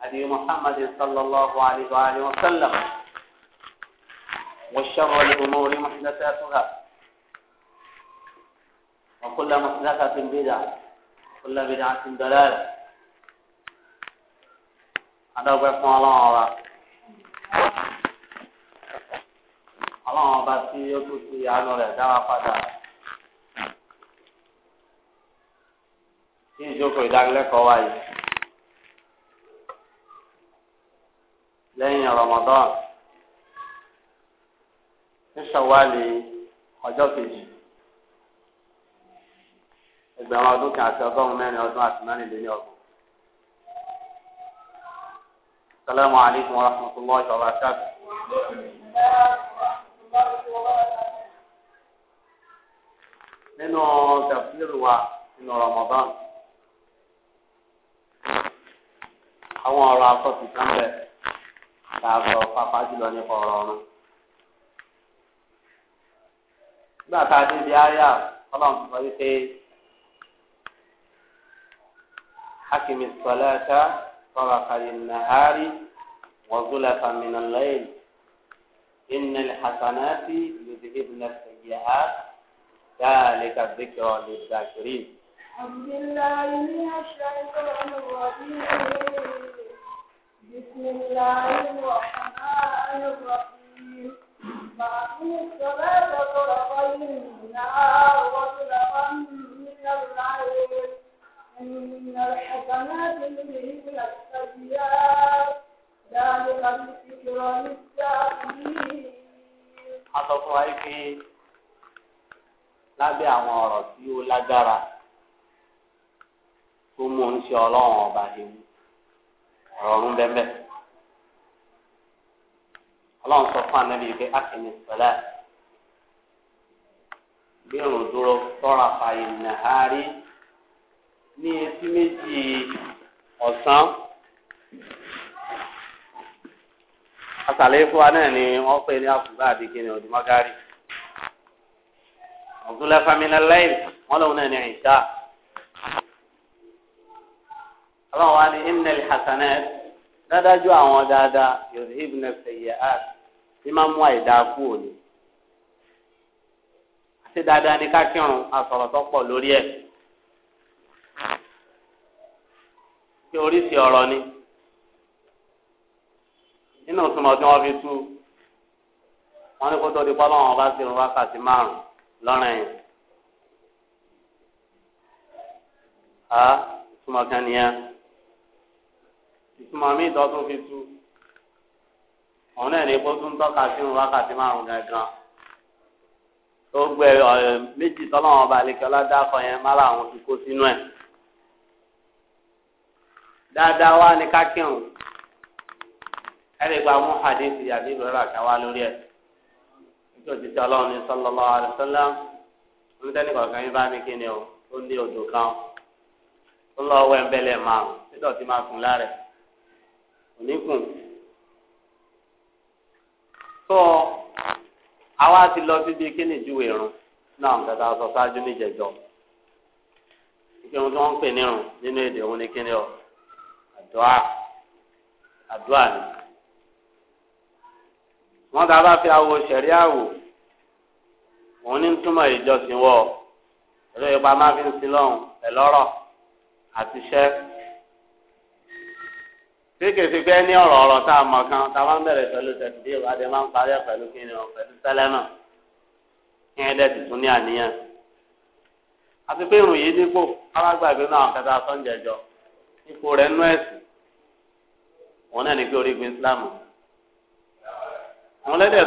هدي محمد صلى الله عليه وآله وسلم والشر الأمور محدثاتها وكل محدثة بدعة وكل بدعة دلالة هذا هو اسم الله الله الله tí ó tún fi àánú rẹ̀ dára padà sí ìjókòó ìdánilẹ́kọ̀ọ́ lẹ́yìn Ramadan ní sọ̀wálì ọjọ́ kejì ẹgbẹ̀rún ọdún kan àti ọgọ́rùn mẹ́rin ọdún àti mẹ́rìnlélẹ́ni ọgbọ̀n. alaikum wa rahmatullahi wa barakatuh. Nínú tafsiru wa nínú Ramadan, àwọn ọ̀rọ̀ àkọsí kan láàbọ̀ pápá jùlọ nípa ọ̀rọ̀ ọ̀run. nígbà tá a ti di àyà ọlọ́run ti sọ wípé akimi sọlẹ́ta sọ̀rọ̀ kàlí nàhárí wọ́zúlẹ̀ta mìíràn lẹ́yìn lè ti inna alhasanati yudhibna sayyi'at dhalika dhikra lidh-dhakirin. أعوذ بالله من الشيطان الرجيم بسم الله الرحمن الرحيم فأقم الصلاة طرفي النهار وطرفا من الليل إن الحسنات يذهبن السيئات ذلك الذكرى للذاكرين. àtọ̀kùn wáyé pé lábẹ́ àwọn ọ̀rọ̀ tí ó lágbára tó mú ń ṣe ọlọ́run ọba ewu. ọ̀run bẹ́ẹ̀ ọlọ́run sọ fún anabi pé a sọlá bí òun dúró tọ́ra fàyè ní etí méjì ọ̀sán asàlẹ̀ náà ni wọ́n pè ní àkùgbà àdìgẹ́ni ọ̀dùnmágárì ọ̀dúnlẹ́fàmínà wọ́n lòun náà ọlọ́run wa ní imnel hasanet dádájú àwọn dáadáa yòzhibne seyyiat tí máa mú àìdáa kú òní. àti dáadáa ní kákírun àsọ̀rọ̀ tó pọ̀ lórí ẹ̀. pé oríṣi ọ̀rọ̀ ni nínú ìtumọ̀ tí wọ́n fi tú wọ́n ní kó tó di pọ́lọ́ wọn bá ti rún wákàtí márùn-ún lọ́rùn ẹ̀yìn. ìtumọ̀ kan nìyẹn ìtumọ̀ mi ìtọ́tún fi tú ọ̀hún náà ní kó tún tọ́ka sí wọn wákàtí márùn gangan tó gbẹ ọ̀rẹ́ méjì tọ́lọ́wọ́n ba àlekẹ́ ọládàkọ yẹn má làwọn ti kó sínú ẹ̀ dáadáa wá ní kákírun ẹ̀rẹ̀ gba mú hadith àbí ìbúrẹ́rẹ́ àtàwá lórí ẹ̀ nítorí òtítọ́ ọlọ́run ní sallallahu alaihi ń tẹ́ nìkọ̀ọ̀kan yín bá ní kí ni o ó ní odò kan ó lọ́ọ́ wẹ̀ ń bẹ́lẹ̀ márùn máa kùn lára ẹ̀ oníkùn tó àwa ti lọ síbi kíni ìjúwe irun náà nǹkan tá sọ ṣáájú níjẹjọ ìpinnu tí wọn ń pè ní irun nínú èdè òun ni kíni ọ àdúrà àdúrà ni wọn tá a bá fi awo sẹríà wò òun ní túmọ̀ ìjọsìn wọ ẹ̀rọ ìpa máa fi ń sin lọ́hùn ẹ̀lọ́rọ̀ àti iṣẹ́. kéékèèké fẹ́ ní ọ̀rọ̀ ọ̀rọ̀ tá a mọ kan tá a máa ń pẹ̀lú tẹ̀sídì a máa ń parí ẹ̀ pẹ̀lú kí ni ọ pẹ̀lú sẹ́lẹ̀mà kí tuntun ní àníyàn. àti pé yìí dípò alágbàgbé náà kẹta sọ́njẹjọ ipò nú òun náà ní pé orígun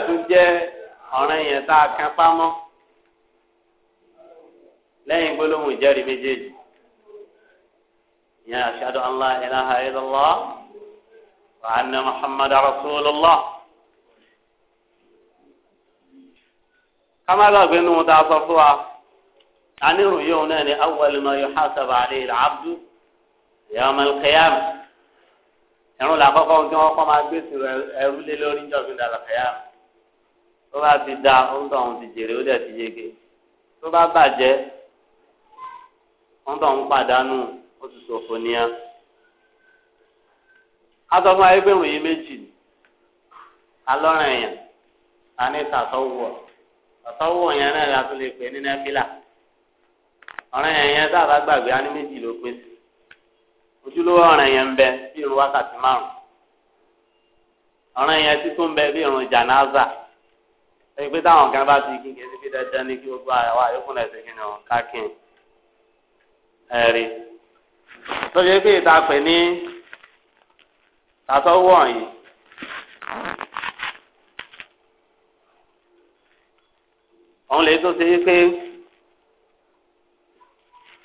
tún jẹ́ ọ̀rẹ́ yẹn tá a kẹ́ lẹ́yìn gbólóhùn ìjẹ́rìí méjèèjì ìyẹn وأن محمد رسول الله كما ذاك بأنه متعصفوا عن رؤيونان أول ما يحاسب عليه العبد يوم القيامة ẹ̀rùn làkọ́kọ́ ohun tí wọ́n kọ́ máa gbèsè ẹrú lé lórí ìjọsìn dàlọ́ kẹ́yàmù tó bá ti da ohun tó àwọn ti jèrè ó dẹ̀ ti yege tó adọ́fún ebe yìí méjì ni alọ́rìn èèyàn a ní sàtọ́wọ̀ yẹn náà la tún lè pè ní nẹ́fílà ọ̀rìn èèyàn tá a bá gbàgbé a méjì ló sí ojúlówó èèyàn ń bí irun wákàtí márùn èèyàn ń bí irun táwọn kan bá ti kí kí dandan ní kí gbogbo kí ni wọn pé ìta pè tàtọ́ wọ̀nyí. òun lè tó ṣe é pé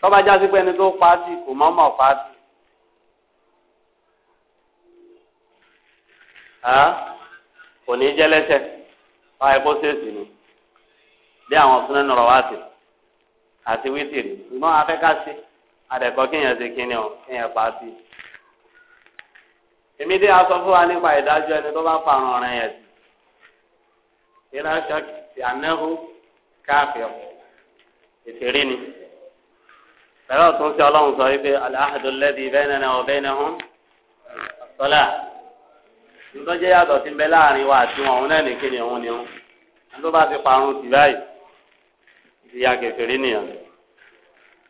tọ́ba jásí pé ẹni tó pàtì kò mọ́mọ́ pàtì. kò ní jẹ́ lẹ́sẹ̀ báyìí kó ṣèṣì ni bí àwọn fúnẹ́ nọ̀rọ̀ wá sí àti wítìrì ṣùgbọ́n afẹ́ká sí adẹ̀kọ́ kéèyàn ṣe kíni o kéèyàn pàtì èmi dé aṣọ fún wa nípa ìdájọ́ ẹni tó bá parun ọ̀ràn yẹn sí ìlà ṣọ́ọ̀kì ànáhù káfíọ̀ ìfèrè ni pẹ̀lú ọ̀tún sí ọlọ́run sọ wípé aláhàdúlẹ́dì bẹ́ẹ̀nẹ̀nẹ̀ ọ̀bẹ́ẹ̀nẹ̀ hàn sọ́lá ntọ́jẹ́ yàtọ̀ sí bẹ́ láàrin wa àti wọn òun náà nìkan ni òun ni òun ẹni tó bá ti parun sí báyìí ìyá kẹfìrí nìyẹn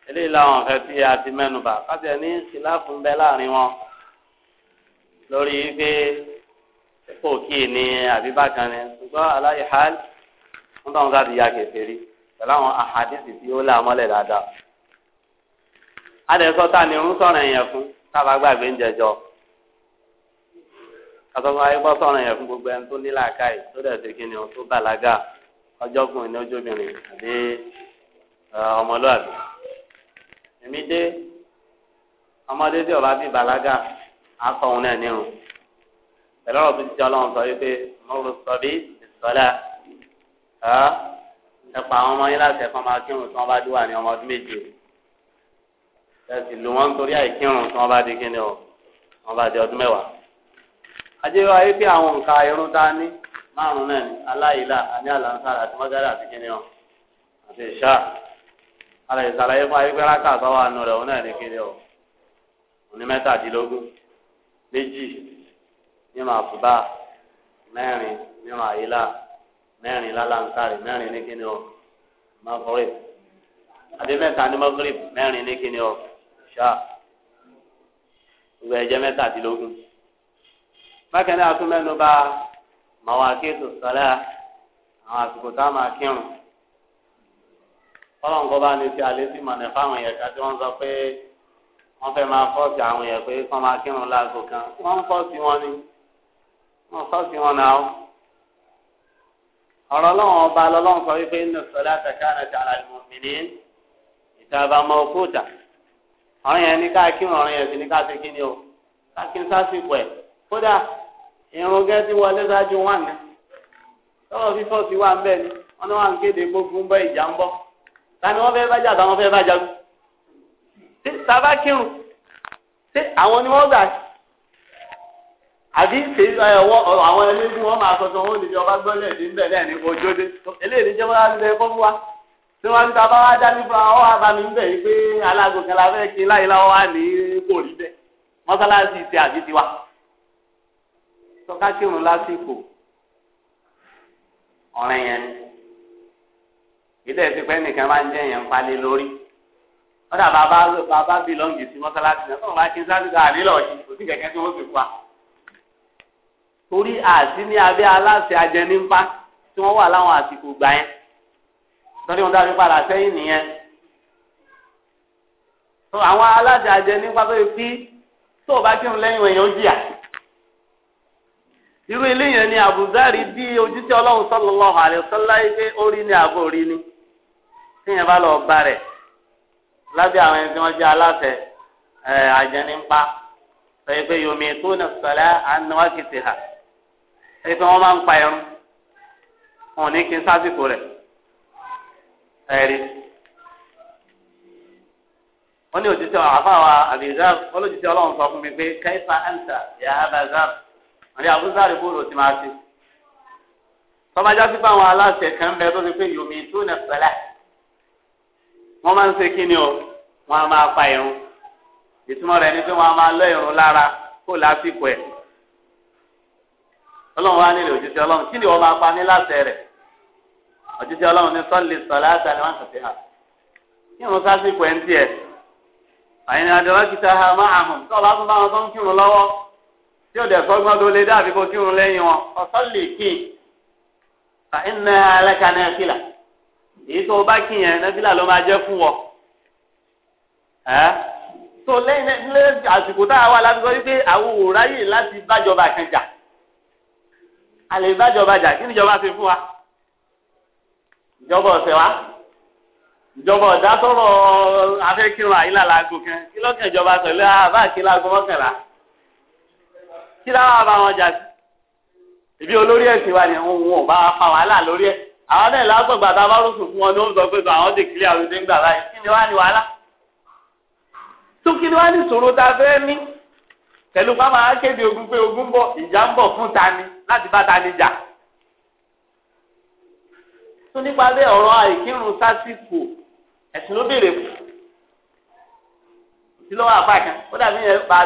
eléyìí làwọn ọ̀fẹ́ tí a ti mẹ́nu ní ìlà fún láàrin wọn lórí pé fòkì ni àbí bákan ni ṣùgbọ́n aláyè hàn ń bá wọn ká di ya kẹfẹ́ rí pẹ̀lú àwọn àhàdìsì tí ó là mọ́lẹ̀ dáadáa. adẹ̀sọ́ ta ni irun sọ̀rọ̀ yẹn fún tábà gbàgbé ń jẹjọ. kàtọ́kọ́ ayébọ́ sọ̀rọ̀ yẹn fún gbogbo ẹni tó ní làákàyè tó dẹ̀ ṣe kí ni o tó bàlágà ọjọ́kùnrin ní ojóbìnrin àbí ọmọlúwàbí. èmi dé ọmọdé tí ọba bíi bàlágà akọ òun náà nírun pẹ̀lú ọ̀rọ̀ tó ti jẹ́ ọlọ́run sọ wípé mọ́rù sọ́bí ìsọ́lá ẹ̀pà àwọn ọmọ yín láti ẹ̀kọ́ máa kírun tí wọ́n bá dúwà ní ọmọ ọdún méje ẹ̀sìn lù wọ́n nítorí àìkírun tí wọ́n bá di kíni o wọ́n bá di ọdún mẹ́wàá. ajẹ́wọ́ ayé pé àwọn nǹkan irun tá a ní márùn náà ní aláìlá àní àlàǹsára àti mọ́gàdà àti kíni o àti ìṣá alẹ́ ìsàlàyé fún ayé pé rákà àtọ́wà nù rẹ̀ òun náà ní kíni o òní mẹ́tàdínlógún méjì nínú àbúbá mẹ́rin nínú àyílá mẹ́rin lálàǹtàrí mẹ́rin ní kíni o mọ́gírì àbí mẹ́ta ní mọ́gírì mẹ́rin ní kíni o ṣá ìwé ẹ̀jẹ̀ mẹ́tàdínlógún. bákan náà tún mẹ́nu bà màwákìtù sọ́lá àwọn àsìkò tá a máa kírun. fọlọ́nkọ́ bá ní ti àlésì mọ̀nẹ́ fáwọn ẹ̀ka tí wọ́n sọ pé wọ́n fẹ́ máa fọ́ọ̀sì àwọn yẹn pé kọ́ máa kírun láago kan wọ́n ń fọ́ọ̀sì wọn ni wọ́n fọ́ọ̀sì wọn náà ọ̀rọ̀ ọlọ́run ọba lọ́lọ́run sọ wípé inú sọlá àtàkárà ti àlàlùmọ̀ mìíràn ìtàbà ọmọ òkúta ọ̀rọ̀ yẹn ní ká kírun ọ̀rọ̀ yẹn sì ní ká ṣe kí ni o ká kí n sásìkò ẹ̀ kódà irun gẹ́ ti wọlé ṣáájú wà ní tọ́wọ́ fífọ́ sí wà ń bẹ́ẹ̀ ni wọ́n ní wà ń kéde gbogbo bọ́ ìjà ń bọ́ tani wọ́n fẹ́ bá jà táwọn fẹ́ bá jagun ṣé sábà kírun ṣé àwọn ni wọ́n gbà sí àbí ṣe ẹwọ àwọn eléyìí wọ́n máa sọ sọ wọn lè jọ ọba gbọ́dọ̀ ẹ̀dín bẹ̀ náà ní ojú dé eléyìí jẹ́ wọ́n á lè fọ́ fún wa tí wọ́n ń ta bá wá dání fún wa wọ́n á bá mi ń bẹ̀ yí pé alágo kan la fẹ́ kí láyé láwọ́ wá ní kò rí bẹ́ẹ̀ mọ́sálásí ti àbí tiwa sọ́ká kírun lásìkò ọ̀rẹ́ yẹn ni ilé nìkan máa ń jẹ́ yẹn ń palẹ̀ lórí kọ́dà bàbá bàbá bìlọ́ǹgì sí mọ́sálásí náà fún bàbá kí n sáré gba ànílọ̀ yìí kò sí kẹ̀kẹ́ tí wọ́n fi wá. torí àti ní abẹ́ aláṣẹ ajẹnipa tí wọ́n wà láwọn àsìkò gbà yẹn tọ́lé wọn dábí padà sẹ́yìn nìyẹn. tó àwọn aláṣẹ ajẹnipa tó yẹ kí tó o bá kírun lẹ́yìn èèyàn jìyà. irú ilé yẹn ni àbùzárì bí ojúṣe ọlọ́run sallallahu alaihi wasallam orí ni àbò orí ni tíyẹn bá lọ bá rẹ̀ lábẹ́ àwọn ẹni tí wọ́n jẹ́ aláṣẹ ẹ̀ àjẹnípa sọ pé yomi tó nà sọlá anáwákìtì hà sọ pé wọ́n máa ń pa irun wọn ò ní kí n sásìkò rẹ̀ ẹ̀rí. wọ́n ní òjijì àfàwà àbíjáf olójijì ọlọ́run sọ fún mi pé kaifa anta ya abazar àti abúzárì bóòlù ti máa ti. tọ́bajá sí fáwọn aláṣẹ kan bẹ tó ti pé yomi tó nà sọlá. wọ́n máa ń ṣe kí ni o wọ́n á máa fa irun ìtumọ̀ rẹ̀ ni pé wọ́n á máa lọ irun lára kó lásìkò ẹ̀ ọlọ́run wá nílé òjíṣẹ́ ọlọ́run kí ni wọ́n máa pa ní láṣẹ rẹ̀ ọlọ́run ní sọ́ọ̀lì sọ̀lá àtàlẹ́ wọn kàtẹ́ hà ha máa àhùn ọba tó bá wọn tó ń kírun lọ́wọ́ tí ò dẹ̀ sọ́gbọ́n tó lé kó kírun lẹ́yìn wọn ọ̀sọ́ọ̀lì fa èyí tó o bá kí yẹn nàfílà ló máa jẹ́ fún wọ. tó lẹ́yìn àsìkò tá a wà láti sọ wípé àwọn ò ráyè láti bájọba kan jà a lè bájọba jà kí níjọba ṣe fún wa ìjọba ọ̀sẹ̀ wa ìjọba ọ̀dá sọ̀rọ̀ afẹ́kírun àyílà láago kan kí lọ́kàn ìjọba sọ ilé àbá àti láago kí láwọn bá wọn jà sí ibi olórí ẹ̀sìn wa ni wọn ò bá wa fa wàhálà lórí ẹ̀. àwọn náà lágbàgbà bá rúfin fún wọn ni wọn sọ pé àwọn ti ń gbà báyìí kí ni wá ní wàhálà tó kí ni wàá ní ìṣòro a fẹ́ pẹ̀lú pápá akéde ogun pé ogun bọ̀ ìjà ń bọ̀ fún tani láti bá tani jà tó nípa bẹ́ẹ̀ ọ̀rọ̀ àìkírun sásìkò ẹ̀sìn ló béèrè fún lọ́wọ́ àpá kan ó dàbí yẹn bá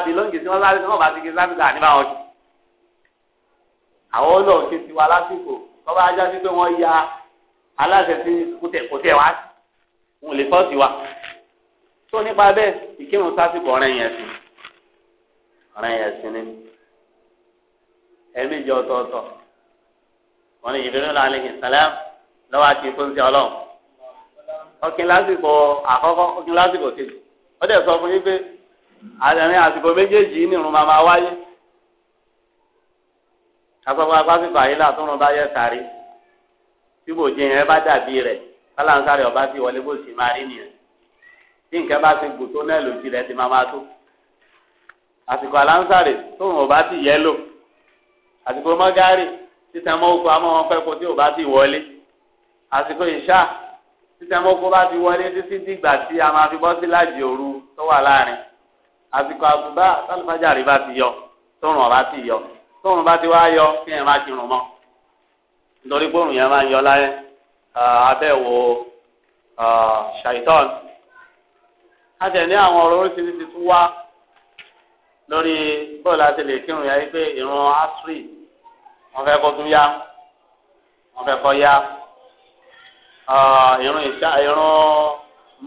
a tí tọ́ba ajá sí pé wọ́n ya aláṣẹ sí kútẹ̀ kútẹ̀ wá wọn lè fọ́ọ̀tì wa tó nípa bẹ́ẹ̀ ìkírun sásìkò ọ̀rẹ́ yẹn sí ọ̀rẹ́ yẹn sí ni ẹ̀ẹ́mẹ́jọ ọ̀tọ̀ọ̀tọ̀ wọn lè yìnbọn lọ alẹ́ ìsàlẹ̀ lọ́wọ́ àti ìfúnṣẹ́ ọlọ́run ọkìn lásìkò àkọ́kọ́ ọkìn lásìkò kejì ó dẹ̀ sọ fún yín pé àtẹ̀rín àsìkò méjèèjì nírun máa máa wáyé asọ́fún agbáfífà yìí látúnú bá yẹ sáré tí kò jẹ yẹn bá dàbí rẹ̀ kálánsáré ọba ti wọlé bó sì máa rí nìyẹn tí nǹkan bá ti gbòtó náà lòdì rẹ̀ ti máa máa tó àsìkò alánsáré tóun ọba ti yẹ lò àsìkò mọ́gárì títẹ̀ mọ́ oko amọ́ wọn pẹ́kọ tí ọba ti wọlé àsìkò ìṣá títẹ̀ mọ́ oko bá ti wọlé títí dìgbà tí a máa fi bọ́ sí láàjì òru tó wà láàrin àsìkò àbúbá sálùfájà rí bá ti yọ tóun ọba ti yọ tóun bá ti wá yọ kí ẹ má ti rùn mọ nítorí gbóòrùn yẹn máa ń yọ láyé abẹ́wò ṣàìtọ́n a tẹ̀ ní àwọn ọ̀rọ̀ oríṣiríṣi tún wá lórí bọ́ọ̀lù àti lè kírun yá wípé ìrun asri wọ́n fẹ́ kó tún yá wọ́n fẹ́ kó yá ìrun ìṣá ìrun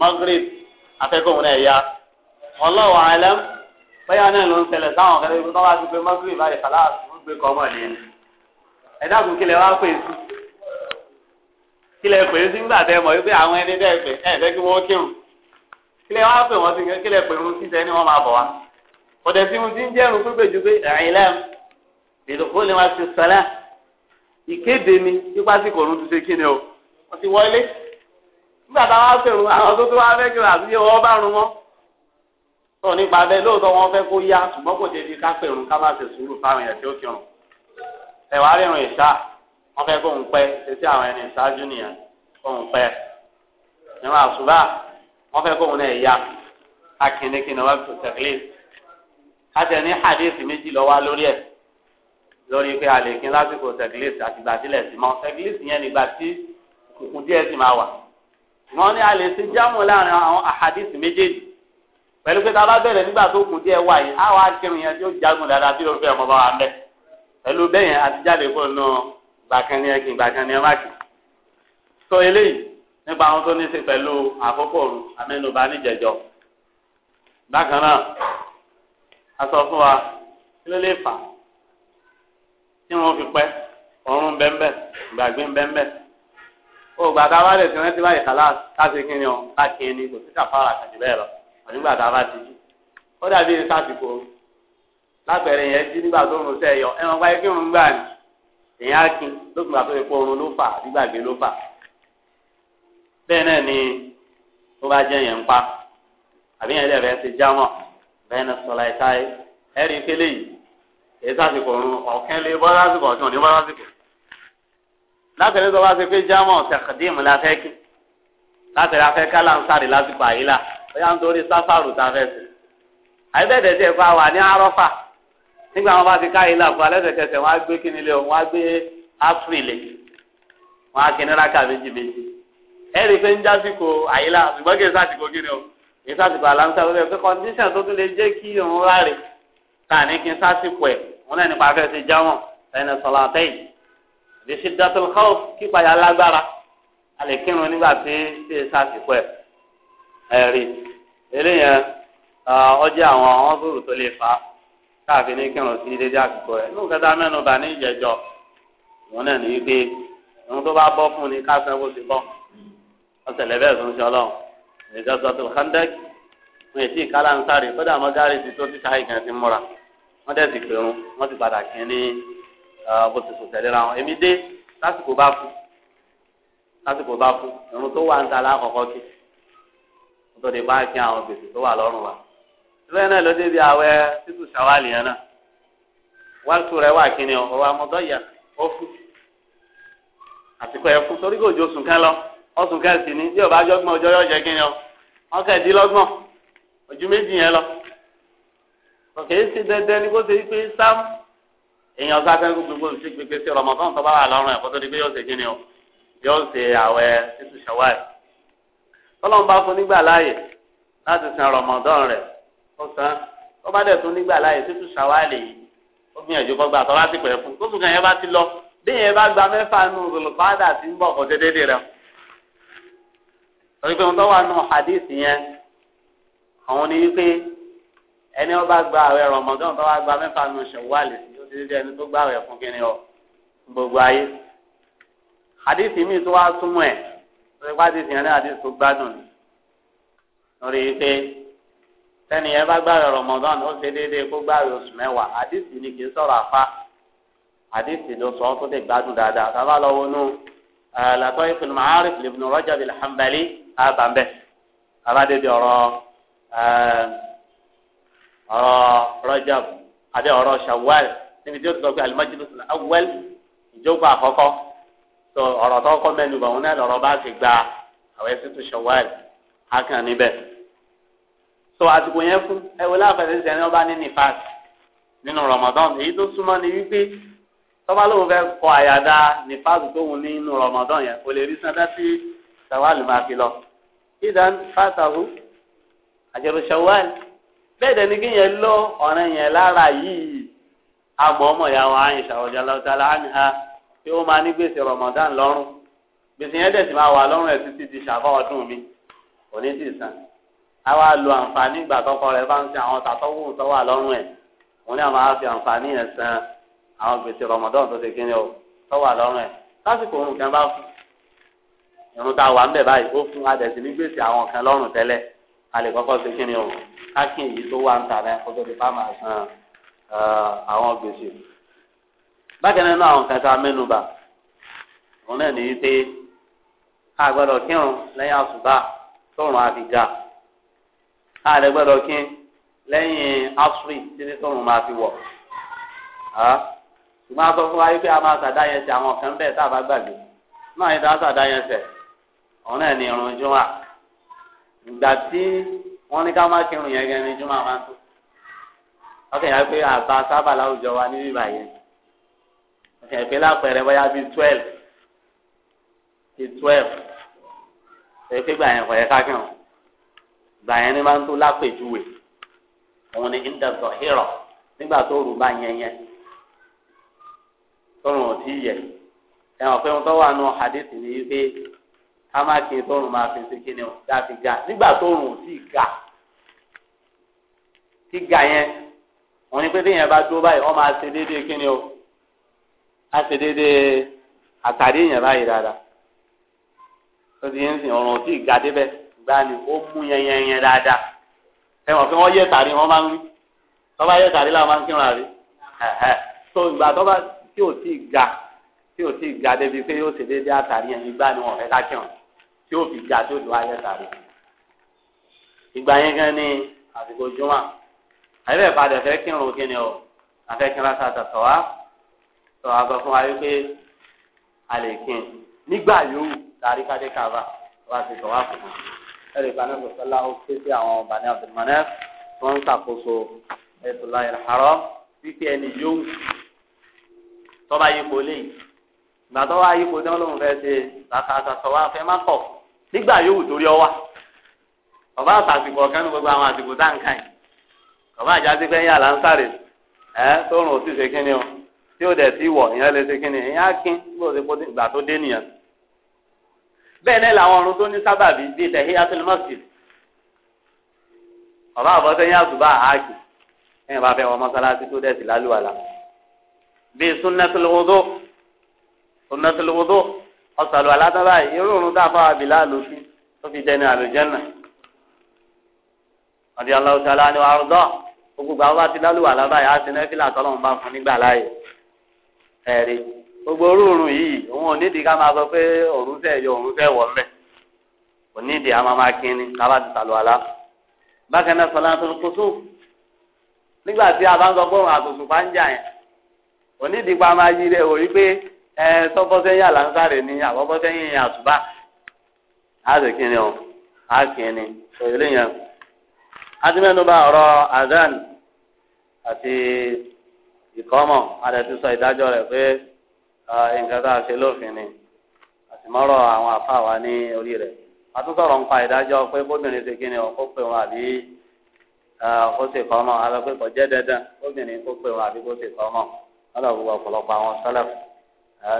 magrib afẹ́kọ̀ọ́ náà yá ọlọ́wọ́ àìlẹ́m bẹ́yà náà ló ń ṣẹlẹ̀ sáwọn ọ̀gá ìgbésọ́ wá sí pé magrib báyìí kàláàsì gbé kọ́mọ̀ lé ní. ẹ kílẹ̀ wá pè sí kílẹ̀ pè sí ńgbà tẹ mọ̀ wípé àwọn ẹni dẹ́ pè ẹ̀ fẹ́ kí wọ́n kírun kílẹ̀ wá pè wọ́n sí kílẹ̀ pè irun sísẹ ni wọ́n máa bọ̀ wá. ọ̀dẹ̀ tí mo ti ń jẹ́rùn pípé ju pé ẹ̀yìn lẹ́m ìdókòó ni wọ́n ti sọ́lá ìkéde ni nípa sí kòrún ti ṣe kí ni o wọ́n ti wọlé nígbà táwọn á pè run àwọn tó tó wá fẹ́ kí wọ́n àtúnyẹ̀wò tó nípa abẹ lóòótọ́ wọn fẹ́ kó yá ṣùgbọ́n kò débi ká pèrún ká má ṣe sùúrù fáwọn èèyàn tí ó kírun ẹ̀wà rírun ìṣá wọn fẹ́ kóhun pẹ́ ṣèṣe àwọn ẹni ìṣáájú nìyẹn kóhun pẹ́ ìrún àṣùbà wọn fẹ́ kóhun náà yá akínníkínní wọn fi tẹ̀lé káṣẹ ní hadith méjì lọ́wọ́ lórí ẹ̀ lórí pé a lè kín lásìkò tẹ̀gílìsì àtìgbà sílẹ̀ sí mọ́ tẹ̀gílìsì yẹn nígbà tí kùkùn díẹ̀ sì máa wà. wọ́n ní a lè ṣe jámù láàrin àwọn àhadìsì méjèèjì pẹ̀lú pé tá a bá bẹ̀rẹ̀ nígbà tó kù díẹ̀ wáyé á wá kírun yẹn tí ó jagun dáadáa bí olùfẹ́ ọmọ bá wà mẹ́ pẹ̀lú bẹ́yẹn àti jáde kó nù gbàkan ni ẹ kì gbàkan ni ẹ má kì sọ eléyìí nípa àwọn tó ní ṣe pẹ̀lú àkókò òrùn amẹ́nubá níjẹ̀jọ́ bákan náà a sọ fún wa kí ló lè fà tí wọn fi pẹ́ ọrùn bẹ́ńbẹ́ gbàgbé bẹ́ńbẹ́ o gbàgbá wa lè tẹ̀lé tí wáyé kàlá káṣí kí ni ọ káṣí ni kò sí kàfàrà kàdí bẹ́ẹ̀ lọ nígbà tá a bá ti jí ó dàbí sásìkò lápẹẹrẹ yẹn jí nígbà tó ń sẹ yọ pa ikú ń gbà ní èyàn á kin lókùn àti epo oorun ló fà àdígbàgbé ló fà bẹ́ẹ̀ náà ni ó bá jẹ́ yẹn ń pa àbí yẹn lẹ́ẹ̀rẹ́ ti jámọ̀ bẹ́ẹ̀ ni sọlá ẹ̀ka ẹ̀rí kélé yìí èyí sásìkò oorun ọ̀kẹ́ lé bọ́ lásìkò ọ̀kẹ́ òní bọ́ lásìkò tó bá ti pé jámọ̀ tẹ̀kídìmù bóyá nítorí sáfàrù tá a fẹ́ sí àìbẹ̀dẹ̀ tí ẹ fa wà ní arọ́fà nígbà wọn bá ti káyé là fún alẹ́sẹ̀kẹsẹ̀ wọn á gbé kíni lé wọn á gbé áfìlè wọn á kíni rákà méjì méjì ẹ rí i pé ń jásìkò àyílà ṣùgbọ́n kì í sásìkò kíni o kì í sásìkò àlàmúsà wọlé pé kọ́ndíṣàn tó tún lè jẹ́ kí òun ráre ká ní kí n sásìkò ẹ̀ wọn náà nípa afẹ́ ti jáwọ̀n ẹni sọ̀lá tẹ́yìn àbí ṣídàtul khawf kípa yà lágbára a kírun nígbà tí ṣe sásìkò ẹ̀ ẹ̀rí eléyẹn ọjọ́ àwọn àwọn sòrò tó lè fa káàfin ní kírun sí dédé àkókò rẹ̀ nínú kẹta mẹ́nu ní ìjẹ́jọ́ ìwọ̀n náà ní wípé ohun tó bá bọ́ fún ni ká fẹ́ kó ti bọ́ ọ̀sẹ̀lẹ̀ bẹ́ẹ̀ tó ń ṣe ọlọ́run ìjọ sọ tó kandek wọn èsì ìkálá ń sáré kódà mọ́gárì ti tó ti ṣáì kan ti múra wọ́n dẹ̀ sì pẹ̀rún wọ́n ti padà kí ní bó ti sùn tẹ̀lé ra wọn èmi dé lásìkò bá fún lásìkò bá fún ìrun tó wà ń ta lákọ̀ọ́kọ́ kí lóde bá kí àwọn gbèsè tó wà lọ́rùn wa lóyún náà lóde bí àwẹ̀ títù sàwálì yẹn náà wàásù rẹ wà kíni ọ ọwọ́ amọdọ yà ó fún àsìkò ẹ fún torí kò jó sùn lọ ọsùn kán sì bí ọba jọgbọn jẹ kíni ọ ojú méjì yẹn lọ ṣe kó ṣe pé sam èèyàn gbogbo ṣe bá wà pé yóò ṣe kíni yóò ṣe títù sàwálì. tọ́lọ́run bá fún nígbà láàyè láti san rọmọdán rẹ̀ ó san ó bá dẹ̀ tún nígbà láàyè títún ṣàwálì yìí ó gbìyànjú kọ́ gbà tó bá ti pẹ̀ fún kóṣù kan yẹn bá ti lọ bí yẹn bá gba mẹ́fà nù olùfàdà tí ń bọ̀ kọ́ déédéé rẹ̀ torí pé wọn tó wà nù hadith yẹn àwọn ni wípé ẹni ó bá gba àwẹ̀ rọmọdán tó bá gba mẹ́fà nù ṣàwálì sí ó ti déédéé lórí pàtí ìsìn náà àti ìsìn gbádùn ni lórí pé sẹ́ni yẹn bá gbààwẹ̀ Ramadan ó ṣe déédéé kó gbààwẹ̀ oṣù mẹ́wàá àdìsí ni kì í sọ̀rọ̀ àfa àdìsí ló sọ tó lè gbádùn dáadáa sábà lọ́wọ́ nù làtọ́ ìpinnu Ma'arif Ibn Rajab al-Hanbali àbàmbẹ́ abádébí ọ̀rọ̀ ọ̀rọ̀ Rajab àbí ọ̀rọ̀ Shawwal níbi tí ó ti sọ pé al-Majlis al-Awwal ìjókòó àkọ́kọ́ tó ọ̀rọ̀ tó kọ́ mẹ́nu bọ̀ wọn náà lọ́rọ̀ bá ti gba àwẹ̀ sí tún ṣọwáìl á kàn níbẹ̀. tó àsìkò yẹn fún ẹ wọlé àfẹsẹ̀ sẹ́ni ọba ní nifas nínú Ramadan èyí tó súnmọ́ ni wípé tọ́ba lóun fẹ́ kọ àyàdá nifas tóun nínú Ramadan yẹn kò lè rí sẹ́ńtẹ́ sí ṣàwáìl máa fi lọ. ìdán fàtàwù àjẹrò ṣàwáìl bẹ́ẹ̀ dẹ̀ ni kí yẹn lọ ọ̀rẹ́ yẹn lára yìí àmọ́ ọmọ ìyàwó pé ó máa ní gbèsè Ramadan lọ́rùn gbèsè yẹn dẹ̀ sì máa wà lọ́rùn ẹ̀ títí di ṣàfọ̀ ọdún mi òní sì san a wá lo àǹfààní ìgbà tọkọ rẹ bá ń ṣe àwọn tàtọ́wò tó wà lọ́rùn ẹ̀ òun ní àwọn máa àǹfààní yẹn san àwọn gbèsè Ramadan tó ṣe kíni o tó wà lọ́rùn ẹ̀ lásìkò òun kan bá fún irun tá a wà ń bẹ̀ báyìí ó fún adẹ̀sí ní gbèsè àwọn kan lọ́rùn tẹ́lẹ̀ a lè kọ́kọ́ ṣe kíni o káàkiri èyí tó wà ń tà náà kó tó di fáwọn àṣàn àwọn gbèsè bákan náà àwọn kẹta mẹ́nubà òun náà ní wípé a gbọ́dọ̀ kírun lẹ́yìn àsùbá tóòrùn àfìjà a lè gbọ́dọ̀ kí lẹ́yìn asri títí tóòrùn máa fi wọ̀ ṣùgbọ́n a sọ fún wa wípé a máa ṣàdá yẹn ṣe àwọn kan bẹ́ẹ̀ tá a bá gbàgbé náà yẹn tá a ṣàdá yẹn ṣe òun náà ní irun júmọ́ ìgbà tí wọ́n ní ká má kírun yẹn gẹ́gẹ́ ní júmọ́ máa ń tó ọkàn yẹn pé àbá sábà láwùjọ wa ní bíbá ẹ̀fẹ́ lápẹ̀rẹ̀ bóyá bíi twelve bíi twelve ẹ̀fẹ́ gbà yẹn kọ̀ yẹ kákẹ́ wọn gbà yẹn ni máa ń tó lápèjúwe òun ni indazọ hírọ̀ nígbà tó rù bá yẹn yẹn tó rùn ò tí yẹ ẹ̀wọ̀n pé wọn tó wà nù hadith ni wípé ká má kí n tó rùn máa fi ṣe kí ni o dáfi ga nígbà tó rùn ò tí ga kí ga yẹn òun ni pé téèyàn bá dúró báyìí wọ́n máa ṣe déédéé kí ni o a sì dédé àtàrí èèyàn báyìí dáadáa ó ti ń sìn ọ̀ràn tí ìga débẹ̀ gbá ni ó mú yẹnyẹnyẹn dáadáa ẹ mọ̀ pé wọ́n yẹ tàrí wọ́n máa ń rí tó bá yẹ tàrí làwọn máa ń kírun àrí tó ìgbà tó bá tí ò tí ga tí ò tí ga débi pé yóò sì dédé àtàrí yẹn ìgbà ni wọ́n fẹ́ ká kírun tí ò fi ga tí ò ti tàrí ìgbà yẹn gan ni àsìkò jùmọ̀ àyẹ̀bẹ̀ padà fẹ́ kírun kí ni o àfẹ́ kírun láti àtàtọ̀ sọ abẹ fún wa wípé a lè kí n nígbà yòówù tàrí kádé kàbà wá sí tọ́wá fún un ẹ̀rì ìbáná kò sọ́lá ó ké sí àwọn Bani Abdul Manaf tó ń ṣàkóso ẹ̀sùn láyé àárọ̀ wípé ẹni yòówù tọ́ba yípo léyìí ìgbà tọ́ba yípo dán lóun fẹ́ ṣe làkàtà sọ wá fẹ́ má kọ̀ nígbà yòówù torí ọwà ọba àtàsìkò ọ̀kẹ́ ní gbogbo àwọn àsìkò táǹkà yìí ọba àjásí fẹ́ yà lánsàrè ẹ̀ tó rùn ó sì ṣe kíni o tí ó dẹ̀ sí wọ̀ ìyẹn lè ṣe kí ni ìyẹn á kín bó ṣe kó ìgbà tó dé nìyẹn. bẹ́ẹ̀ náà làwọn ọ̀run tó ní sábàbí bíi tahiyatul masjid ọ̀bá àbọ̀tẹ́yìn àtúbà àákì ẹ̀yìn bá fẹ́ wọ mọ́sálásí tó dẹ̀ sí lálùwàlà bíi sunnatul wudu sunnatul wudu ọsàlù alátàbà irúurú dáfà abilá lòfin tó fi dẹni àlùjẹnà ọdí aláwùsálà ni wàá rọdọ gbogbo àwọn ẹ̀rí gbogbo orúurun yìí òun ò nídìí ká máa sọ pé òun fẹ́ yọ òun fẹ́ wọ̀ mẹ́ kò nídìí a máa máa kínní kábà ti sàlù àlá bákan náà sọlá tó kó tó nígbà tí a bá ń sọ pé òun ni àbọfọsẹyìn àtùbà á sì kínní o á yẹn ti mẹ́nu azan àti. ìkọ́mọ̀ àdẹ̀tí sọ ìdájọ́ rẹ̀ pé nǹkan tá a ṣe lófin ni àtìmọ́rọ̀ àwọn àfa wa ní orí rẹ̀ àtúntọ̀rọ̀ ń pa ìdájọ́ pé kóbìnrin ṣe kí ni ọkọ pé wọn àbí kó ṣe kọ́mọ̀ àbẹ pé kò jẹ́ dandan kóbìnrin kó pé wọn àbí kó ṣe kọ́mọ̀ lọ́dọ̀ gbogbo ọ̀pọ̀lọpọ̀ àwọn sẹ́lẹ̀f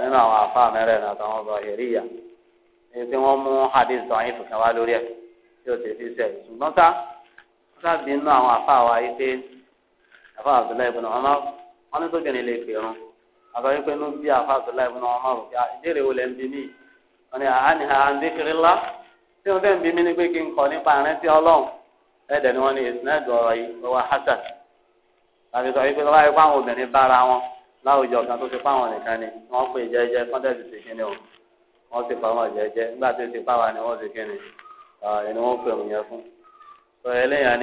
nínú àwọn àfa mẹ́rẹ̀ àtàwọn ọ̀rọ̀ ìríyà ni pé wọ́n mú hadith dọ̀ yín fòkàn wá lórí ẹ̀ tí ó ṣe fi ṣe ṣùgbọ́n sá sá bí nínú àwọn àfa wa wọn ní tóbìnrin lè pè rún àbá yín pé inú bí àfa àtúlá ìbùnà wọn máa rò pé ìbéèrè wo lẹ́ ń bí mí wọn ni àánì àǹdékiri ńlá tí wọn fẹ́ ń bí mí ni pé kí n kọ́ nípa àrántí ọlọ́run ẹ̀dẹ̀ ni wọn ní ìsìnẹ́dù ọ̀rọ̀ yìí lọ́wọ́ hasan tàbí sọ wípé lọ́wọ́ ipá àwọn obìnrin bára wọn láwùjọ kan tó ti pa àwọn nìkan ni wọ́n pè jẹ́jẹ́ kọ́ńtẹ́ẹ̀tì ti kíni o wọ́n ti pa wọn jẹ́jẹ́ nígbà tí ó ni wọ́n ti kíni ẹni wọ́n pè mí yẹn fún. sọ eléyàn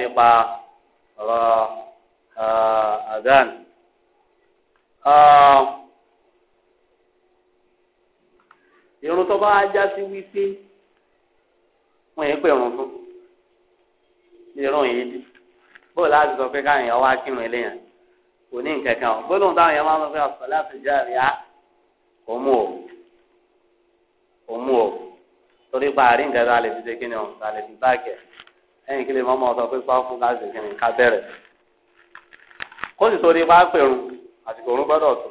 Um, irun tó bá já sí wípé wọn yẹn pè irun fún irun yìí dí bó láti sọ pé káyọ̀ wá kírun eléyàn kò ní nǹkan kan o gbọ́dọ̀ táwọn yẹn máa ń sọ pé ọ̀sán láti já àríyá kò mú o kò o torí pa àrí nǹkan tá a lè fi ṣe kíni o tá a lè fi báàkì ẹ ẹ̀yìn kí lè mọ́ ọmọ ọ̀sán pé pa fún káàsì kíni ká bẹ̀rẹ̀ kó sì torí pa á àsìkò òun gbọ́dọ̀ tó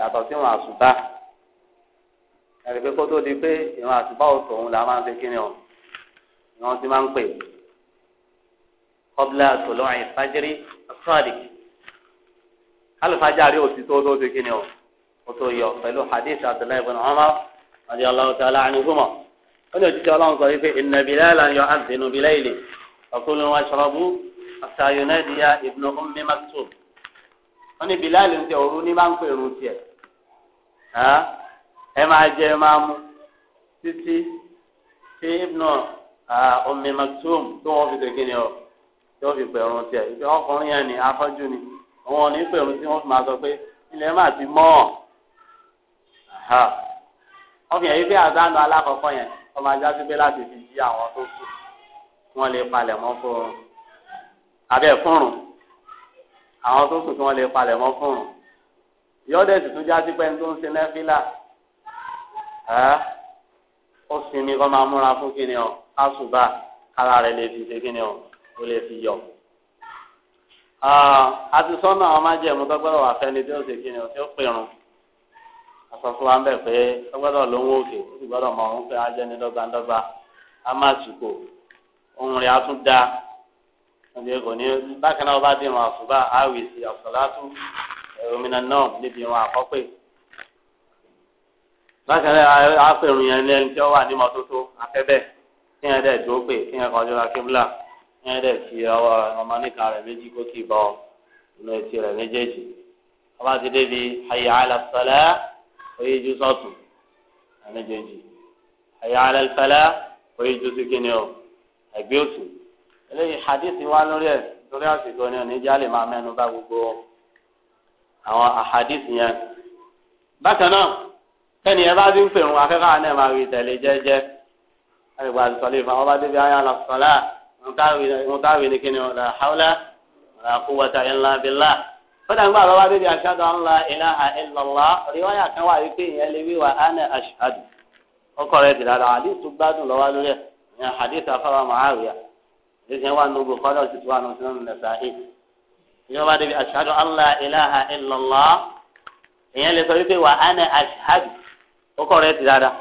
yàtọ̀ sí ìrun àsùbá ẹ̀rí pé kó tó di pé ìrun àsùbá òtò òun la máa ń fi kíni o ni wọ́n ti máa ń pè kọ́bílà tòló àìfájírí sọ́ọ̀dì alùfájàrí òsì tó tó ti kíni o ó tó yọ pẹ̀lú hadith Abdullahi ibn Umar radiyallahu ta'ala anhuma ó ní òjijì ọlọ́run sọ wípé inna Bilalan yu'adhdhinu bilayli fa kulu washrabu hatta yunadiya ibnu Ummi Maktum wọ́n ní bilali ń tẹ òru ní máa ń pè irun tiẹ̀ ẹ máa jẹ ẹ máa mu títí tí ibnu Ummi Maktum tó wọ́n fi tẹ̀kí ni ọ tí wọ́n fi pè irun tiẹ̀ ìfẹ́ ọkùnrin yẹn ni afọ́jú ni àwọn ò ní pè irun tí wọ́n fi máa sọ pé ilẹ̀ máa ti mọ́ ọ̀ wọ́n fi hàn yí alákọ̀ọ́kọ́ yẹn wọ́n máa jáde pé láti fi jí àwọn tó kù wọ́n lè palẹ̀ mọ́ fún un abẹ́ fúnrun àwọn tó kù kí lè palẹ̀ mọ́ fún un yọ́dẹ̀ tuntun já sí pẹ́ńtó ń ṣe nẹ́fílà ó sinmi kọ́ máa múra fún kíni ọ àṣùbà kára rẹ̀ lè fi ṣe kíni ọ ó lè fi yọ. àti sọ́nà àwọn májẹ̀mú tó gbọ́dọ̀ wà fẹ́ni tí ó ṣe kíni ọ tí ó pinnu àsọfún wa ń bẹ̀ pé ó gbọ́dọ̀ lówó òkè ó sì gbọ́dọ̀ mọ̀ ọ́n pé ajẹ́ni dọ́gbandọ́gba á má sùkò ohun rẹ̀ á tún dáa ǹjẹ́ kò bákan náà bá dìrun àsùbá àwì sí àsàlátù náà níbi ìrun àkọ́pẹ́ bákan náà àpèrún yẹn lẹ́nu tí ó wà ní mọ́tótó afẹ́bẹ́ kí yẹn dẹ̀ dúró pé kí yẹn kọjú ra kí yẹn dẹ̀ fi ọwọ́ ọmọ níka rẹ̀ méjì kókè bọ́ inú etí rẹ̀ méjèèjì ọba ti débi hayya ala salah oyè ju sọ́tún méjèèjì hayya ala oyè ju sí o ẹgbẹ́ òtún eléyìí hadithi wa lórí ẹ̀ lórí àsìkò ni oníjà lè máa mẹ́nu bá gbogbo àwọn ahadithi yẹn. bákan náà kẹ́ni ẹ bá ti ń pè wọn akẹ́kọ̀ọ́ àná ẹ̀ máa rí tẹ̀lé jẹ́jẹ́ àgbègbè àdìsọ́lé ìfọwọ́ bá débi ayé àlàfọ́lá wọn táwé ní kíni ọ̀la hawla ọ̀la quwwata illa billah. fọ́dà ń gbà bá wá débi ashhadu an la ilaha illallah riwaya kan wà wípé ìyẹn lè wíwà ana ashhadu ọkọ̀ rẹ̀ ti àdìsú gbádùn lọ́wọ́ lórí ẹ̀ ìyẹn àdìsú afárá Muawiya ẹsẹ̀ wà nùgbò kọ́dọ̀ sì wà nùgbò sínú nàṣà ẹ̀ ìyẹn bá débi ashhadu allah ilaha illallah ìyẹn lè sọ wípé wà á nà ashhadu ó kọ̀ rẹ̀ ti dáadáa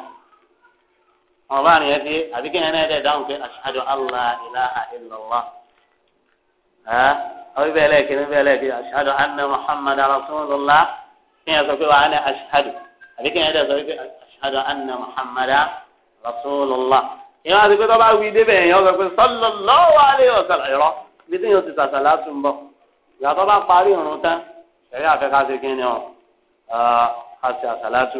wọn bá rìn yẹn ti àbí kéèyàn náà dẹ̀ dáhùn pé ashhadu allah ilaha illallah ẹ ọbí bẹ́ẹ̀ lẹ́ẹ̀kì ní bẹ́ẹ̀ lẹ́ẹ̀kì ashhadu anna muhammad rasulullah kéèyàn sọ pé wà á nà ashhadu àbí kéèyàn dẹ̀ sọ wípé ashhadu anna muhammad rasulullah ìyẹn àti pé tó bá wí débẹ̀ yẹn ọ̀sẹ̀ pé sallallahu alaihi wasallam ẹ̀rọ bí tí yóò ti sàṣà látún bọ̀ ìgbà tó bá parí ìrun tán ẹ̀rí àfẹ́ ká ṣe kí ni ọ ká ṣe àṣàlátù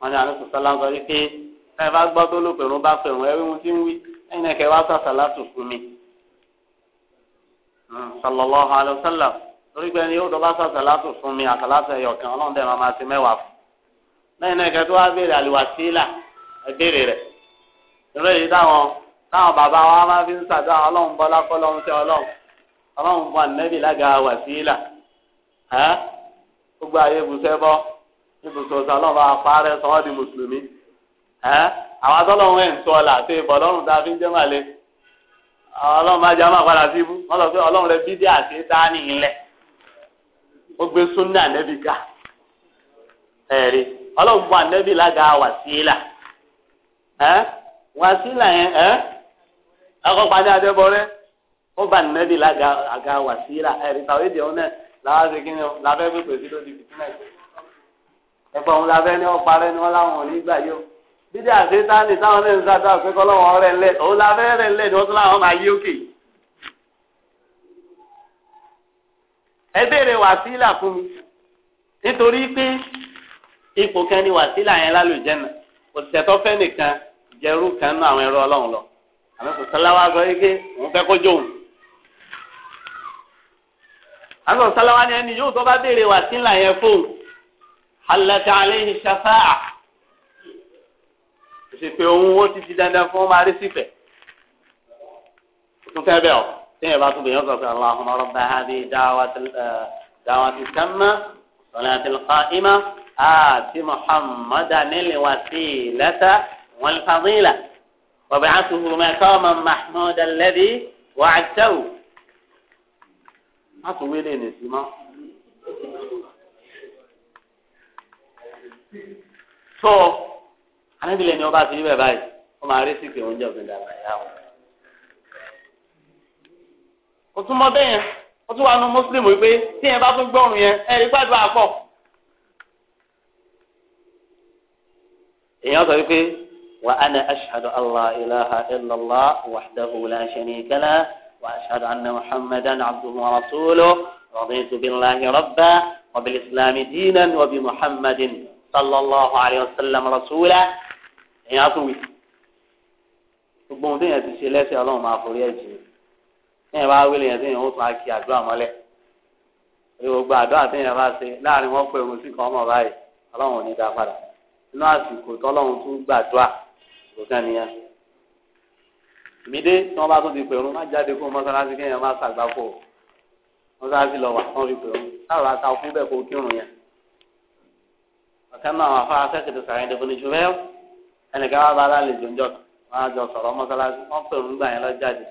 wọn ní àánú sọ̀tà láǹkọ̀ rí pé ẹ bá gbọ́ tó ló pẹ̀rún bá pẹ̀rún ẹ̀rí wọn ti ń wí ẹ̀yin ẹ̀kẹ́ wá sàṣàlátù fún mi hmm, sallallahu alaihi wasallam torí pé ẹni yóò dọ́ fún mi àṣàlátù ẹ̀yọ̀kan ọlọ́run dẹ̀ máa ẹbéèrè rẹ̀ ìró èyí táwọn táwọn bàbá wa máa fi ń sàdá ọlọ́run bọ́lá kọ́lọ́run sí ọlọ́run ọlọ́run bọ́ ànẹ́bì lága wàsílà gbogbo ayé ibùsẹ́ bọ́ ibùsọ̀ ọlọ́run bá parẹ́ sọ ọ́ di mùsùlùmí àwọn atọ́lọ́run ẹ̀ ń ọ̀la àti tá a fi ń jẹ́ màlẹ́ ọlọ́run máa jẹ́ sí ibú wọ́n ọlọ́run rẹ bídí àti tání ó gbé ga ẹ̀rí ọlọ́run bọ́ ẹ wàsílà yẹn ẹ akọpadà adébọrẹ ó bá nínẹbi lága àga wàsílà ẹrí tàwọn èdè ọhún náà làwọn àti kíni ọ làbẹ bí pèsè ló di fìtínà yìí ẹgbọn òun làbẹ ní ọparẹ ni wọn làwọn ò ní gbà yìí o dídí àti sáni táwọn lè ń sáta pé kọlọ́wọ́ rẹ̀ ńlẹ̀ òun làbẹ rẹ̀ ńlẹ̀ ni wọ́n tún láwọn máa yí òkè. ẹ béèrè wàsílà fún mi nítorí pé ipò kan ni wàsílà yẹn lálùjẹ náà òṣìṣẹ́ tó fẹ́ nìkan jẹrú kan nínú àwọn ẹrú ọlọ́run lọ àmọ́ kò sáláwá sọ yìí pé òun fẹ́ kó jóun àmọ́ sáláwá ni ẹni yóò tó bá béèrè wà sí ìlànà yẹn fóun alẹ́ka aléyìn ṣafáà ìṣèpè òun ó ti di dandan fún ọmọ arísìfẹ́ tún fẹ́ bẹ́ẹ̀ ọ́ sẹ́yìn bá tún bẹ̀yàn sọ pé aláhùn ọ̀rọ̀ bá a bí dáwà eh, ti sẹ́mà sọ̀rọ̀ àti lọ́kọ́ ìmọ̀ àti muhammadu anilewasi lẹ́tà. والفضيلة وبعثه مقاما محمودا الذي وعدته ما طويلين اسمه so anábìlẹ̀ ni ọba ti rí bẹ́ẹ̀ báyìí wọ́n máa rí síkì oúnjẹ ọ̀gbìn dàgbà ìyá wọn. o tún mọ bẹ́ẹ̀ yẹn o tún wà nù mùsùlùmí wípé tí yẹn bá tún gbọ́rùn yẹn ẹ rí gbàdúrà pọ̀. èèyàn sọ wípé وأنا أشهد أن لا إله إلا الله وحده لا شريك له وأشهد أن محمدا عبده ورسوله رضيت بالله ربا وبالإسلام دينا وبمحمد صلى الله عليه وسلم رسولا يا طويل gbogbo ti ṣe lẹ́sẹ̀ ọlọ́run máa forí ẹ̀ jì bá wílé yẹn téèyàn ó tún á kí àdúrà mọ́lẹ̀ gbogbo àdúrà téèyàn bá ṣe láàrin wọn pé òun sì ọmọ báyìí ọlọ́run ò ní dá padà inú àsìkò tọ́lọ́run tún gbàdúrà kò sẹ́niyàn mídé tí wọ́n bá tún ti pèrún má jáde fún mọ́sálásí kéèyàn má ṣàgbáfò mọ́sálásí lọ wà wọ́n fi pèrún táwọn bá ta fún bẹ́ẹ̀ kó kírun yẹn ọ̀kan náà àwọn afárá sẹ́kìtì sàrẹ́ ìdìbò ní ṣùgbọ́n ẹnìkan wà bá lálejò ń jọ wọn á jọ sọ̀rọ̀ mọ́sálásí wọ́n pèrún gbà yẹn lọ jáde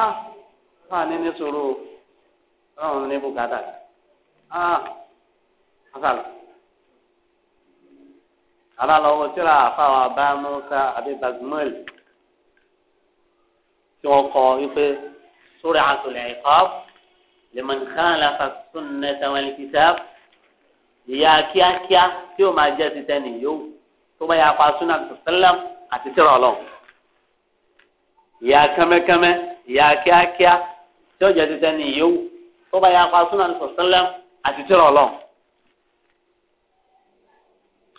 á wà ní ní sòrò ọlọ́run ní bùkátà á mọ́sálásí abalọwọ tíra àfàwọn abámúsá abibazmọl tí wọn kọ wípé sórí àtúlẹ̀ ẹ̀kọ́ lèmọ̀nìkan làfàtún nẹ́tàwọn ìkìtàb ìyá kíákíá tí ó máa jẹ́ títẹ́ nìyóò tó bá yà pa súnà tòṣẹlẹm àti tíra ọlọ́run ìyá kẹ́mẹ́kẹ́mẹ́ ìyá kíákíá tí ó jẹ́ títẹ́ nìyóò tó bá yà pa súnà tòṣẹlẹm àti tíra ọlọ́run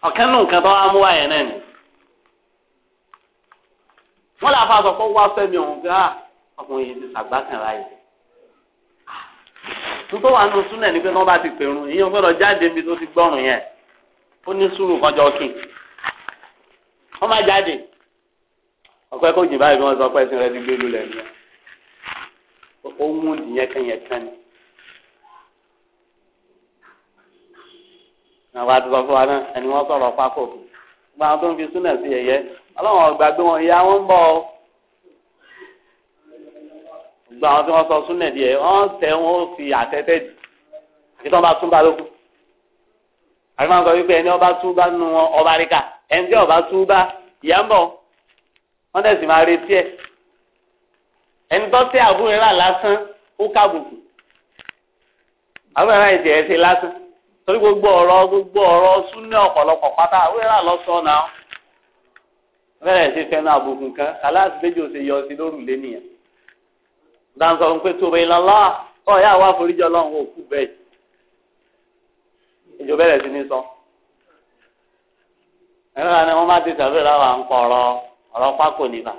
ọ̀kan nù nǹkan tó wá mú wáyẹ̀ náà ni wọ́n lè fa àtọ̀kọ́ wá fẹ́mi ọ̀hún pé ah, ọkùnrin yìí ti sàgbákan láyé tuntun wà nù súnà ní pé wọ́n bá ti pèrún ìyẹn gbọ́dọ̀ jáde níbi tó ti gbọ́rùn yẹn ó ní sùúrù kọjọ kì wọ́n má jáde ọ̀pẹ́ kò jìn báyìí bí wọ́n sọ pé ẹ̀sìn rẹ ti gbé lulẹ̀ ni ó mú ìyẹn kẹyẹ kan àwọn àtúntò fún wa náà ẹni wọ́n sọ̀rọ̀ pákó gba àwọn tó ń fi súnà sí ẹ̀yẹ ọlọ́run ọ̀gbà gbé wọn ìyá wọn ń bọ̀ ọ́ gba àwọn tí wọ́n sọ súnà díẹ̀ wọ́n tẹ̀ wọ́n fi àtẹ́tẹ́ dì kí tọ́ bá tún bá lókun àti máa ń sọ wípé ẹni ọba tún bá nu ọba ríkà ẹni tí ọba tún bá ìyá ń bọ̀ wọ́n tẹ̀sí máa retí ẹ̀ ẹni tó tẹ́ àbúrò rà lásán ó kábùkù àbúrò rà ìjẹ́ ẹ̀ ṣe lásán. torí gbogbo ọ̀rọ̀ gbogbo ọ̀rọ̀ súnlẹ̀ ọ̀pọ̀lọpọ̀ pátá wíwá lọ sọ náà bẹ́ẹ̀ ṣe fẹ́nu àbùkù kan kàláàsì méjì ò ṣe yọ sí lóru lé nìyẹn dáńsọ ń pé tóbi lọ́lá ọ̀yá wa bẹ́ẹ̀ ìjọ sí ní sọ ẹ̀rọ ni wọ́n ti sàbẹ̀ láwa ń pọ̀ ọ̀rọ̀ ọ̀rọ̀ pákó nípa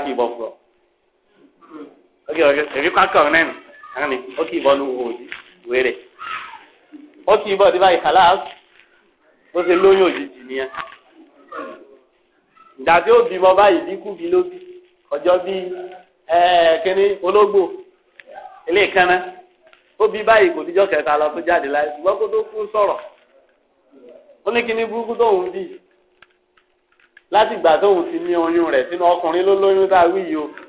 ẹ̀rọ Ok, oge ebikwa kọ nẹnu àmì na ìbọn nu wò di wéré ókè ìbọn di báyìí kàlá bó ṣe lóyún òjijì nìyẹn ìdàdí òbí mọ báyìí bí kú bí ló bí ọjọ́ bí kíní ológbò ó bí báyìí kò díjọ́ kẹta lọ tó jáde láì ṣùgbọ́n kó tó kú sọ̀rọ̀ ó ní kíní burúkú bí láti ìgbà tóun ti ní oyún rẹ̀ sínú ọkùnrin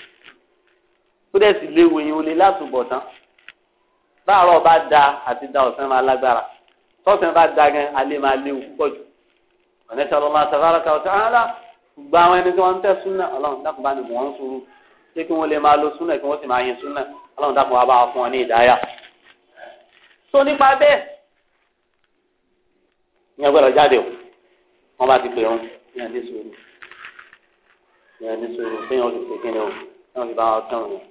tó dẹ̀ sì léwu yìí ó lè látúbọ̀ tán báàrọ̀ bá da àti da ọ̀sán máa lágbára tọ́sán bá da gan alẹ́ máa léwu púpọ̀ jù ọ̀nà ìṣàlọ́ máa sàfárà ká ọ̀sán áńlá gba àwọn ẹni tí wọ́n ń tẹ́ súnà ọlọ́run dákun bá ní wọ́n sùúrù ṣé kí wọ́n lè máa lo súnà kí wọ́n sì máa yin súnà ọlọ́run dákun wá bá wọn fún ọ ní ìdáyà. tó nípa bẹ́ẹ̀ ní ọgbẹ́rọ̀ jáde o wọ́n bá ti pè wọn ní ẹni sùúrù ní ẹni sùúrù fẹ́yìn ọ̀sẹ̀ kékeré o ní wọ́n bá wọn tẹ̀ wọn.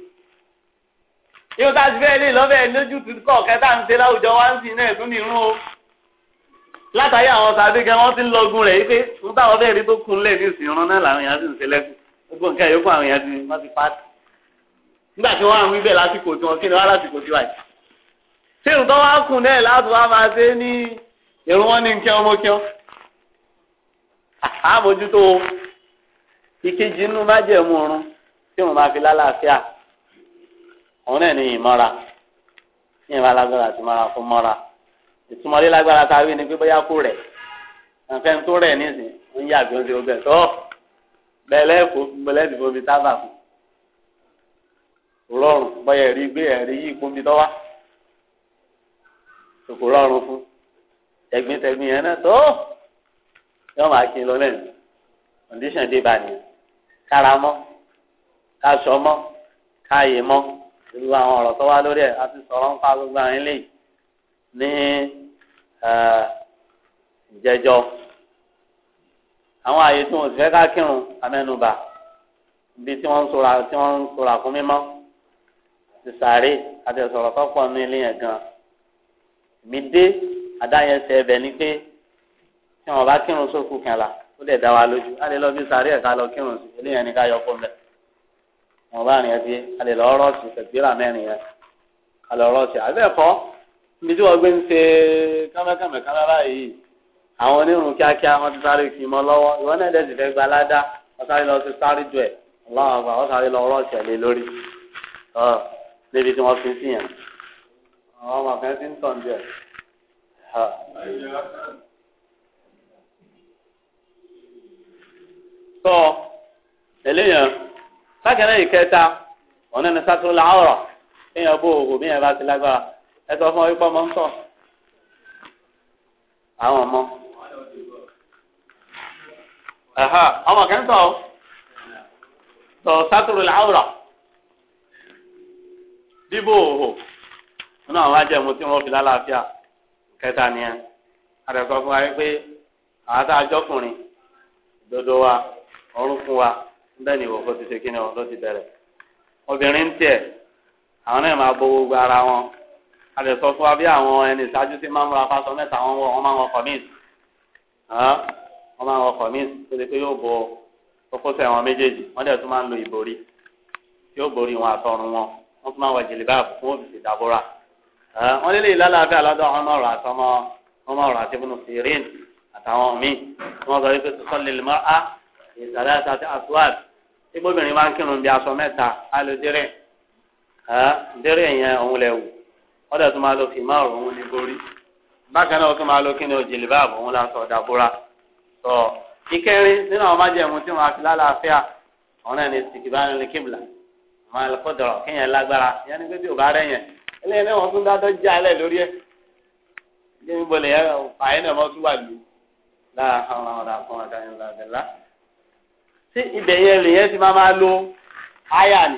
yóò tá a ti fẹ́ lé lọ́fẹ̀ẹ́ lójú tukọ̀ kẹta ń ṣe láwùjọ wá ń sìn náà tún ní irun o látàrí àwọn sàbí gan wọn ti ń lọgun rẹ̀ wípé ń táwọn fẹ́ẹ́ rí tó kun lẹ̀ ní ìsìn irun náà làwọn èèyàn sì ń ṣe lẹ́kùn gbogbo nǹkan yòókù àwọn èèyàn ti wọ́n ti pàtì nígbà tí wọ́n àwọn ibẹ̀ lásìkò tí wọ́n kí ni wọ́n lásìkò tí wáyé ṣé ìrùtọ́ wá kùn náà láti wá máa ṣe ní ìrún wọn ní nkẹ́ ọmọ òun náà ní ìmọ́ra ní ìmọ̀ alágbára àti mọ́ra fún mọ́ra ìtumọ̀lé lágbára tá a wí ni pé bóyá kó rẹ̀ nǹkan tó rẹ̀ nísìn ń yà bí ó ti ọbẹ̀ tó bẹ̀lẹ́ kó bẹ̀lẹ́ ìfò mi tábà fún rọrùn bóyá ẹ̀rí gbé ẹ̀rí yìí kó mi tọ́wá kò rọrùn fún tẹ̀gbìntẹ̀gbìn yẹn náà tó yọ máa kí n lọ lẹ́nu condition dé bá nìyẹn kára mọ́ ká gbogbo àwọn ọ̀rọ̀ tó wá lórí ẹ̀ a ti sọ̀rọ̀ ń pa gbogbo àwọn eléyìí ní ìjẹjọ́ àwọn àyè tí wọn ò sì fẹ́ ká kírun amẹ́nubà ibi tí wọ́n ń sora tí wọ́n ń sora fún mímọ́ ti sàárè àti ọ̀sọ̀rọ̀ kọ́pọ̀ ní ilé yẹn gan mi dé adáyẹsẹ̀ ẹbẹ̀ ni pé tí wọn bá kírun sókù ó lè dá wa lójú á lè lọ bí sàárè ẹ̀ka lọ kírun sí ilé yẹn ni ká yọ fún mi wọn bá rìn ẹtí alẹ lọ rọọsì tẹgbẹrà mẹ́rin yẹn alẹ rọọsì àbẹ ẹkọ níbi tí wọn gbé ń ṣe kámẹkámẹ kámẹrà yìí àwọn onírun kíákíá wọn ti sáré kì í mọ lọ́wọ́ ìwọ náà dẹsí fẹ gba aládá wọn sáré lọ sí sáré jù ẹ Ọlọ́run àgbà wọn sáré lọ rọọsì ẹ lé lórí ọ níbi tí wọn fi sí yẹn ọmọ kan ti ń tàn jẹ. sọ eléyàn. bákan náà ìkẹta ọ̀nà ní sátúrò làárọ̀ kéèyàn bó òwò bí yẹn bá ti lágbára ẹ sọ fún ọ wípé àwọn ọmọ ọmọ kẹ́ ń tọ̀ tọ̀ sátúrò làárọ̀ bíbó òwò nínú àwọn ajẹ́mu tí bẹ́ẹ̀ ni ìwòkó ti ṣe kí ni ọ ló ti bẹ̀rẹ̀ obìnrin tiẹ̀ àwọn náà máa bo gbogbo ara wọn a lè sọ fún wa bí àwọn ẹni ìṣáájú ti máa ń múra fásọ mẹ́ta wọn wọ wọn máa ń wọ kọ̀míìsì wọn máa ń wọ kọ̀míìsì tó lè pé yóò bo kókósẹ̀ wọn méjèèjì wọ́n dẹ̀ tún máa ń lo ìborí yóò borí wọn àtọrun wọn wọ́n tún máa ń wọ jìlìbáàbù fún òfìsì ìdábọ́ra wọ́n nílé ìlàlàáfíà aládọ́ àwọn ọmọ ọ̀rọ̀ àtọmọ ọmọ ọ̀rọ̀ àti ibùnú sirin àtàwọn míì wọ́n sọ wípé sọ́lẹ̀ lè mọ́ a ìsàlẹ̀ àti ibobìnrin máa ń kírun bí aṣọ mẹ́ta á lo dérè dérè yẹn òun lẹ̀ wù ọ̀dọ̀ tó máa lo fìmáàrù òun ní borí bákan náà ó tún máa lo kíni òjìlì báàbò òun lásọ ọ̀dàbúra sọ ìkẹrin nínú àwọn májèmú tí wọn fi lálàáfíà ọ̀rẹ́ ni sìkìbánu ní kíbla máa lọ kọ́dọ̀rọ̀ kéèyàn lágbára yẹn ni pé bí ò bá rẹ̀ yẹn eléyìí náà wọ́n tún dá dọ́jà alẹ́ lórí ẹ̀ jẹ́mi yẹn fàáyín náà wọ́n tún wà lù láàárọ̀ àwọn ọ̀dà kan ọ̀dà yẹn lọ́dẹ̀ lá. si ibẹ̀ yẹn lèyẹn ti máa máa lo aya ni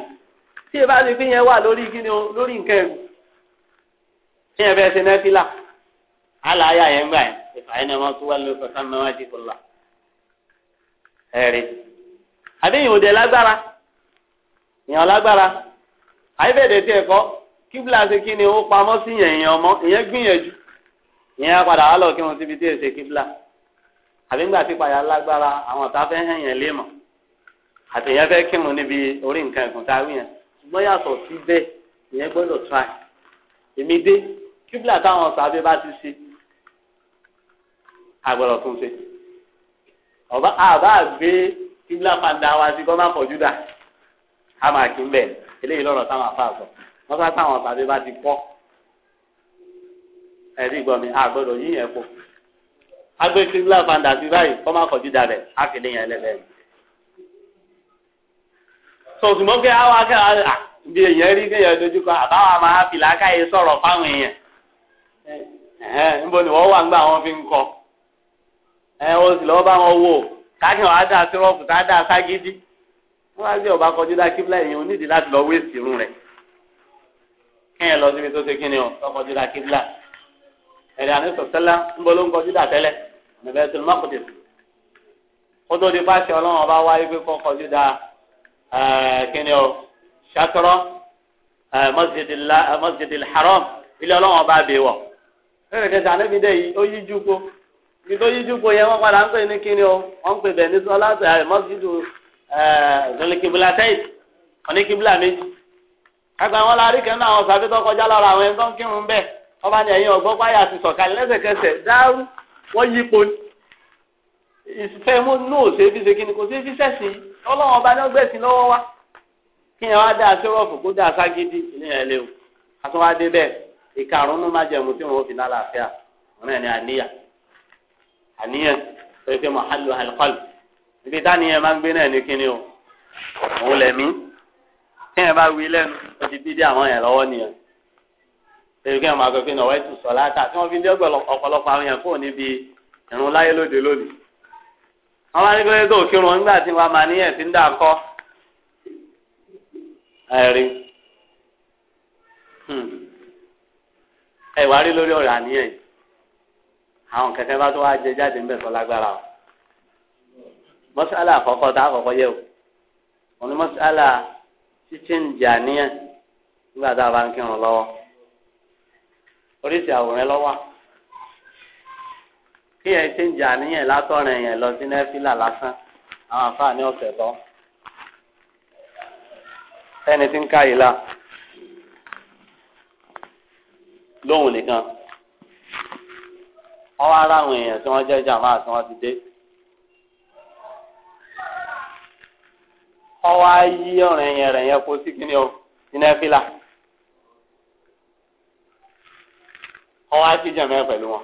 tí ẹ bá ti fi yẹn wà lórí o lórí nǹkan ẹ̀rù tí yẹn fẹ́ ṣe nẹ́fìlà àlà àyà yẹn gbà yẹn ìfàyẹn náà máa tún wá lórí kankan náà wájú kò la ẹ̀rí àbíyìn òde lágbára èèyàn lágbára àyíbẹ̀dẹ̀ tí ẹ̀kọ́ kíbla ṣe kí ni ó pamọ́ sí yẹn èèyàn ọmọ ìyẹn gbìyànjú ìyẹn wà lọ kí ti fi tí ì àbí ńgbà tí lágbára àtẹ̀yẹ fẹ́ kí mo níbi orí nǹkan ẹ̀kún tá a wí yẹn ṣùgbọ́n yàtọ̀ sí bẹ́ẹ̀ ìyẹn gbọ́dọ̀ try èmi dé kíbla táwọn sàbẹ̀ bá ti ṣe àgbọ̀dọ̀ tún ṣe ọba àbá gbé kíbla padà wá sí kọ́ má fọ̀jú dà á máa kí n bẹ̀ eléyìí lọ́rọ̀ táwọn afá sọ wọ́n sá táwọn sàbẹ̀ bá ti kọ́ ẹ̀rí gbọ́ mi àgbọ̀dọ̀ yíyẹn kó agbé kíbla padà sí báyìí kọ́ má rẹ̀ á fi léyìn ẹlẹ́bẹ̀ẹ́ sọ̀tún mọ́ pé àwọn akẹ́wà à bí èèyàn rí kéèyàn dojú kọ àbáwá máa fi làákàyè sọ̀rọ̀ fáwọn èèyàn níbo ni wọ́n wà ńgbà wọn fi ń kọ ẹ o sì lọ́wọ́ bá wọn wò káàkiri wàá dà sírọ́ọ̀pù tá a dà ságídí wọ́n á gbé ọba kọjú dá kíbla èèyàn onídìí láti lọ wé sírun rẹ̀ kéèyàn lọ síbi tó ṣe kí ni o tó kọjú dá kíbla ẹ̀rẹ̀ àní sọ̀tẹ́lá ńbọ ló ń kọjú dà tẹ́lẹ̀ ọ̀nà bẹ́ẹ̀ tó lọ́mọ́kùtì kó tó di pàṣẹ ọlọ́run ọba wáyé pé kọ́ kọjú dá kíni o ṣakọrọ masjidil haram ilé ọlọ́wọ́n bá bẹ̀ wọ̀ lórí kẹsàn án níbi dé yìí ó ibi tó yẹ wọ́n padà ní o wọ́n pè bẹ̀ ní sọlá masjidu zọlẹ́kìbìlà tẹ́yì oníkìbìlà méjì ẹgbẹ́ wọn la rí kẹ́ ní àwọn sàbí tó kọjá àwọn ń kírun bẹ́ẹ̀ wọ́n bá ní páyà ti sọ̀kalẹ̀ lẹ́sẹ̀kẹsẹ̀ wọ́n ìfẹ́ mú nù ṣe kíni ọlọ́run ọba náà gbẹ̀sìn lọ́wọ́ wa kí ni wọ́n á dá aṣọ́rọ̀fù kó dá aṣágídí ìlẹ́yìn ẹ̀ léwu àtúwádé bẹ́ẹ̀ ìkarùn-ún máa jẹ̀mú tí wọ́n fi lálàáfíà wọn náà ní àníyàn àníyàn pé pé mọ̀hálù àlùkọ́lù ibi táníyàn máa ń gbé náà ní kíni o òun lẹ̀mí tí yẹn bá wí lẹ́nu ó ti dídí àwọn yẹn lọ́wọ́ nìyẹn pẹ̀lú kí wọ́n máa sọ tù sọ láta tí wọ́n fi dé ọ̀pọ̀lọpọ̀ àwọn yẹn fóònù bíi ìrún láyé lóde lónìí àwọn adigunlẹ̀ tó kírun nígbà tí wàá máa níyẹn ti ń dà kọ́ ẹ̀rí hmm. ẹ̀wà rí lórí ọ̀rọ̀ àníyàn yìí àwọn kẹ̀kẹ́ bá tó wá jẹ jáde ń bẹ̀ sọ lágbára o mọ́sálà àkọ́kọ́ tá àkọ́kọ́ yẹ o òun ni mọ́sálà títí ń jà níyàn nígbà tá a bá ń kírun lọ́wọ́ oríṣi àwòrán lọ́wọ́ kí yẹn ṣe ń jà níyẹn látọ̀rìn yẹn lọ sí nẹ́fílà lásán àwọn àǹfààní ọ̀sẹ̀ bọ́ ẹni tí ń ká yìí la lóhùn nìkan wọ́n wá ráwọn èèyàn tí wọ́n jẹ́ jàmáà tí wọ́n ti dé. wọ́n wá yí ọ̀rẹ́ yẹn rẹ̀ yẹn kó sí kíní o iná fílà wọ́n wá sí jẹ̀mẹ́ pẹ̀lú wọn.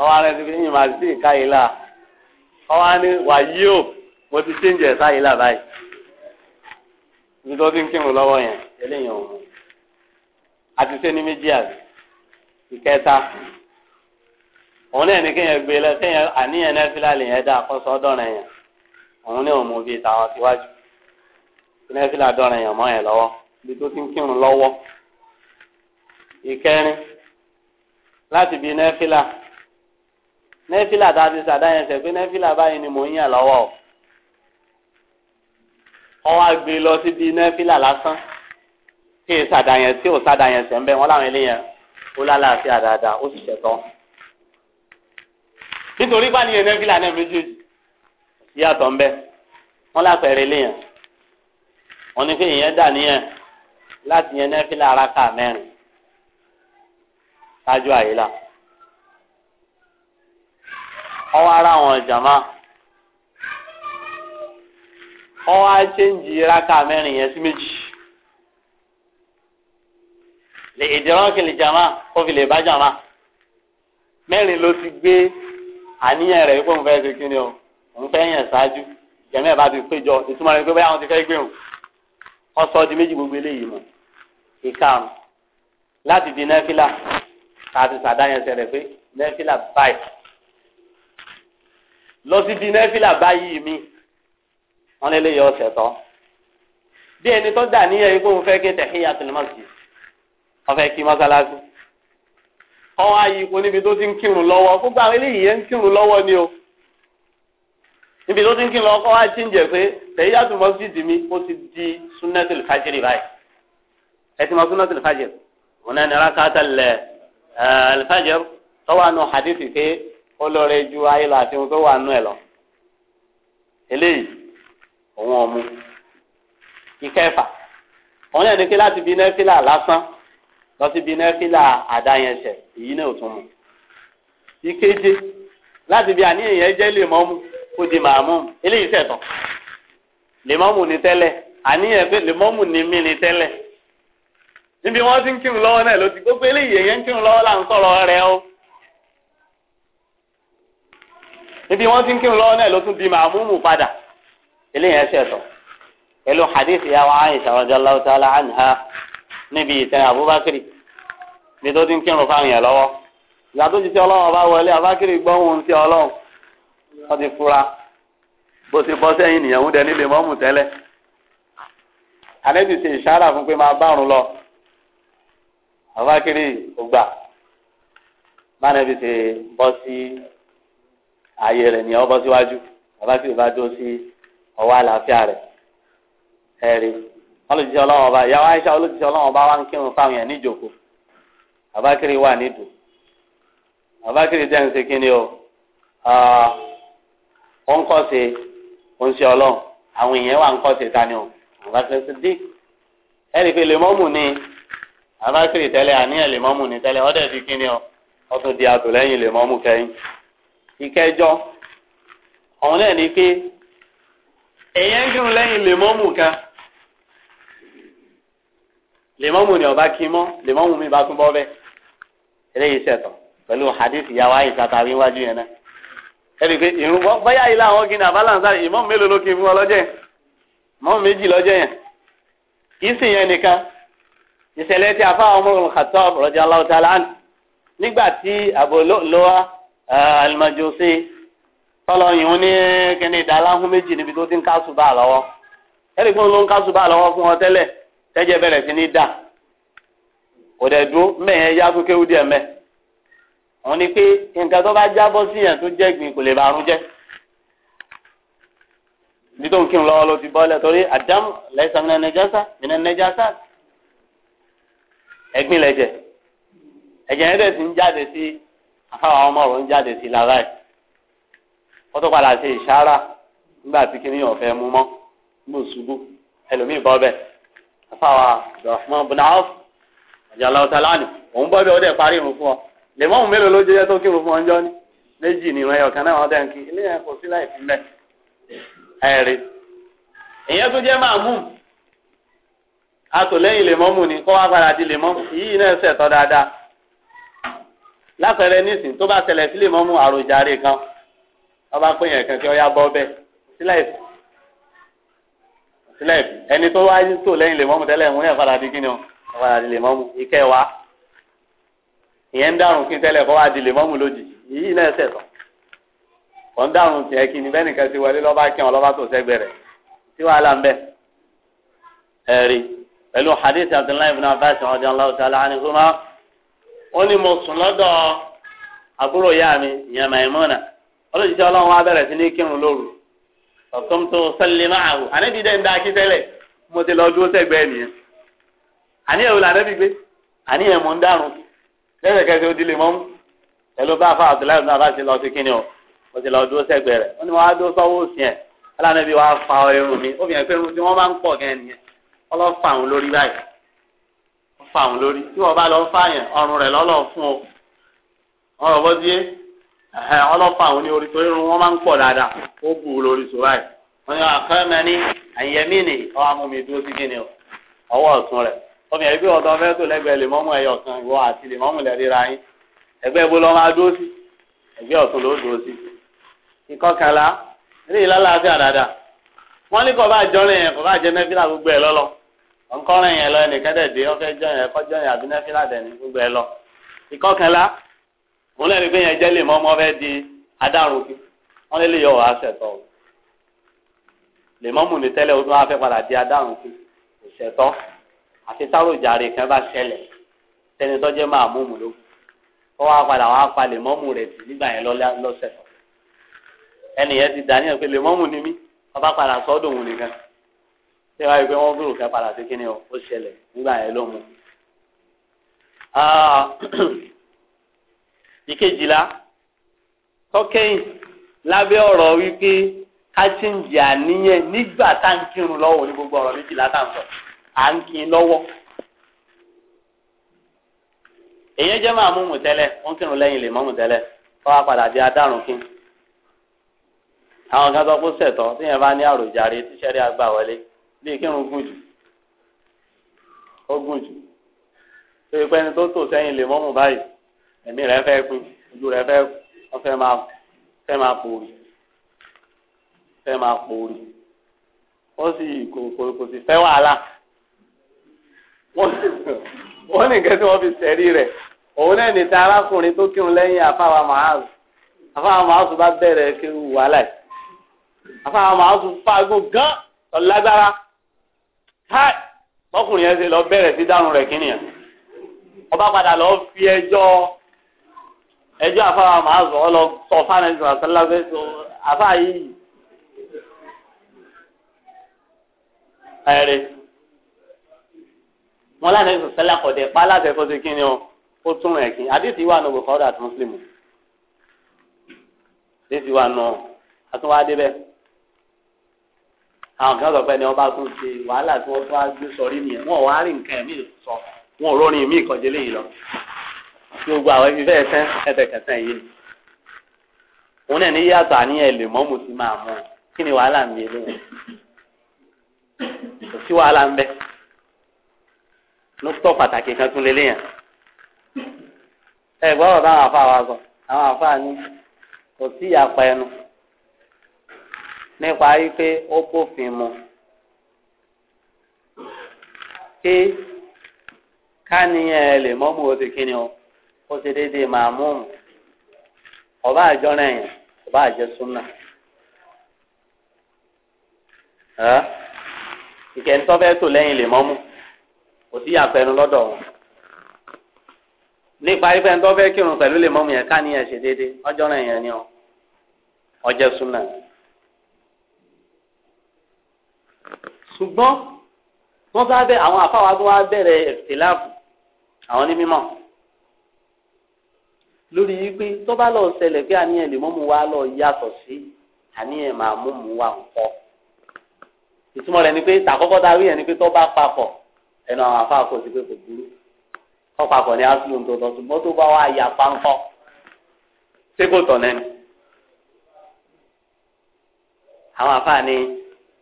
ọwọ́ ara ẹni fi yín màá sí ìka yìí là ọwọ́ ni wà yí o mo ti ṣe ń jẹ ẹ̀sá yìí là báyìí nítorí ń kírun lọ́wọ́ yẹn eléyìí ọ̀hún àti sẹ́ni méjì àbí ìkẹta òun náà ní kéèyàn gbé lọ kéèyàn àníyàn náà fi láàlè yẹn dá àkọ́sọ́ ọ̀dọ́rin yẹn òun náà mú bíi tàwọn síwájú náà fi láàdọ́rin yẹn mọ́ yẹn lọ́wọ́ ibi ti ń kírun lọ́wọ́ ìkẹrin láti bíi náà fi láà nẹ́fìlà tá a ti sàdáyẹn sẹ̀ pé nẹ́fìlà báyìí ni mò ń yàn lọ́wọ́ o ọwọ́ àgbè lọ síbi nẹ́fìlà lásán tí ì sàdáyẹn tí ò sàdáyẹn sẹ̀ ń bẹ́ wọn láwọn eléyẹn ó lálàáfíà dáadáa ó sì ṣẹ̀tọ́ nítorí bá nìyẹn nẹ́fìlà náà méjèèjì yàtọ̀ ń bẹ́ wọn lápẹ̀rẹ̀ eléyẹn wọn ní pé ìyẹn dà níyẹn láti yẹn nẹ́fìlà ara ká mẹ́rin ṣáájú àyílà ọwọ́ ara àwọn jàmá ọwọ́ àṣẹ́ǹjì rákà mẹ́rin yẹn sí méjì lè ìdíránkì lè jàmá ó fi lè bá jàmá mẹ́rin ló ti gbé àníyàn rẹ̀ wípé òun fẹ́ ṣe kí o òun fẹ́ yàn ṣáájú jẹ̀mẹ́ bá ti péjọ ìtumọ̀ rẹ̀ pé báyà wọn ti fẹ́ gbé òun wọ́n di méjì gbogbo eléyìí mọ̀ ìkarùn láti di nẹ́fílà tàbí sàdáyẹsẹ̀ rẹ̀ pé nẹ́fílà báyìí lọ sí di nẹ́fìlà báyìí mi wọn lé léyìí ọ̀sẹ̀ tán bí ẹni tó dà níyẹn yìí kó ń fẹ́ kí tẹ̀híyà tó ní mọ́sí wọ́n fẹ́ kí mọ́sálásí ọwọ́ ayé ipò níbi tó ti ń kírun lọ́wọ́ gbogbo àwọn eléyìí yẹn ń kírun lọ́wọ́ ni o níbi tó ti ń kírun lọ́wọ́ kọ́ wá tí ń jẹ pé tẹ̀híyà tó mọ́sí di mi ó ti di súnẹ́tìlì fájìrì báyìí ẹ ti mọ súnẹ́tìlì fájìrì òun náà ní rákàtà lẹ̀ ẹ̀ ó lọrẹ ju ayélujára àti ohun tó wà nù ẹ lọ eléyìí òun ọmú ìkẹfà òun náà ní kí láti bí nẹfìlà lásán lọ sí bí nẹfìlà àdáyẹnsẹ èyí náà ò tún mu ìkeje láti bí àníyàn yẹn jẹ lèmọmù kó di màmú eléyìí sẹtọ lèmọmù ní tẹ́lẹ̀ àníyàn pé lèmọmù ní mí ní tẹ́lẹ̀ níbi wọn ti ń kírun lọ́wọ́ náà ló ti gbogbo eléyìí yẹn ń kírun lọ́wọ́ là ń sọ̀rọ̀ rẹ̀ o. níbi wọ́n ti ń kírun lọ́wọ́ náà ló tún di màmúmù padà eléyìí ẹsẹ̀ sọ pẹ̀lú hadith ya wa Aisha radiyallahu ta'ala anha níbi ìtẹ̀ Abubakar ní tó ti ń kírun fáwọn yẹn lọ́wọ́ ìgbà tó ti ti ọlọ́run ọba wọlé Abubakar gbọ́hùn ti ọlọ́run wọ́n ti fura bó ti bọ́ sẹ́yìn nìyẹn ń dẹ nílé mọ́mù tẹ́lẹ̀ anẹ́bí ṣe ìṣára fún pé máa bárun lọ Abubakar ògbà má ayé rẹ̀ ní ọbọ̀ síwájú bàbá tí ìbá dó sí ọwọ́ àlàáfíà ọba Aisha olùjíṣẹ́ ọba wa ń kírun fáwọn èèyàn níjòkó Abakiri wà nídò Abakiri dẹ́n ṣe kíni o ó ń kọ́ ṣe ó ọlọ́run àwọn èèyàn wà ń kọ́ tani o dí pé lèmọ́mù ni tẹ́lẹ̀ àníyàn lèmọ́mù ìkẹjọ ọ̀hún náà ni pé èèyàn ń kírun lẹ́yìn lèmọ́mù kan lèmọ́mù ni ọba kí mọ́ lèmọ́mù mi bá tún bọ́ bẹ́ẹ̀ eléyìí ṣẹ̀tọ̀ pẹ̀lú hadith ìyàwó àyíṣà tàbí wájú yẹn náà ẹ̀rí pé ìrún bọ́yá ilé àwọn kí ni àbálànsá ìmọ̀mù mélòó ló kí fún ọ lọ́jọ́ yẹn ìmọ̀mù méjì lọ́jọ́ yẹn kì yẹn nìkan ìṣẹ̀lẹ̀ tí afáwọn ọmọ òun Khattab radiyallahu ta'ala nígbà tí àbò lọ́wọ́ Eh, alimajosi tọ́lọ̀ yìí wọ́n ní kíni ìdáláhùn méjì níbi tó ti ń kásù bá lọ́wọ́ ẹ̀rí gbọ́n ló ń kásù bá lọ́wọ́ fún wọn tẹ́lẹ̀ tẹ́jẹ́ bẹ̀rẹ̀ sí ní dà kò dẹ̀ dúró mẹ́yẹn yá kókè ó díẹ̀ mẹ́ wọ́n ní pé nǹkan tó bá jábọ́ sí yẹn tó jẹ́ gbìn kò lè bàrún jẹ́ bí tó ń kírun lọ́wọ́ ló ti bọ́lẹ̀ torí àdámù lẹ́sàn mìíràn nẹjásá mìíràn nẹjásá ẹ̀gbìn lẹ̀jẹ̀ ẹ̀jẹ̀ yẹn dẹ̀ sì ń jáde sí àfáwọn ọmọ ọ̀rọ̀ ń jáde sí lára ẹ̀ wọ́n tó padà ṣe ìṣára nígbà tí kí níyàn fẹ́ mú mọ́ mú ṣubú ẹlòmíì bọ́ bẹ́ẹ̀ àfáwọn abdulrahman bin auf àjàlá ọ̀tàlánì òun bọ́ bẹ́ẹ̀ ó dẹ̀ parí irun fún ọ lè mọ́mù mélòó ló jẹ́ tó kírun fún ọjọ́ ní méjì nìyẹn ẹyọ kan náà wọ́n dẹ̀ ń ilé yẹn kò sí láì fi mẹ́ ẹ̀rí ìyẹn tó jẹ́ máa mú àtòlẹ́yìn lè ni kó wá padà di lè yìí náà ṣẹ̀tọ́ dáadáa lápẹẹrẹ nísìn tó bá ṣẹlẹ̀ sílẹ̀ mọ́mú àròjàre kan ọba pé yẹn kan kí ọya bọ́ bẹ́ẹ̀ sílẹ̀ sílẹ̀ ẹni tó wáyé tó lẹ́yìn lè mọ́mú tẹ́lẹ̀ mú yẹn padà di kíni o padà di lè mọ́mú ikẹ́ wa ìyẹn ń dàrún kí tẹ́lẹ̀ kọ́ wá di lè mọ́mú lójijì yìí náà ṣẹ̀ tán wọ́n dàrún tiẹ̀ kí ni bẹ́ẹ̀ nìkan ti wọlé lọ́ba kí wọn lọ́ba tó sẹ́gbẹ̀ rẹ̀ tí wàhálà ń bẹ ẹ̀rí pẹ̀lú hadith Abdullahi ibn Abbas radiyallahu ta'ala anhuma ó ní mo sùn lọ́dọ̀ àbúrò ìyá mi ìyẹn Maimuna olójijì ọlọ́run wa bẹ̀rẹ̀ sí ní kírun lóru ọ̀tún tó sẹ́lẹ̀ máa wò ànábì dẹ́n da kí tẹ́lẹ̀ mo ti lọ dúró sẹ́gbẹ́ nìyẹn àníyàn wò lànà gbígbé àníyàn mò ń dárun lẹ́sẹ̀kẹsẹ̀ òdìlé mọ́mú pẹ̀lú bá fa Abdullahi náà bá ti lọ sí kíni o mo ti lọ dúró sẹ́gbẹ́ rẹ̀ ó ní wọ́n á dúró sọ́wọ́ òsì yẹn alánàbí wa fa irun mi ó fi hàn pé irun tí wọ́n máa ń pọ̀ gẹ́ nìyẹn ọlọ́fà òun lórí báyìí fà wọn lórí tí wọn bá lọ fààyàn ọrùn rẹ lọlọ fún o ọrọ bọ ẹhẹ àwọn ní orí torí wọn máa ń pọ̀ dáadáa ó bù lórí wọn ni dúró rẹ bí tó lẹ́gbẹ̀ẹ́ lè ẹyọ kan ìwọ àti lè yín ẹgbẹ́ ibo lọ máa dúró sí ẹgbẹ́ ọ̀tún ló dúró sí ìkọkànlá eré ìlàlá àti àdàdà ní yẹn lọlọ ọ̀nkọ́rin yẹn lọ ẹnì kẹ́dẹ̀ dé ọ̀fẹ́ jọ yẹn kọjọ yẹn àbí nẹ́fílà dẹ̀ni gbogbo ẹ lọ. ìkọkànlá òun lẹ́nu pé yẹn jẹ́ lè mọ́ ọmọ fẹ́ di adáàrún kí wọ́n lè lè yọ wàá ṣẹ̀tọ́ o. lè mọ́ mùmí tẹ́lẹ̀ o tún wá fẹ́ padà di adáàrún kí kò ṣẹ̀tọ́ àti sáròjàre kan bá ṣẹlẹ̀ tẹni tọ́jẹ́ máa mú mú ló kọ́ wá padà wá pa lè mọ́mù rẹ̀ sí nígbà yẹn lọ́sẹ̀ ẹnì yẹn ti dà ní ẹ̀ pé lè mọ́mù ni mí ọba padà sọ́dọ̀ òun nìkan ṣé wàá rí i pé wọ́n gbèrò ká padà sí kíni ó ṣẹlẹ̀ nígbà yẹn ló mu. Ah, ìkejìlá tọ́kẹ́yìn lábẹ́ ọ̀rọ̀ wípé ká ti ń jẹ àníyàn nígbà tá à ń kírun lọ́wọ́ ní gbogbo ọ̀rọ̀ méjìlá tá à ń sọ à ń kin lọ́wọ́. èyàn jẹ́ máa mú mùtẹ́lẹ̀ wọ́n kírun lẹ́yìn lè mọ́ mùtẹ́lẹ̀ tọ́wọ́ padà di adárùn kín àwọn kan sọ pé sẹ̀tọ́ tíyẹn bá ní àròjàre tíṣẹ́rí àgbà wọlé bíi kí irun gùn jù ó gùn jù tó yẹ pé ẹni tó tò sẹ́yìn lè mọ́mù báyìí ẹ̀mí rẹ̀ fẹ́ pin ojú rẹ̀ fẹ́ wọ́n fẹ́ máa fẹ́ máa pòórì fẹ́ máa pòórì ó sì kò kò kò sì fẹ́ wàhálà wọ́n ní nǹkan tí wọ́n fi sẹ́rí rẹ̀ òun náà ní ta arákùnrin tó kírun lẹ́yìn àfáwà màázu àfáwà màázu bá bẹ̀rẹ̀ kí wàhálà yìí àfáwà màázu fáagùn gan ọ̀lágbára káì ọkùnrin yẹn ṣe lọ bẹ̀rẹ̀ sí dárun rẹ̀ kí nìyẹn ọba padà lọ fi ẹjọ́ ẹjọ́ àfáà máa zọ ọ lọ sọ fáànẹ́sì àtàláfẹ́ sọ àfáà yìí ẹ̀rẹ́ wọn láti ẹ̀sùn sẹ́lá kọ̀dẹ̀ pa aláṣẹ kó ti kíni o ó tún rẹ̀ kí àdìsí wà nù bùkọ́ ọ̀dà tó ń sílẹ̀ mọ́ àdìsí wà nù àtúnwá débẹ̀. àwọn kan sọ pé ẹni ọba ń ṣe wàhálà tí wọ́n bá gbé sọrí nìyẹn wọn wá rí nǹkan sọ wọn ò rórin mí ìkọjẹ léyìí lọ gbogbo àwọn ibi bẹ́ẹ̀ tẹ́ ẹ̀tẹ̀kẹ̀tẹ̀ yìí òun náà ní yàtọ̀ àníyàn lè mo ti máa kí ni wàhálà kò sí wàhálà ń bẹ pàtàkì kan nípa wípé ó bófin mu kí káníyàn ẹ lè mọ́mú o ó ṣe déédéé màmúùmù ọba àjọra yẹn ọba àjẹsúnà ìkẹ́ńtọ́ fẹ́ tò lẹ́yìn lè mọ́mú kò sí àfẹnu lọ́dọ̀ wọn nípa ife ń tọ́ fẹ́ kírun pẹ̀lú lè mọ́mú yẹn káníyàn ṣe déédéé ọjọ́ra yẹn ni ọ ṣùgbọ́n wọ́n bá bẹ àwọn àfáwà tó wá bẹ̀rẹ̀ ẹ̀fìláàfù àwọn ní mímọ́ lórí wípé tó bá lọ ṣẹlẹ̀ pé àníyàn lè mọ́mú wa lọ yàtọ̀ sí àníyàn máa mú mú wa nǹkọ́ ìtumọ̀ rẹ̀ ni pé tàkọ́kọ́ darí ẹ̀ ni pé tó bá papọ̀ ẹnu àwọn àfáà kò sí pé kò burú kọ́ papọ̀ ní asúlùm tó tọ́ ṣùgbọ́n tó bá wá ya pánkọ́ ṣé kò tọ̀ lẹ́nu àwọn àfáà ni.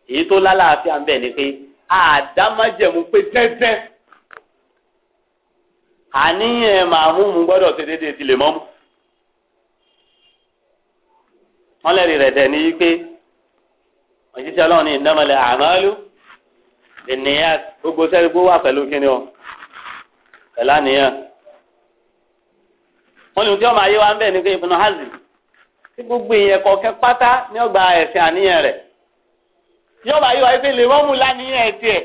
èyí tó lálàáfíà ń ni pé àdámájẹ̀mú pé tẹ́tẹ́ àníyàn màmúmu gbọ́dọ̀ ṣe déédéé ti lè mọ́mú. wọ́n lẹ́rìí rẹ̀ dẹ̀ ní ọlọ́run ní ìdámọ̀lẹ̀ àmọ́lú ènìyàn gbogbo gbogbo wà pẹ̀lú kíni o pẹ̀lú àníyàn. wọ́n lè tí ọmọ wa ń bẹ̀ ní pé ìfúnná hàzì tí gbogbo ìyẹn kọ̀ọ̀kẹ́ pátá ní ọgbà ẹ̀sìn àníyàn rẹ̀. yóò bá yíwa ẹgbẹ́ lè wọ́n mú lánìyàn ẹ̀ tiẹ̀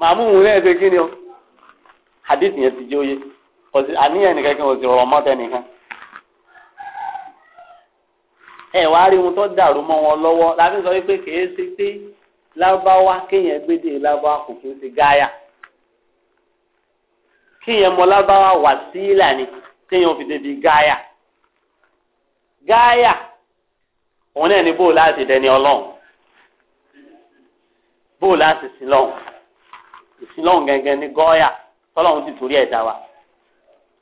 màmú òun náà ṣe kí ni o hadith yẹn ti jẹ́ òye àníyàn nìkan kí n ò sì rọ̀ mọ́tẹ́ nìkan. ẹ wá rí ohun tó dàrú mọ́ wọn lọ́wọ́ láti sọ wípé kì í ṣe pé lábáwá kéèyàn gbédè lábáwá kò kí ń ṣe gáyà kéèyàn mọ lábáwá wà sí ìlànà kéèyàn fi débi gáyà gáyà òun náà ní bó láti dẹni ọlọ́run bóò láti sin lọ́hùn ìsin lọ́hùn gẹ́gẹ́ ní gọ́ọ̀yà tọ́lọ́hùn ti torí ẹ̀dá wa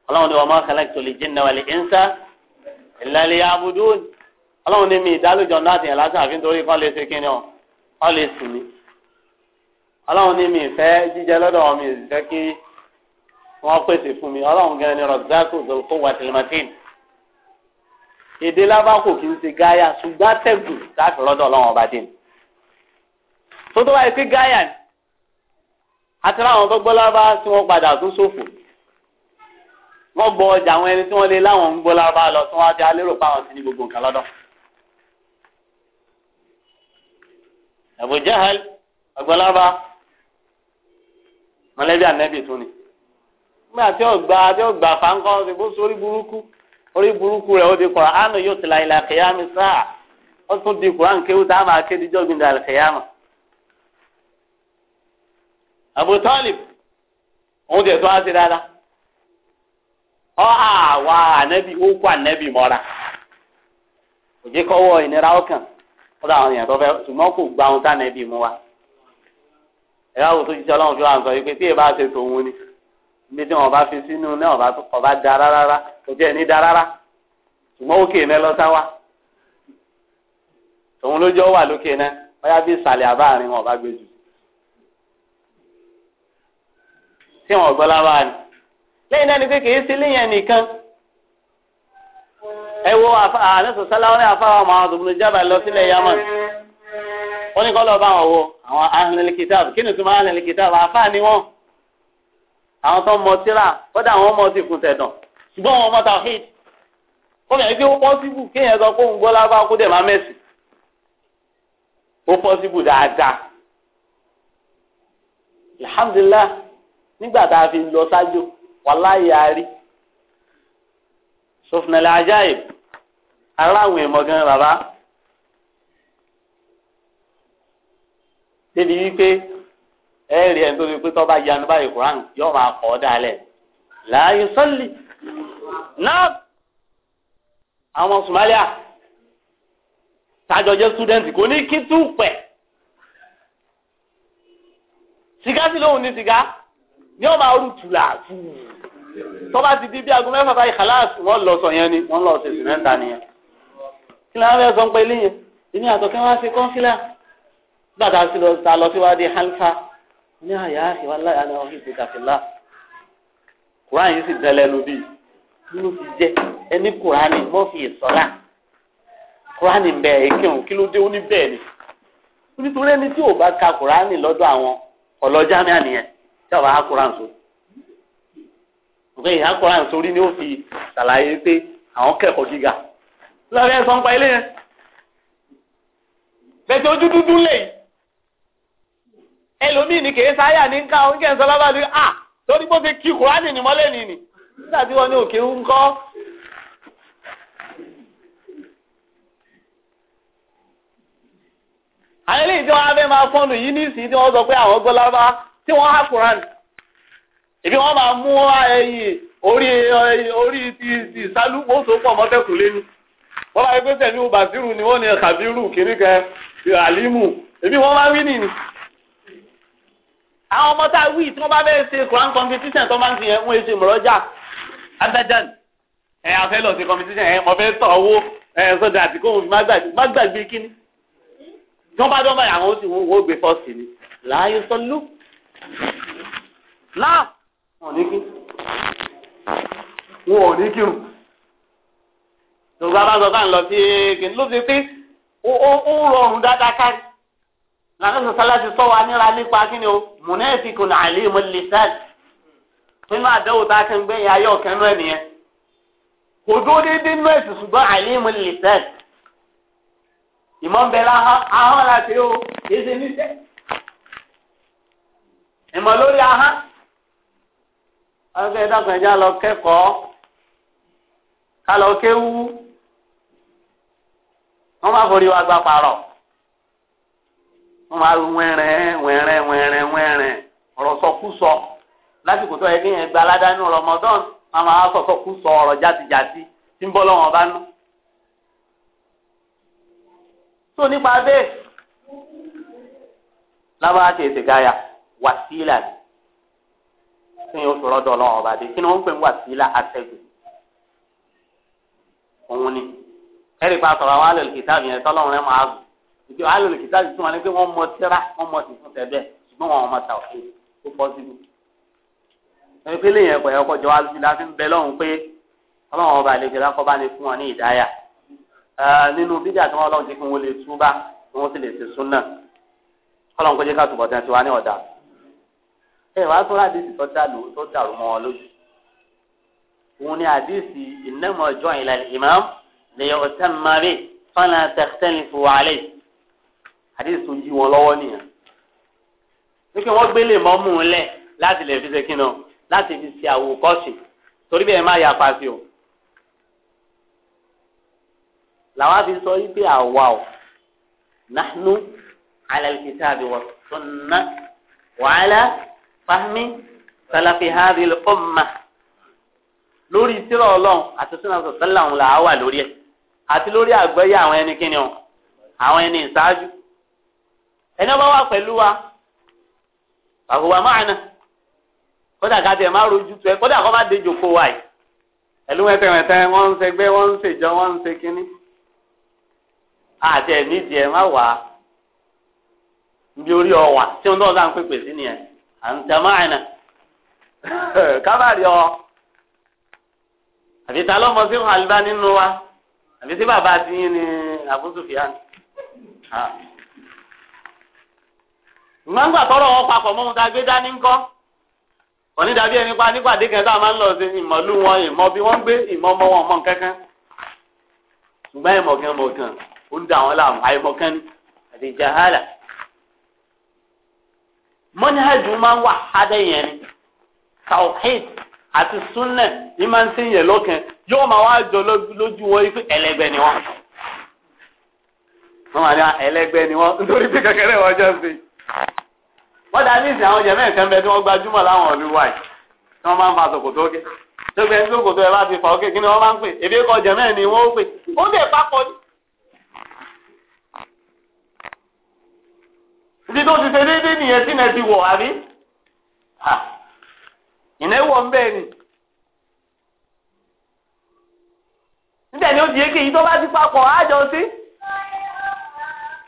ọlọ́hùn ni wa ma khalaqtul jinna wal insa illa liya'budun ọlọ́hùn ni mi ìdálójọ náà ti yàn lásán àfi nítorí kọ́ lè ṣe kí ni ọ ọ lè sìn mí ọlọ́hùn ni mi ìfẹ́ jíjẹ lọ́dọ̀ wọn mi ìfẹ́ kí wọ́n pèsè fún mi ọlọ́hùn gẹ́gẹ́ ni razzaqu dhul quwwatil matin èdè kì í ṣe gáyà ṣùgbọ́n àtẹ̀gùn láti rọ́dọ̀ ọlọ́hùn ọba dé ni. tó wa wáyé pé ya ni àti láwọn tó gbọ́ lábá tí wọ́n padà tún ṣòfò wọ́n gbọ ọjà àwọn ẹni tí wọ́n lé láwọn ń tí á di ní gbogbo nǹkan lọdọ. Abu Jahal ọgbọ́lábá tún ni tí ó gba tí ó gba fáńkọ́ bó sórí burúkú orí burúkú rẹ̀ ó a máa Abu Talib òun tẹ̀ tó á ṣe dáadáa ọ àwa ànábì ó kó ànábì mọ́ra òjì kọ́wọ́ ìnira ọkàn ọ̀dọ̀ àwọn èèyàn tó fẹ́ ṣùgbọ́n kò gba ohun tánàbì mú wa ẹ̀rọ àwọn tó ọlọ́run fi wá ń sọ tí ṣe tòun ni ibi tí wọn bá fi sínú náà ọba da rárá kò jẹ́ da rárá ṣùgbọ́n wa tòun wà lókè bí ìsàlẹ̀ àbáàrin wọn ọba gbé tí wọn gbọ́ lábá ni lẹ́yìn náà ni pé kìí sí léyìn ẹnìkan ẹ wo àníṣe sáláwọ́ ní afáwọn àwọn ọdún jábà lọ sílẹ̀ yamani wọ́n ní kọ́ lọ́ọ́ bá wọn wo àwọn kìtàbù kí ni túmọ̀ ahlẹ̀ kìtàbù ni àwọn tó mọ kódà àwọn wọn nígbà tá a fi lọ sájò wàláyé àárí sọfúnẹlẹ ajáyè aláwọn èèmọ gan bàbá débi wípé ẹ rí ẹni tó fi pé tọ́ bá yanu báyìí kuran yóò máa kọ́ ọ́ dálẹ̀ láàyè sọ́ọ̀lì náà àwọn Somalia tájọ jẹ́ student kò ní kí tún pẹ̀ sìgá sí lóhùn ní sìgá ní ọmọ arúgbó là fún un tọ́ba ti di bí aago mẹ́fà báyìí kàláàsì wọ́n lọ sọ yẹn ni wọ́n lọ sèṣin mẹ́ta nìyẹn kí ni wọ́n fẹ́ sọ ń pẹ́ léyìn ìní àtọ̀kẹ́ wọn ṣe kọ́ńsílà nígbà tá a ti lọ ta lọ síwájú halifa ní àyà ìwà láyà ni wọ́n fi ṣe kàfílà kùránì sì tẹ́lẹ̀ lu bíi kí ti jẹ́ ẹni kùránì mọ́ fi sọ́lá kùránì bẹ́ẹ̀ ekirun kí ló dé ó ní bẹ́ẹ̀ ni nítorí ẹni tí ò bá ka kùránì lọ́dọ̀ àwọn ọlọ́jà mẹ́rin yẹn tí ọba akuran so òkè yìí akuran sórí ni ó fi ṣàlàyé pé àwọn kẹ́kọ̀ọ́ gíga lọ́rẹ́ ẹ̀ sọ́npa ilé yẹn bẹ̀tẹ̀ ojú dúdú lè ẹlòmíì ni kèé sáyà ní ká oúnjẹ ń sọ bá bá ti à lórí bó ti kí kúránì ní mọ́lẹ̀ ni. nígbà tí wọ́n ní òkè ń kọ́. àwọn eléyìí tí wọ́n á fẹ́ máa fọ́nù yìí ní ìsìn tí wọ́n sọ pé àwọn gbọ́ tí wọ́n há Quran ìbí wọ́n máa mú eh, ẹyin orí eh, orí ti ìsálú wọ́n so pọ̀ mọ́tẹ́kùn lẹ́nu wọ́n máa gbé sẹ́mi bàtírù ni wọ́n ní kàbírù kìnnìkẹ àlímù ìbí wọ́n máa wí nìyí àwọn ọmọ tá a wí tí wọ́n bá bẹ́ẹ̀ ṣe Quran competition tó máa ń fihàn wọ́n ṣe mọ̀rọ́jà abadan ẹ̀ afẹ́ lọ sí competition ẹ̀ ọ̀fẹ́ tọ̀ owó ẹ̀ sọ́dọ̀ àti kó wọn fi má gbàgbé kíní. tí wọ́n bá dán báyìí àwọn oṣù wọn ò gbé fọ́ọ̀sì ni láàyè sọ́lú láà wọn ò ní o lọ sí kìnnì ló ti pé ó rọrùn dáadáa kárí ti sọ wa níra ni o mùnẹ́ẹ̀tìkùn àlè mọ́lẹ́sàdì nínú àdéhùn tá a ti gbẹ̀yìn ayé ọ̀kẹ́ nú ẹ̀ nìyẹn kò dúró déédéé nú ṣùgbọ́n ìmọ̀ ìmọ̀ lórí ahọ́n ọ̀sẹ̀ ìdàgbẹ̀já lọ kẹ́kọ̀ọ́ ká lọ kéwú wọ́n máa forí wa gba pààrọ̀ wọ́n máa lu wẹ́rẹ́ wẹ́rẹ́ wẹ́rẹ́ wẹ́rẹ́ ọ̀rọ̀ sọkúsọ lásìkò tó yẹ kí yẹn gba aládánù rọmọdán máa máa sọsọkúsọ ọ̀rọ̀ játijàti tí ń bọ́ wàsílà ni tí yóò sọ̀rọ̀ dọ̀ lọ́wọ́ ọba dé kí ni wọ́n pè ń wàsílà atẹ́gùn òun ni ẹ̀rí pa sọ̀rọ̀ àwọn alẹ́ olùkìtàbí yẹn tọ́lọ́run rẹ̀ máa gùn ìjọ alẹ́ olùkìtàbí tí wọ́n ní pé wọ́n mọ tíra wọ́n mọ tìfún tẹ̀bẹ̀ ṣùgbọ́n wọn mọ tàwọn tó pọ̀ síbi. ẹni pé lẹ́yìn ẹ̀pọ̀ ẹ̀kọ́ jọ wájú la fi ń bẹ lọ́hùn pé ọlọ́run ọba àlejò lákọ́ bá lè fún wọn ní ìdáyà nínú bídíà tí wọ́n ọlọ́run ti fún wọn lè túbá wọ́n sì lè ṣe súnà ọlọ́run kó jẹ́ ká túbọ̀ tẹ̀ tiwa ní ọ̀dà ẹ wàá tó àdìsí tó dàlú tó dàrú mọ́ wọn lójú òun ni àdìsí ìnáwó ọjọ́ ìlà ìmáàmù lè yọ ọ̀tẹ́ mari fana tẹ̀sítẹ́lì fún wàhálẹ̀ àdìsí tó yí wọn lọ́wọ́ nìyẹn wípé wọ́n gbélé mọ́mú lẹ̀ láti lè fi ṣe kí náà láti fi ṣe àwòkọ́ṣe torí bẹ́ẹ̀ má yà pàṣẹ o làwa fi sọ yìí pé àwa o nahnu ala alkitabi wa sunna wa ala. fahmi salafi hadil umma lórí tírà ọlọ́run àti sunan sọ̀tẹ́lá òun là wà lórí ẹ̀ àti lórí àgbọ́yé àwọn ẹni kíni o àwọn ẹni ìṣáájú ẹni ọba wa àgùwà máàna kódà ká tiẹ̀ má rojú tu ẹ kódà kó má dé wa yìí ẹlú ń ń ń àti má wà àǹtà máàna kábàárì ọ àbí ta ló mọ sí àlùbá nínú wa àbí sí bàbá àti yín ni àbúsùfìyàn gbangba tọrọ wọn papọ̀ mọ́ ohun tá a gbé dání ńkọ́ òní dàbí ẹni pa nípàdé kan tá a máa ń lọ sí ìmọ̀lú wọn ìmọ̀ bí wọ́n ń gbé ìmọ̀ ọmọ wọn mọ̀ kankan ṣùgbọ́n ìmọ̀ kan mọ̀ kan ó ń da àwọn láàmú àìmọ̀ kan ní àti jahala mọ́níhàjú máa ń wà adẹ́yẹn ni tawhid àti sunnah ní máa ń sèyàn lọ́kàn yóò máa wá jọ lójú wọn pé ẹlẹgbẹ́ ni wọ́n wọ́n máa ní ẹlẹgbẹ́ ni wọ́n nítorí pé kékeré wọn jọ sí i wọ́n dá níìsín àwọn jẹ̀mẹ́ nǹkan bẹ tí wọ́n gbajúmọ̀ láwọn ọ̀lú yìí tí wọ́n máa ń fa sòkòtò ókè tó gbẹ ní sòkòtò ẹ bá ti fà ókè kí ni wọ́n máa ń pè èdè kọ jẹ̀mẹ́ ni wọ́n ó pè ó lè papọ̀ ní. ibi tó ti ṣe déédéé nìyẹn tí nẹ ti wọ̀ àbí ń bẹ́ẹ̀ ni. níbẹ̀ ni ó di eke yìí tó bá ti papọ̀ àjọ sí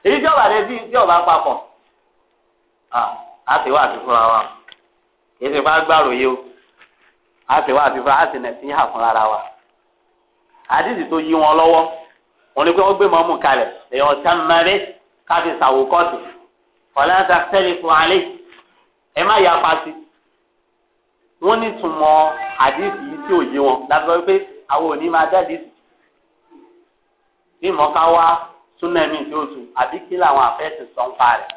èyí tí ọba rẹ bí tí ọba papọ̀ a ti wá àti fúnra wa kì í ṣe gbàrò o a ti wá àti fúnra a ti nà sí hà fúnra wa àdìsí tó yí wọn lọ́wọ́ wọn ni pé wọ́n gbé mọ́mú kalẹ̀ èèyàn ọ̀sán mẹ́rin káfíńsà wò fọlá dàtẹ́lẹ̀ fún alẹ́ ẹ má yà pàṣẹ wọ́n ní túmọ̀ àdìsí yìí tí ò yé wọn láti sọ pé àwọn ò ní máa jáde bí mọ̀ká wá súnà mi tí ó tu àbí kí làwọn àfẹ́sì sọ ń pa rẹ̀.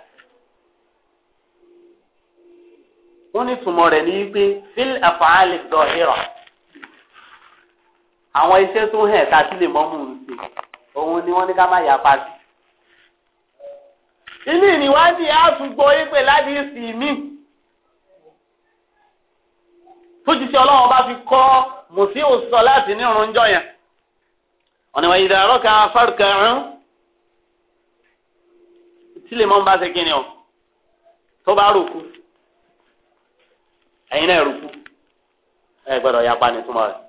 wọ́n ní túmọ̀ rẹ̀ ní wípé fíl àfàálì dọ̀hìrọ̀ àwọn iṣẹ́ tó hẹ̀ tá a ti lè mọ́ mú un ṣe òun ni wọ́n ní ká má yà pàṣẹ inú ìníwádìí àtúgbọ́ ìpè ládìsí mi tójúṣe ọlọ́run bá fi kọ́ mùsí òsọ láti ní ìrúnjọ yẹn ọ̀nà ìwà ìdàrọ́ ka fárúkà rún tí lè mọ́ ń bá ṣe kí ni tó bá rùkú ẹ̀yin náà rùkú ẹ gbọ́dọ̀ ya pa ní túmọ̀ rẹ̀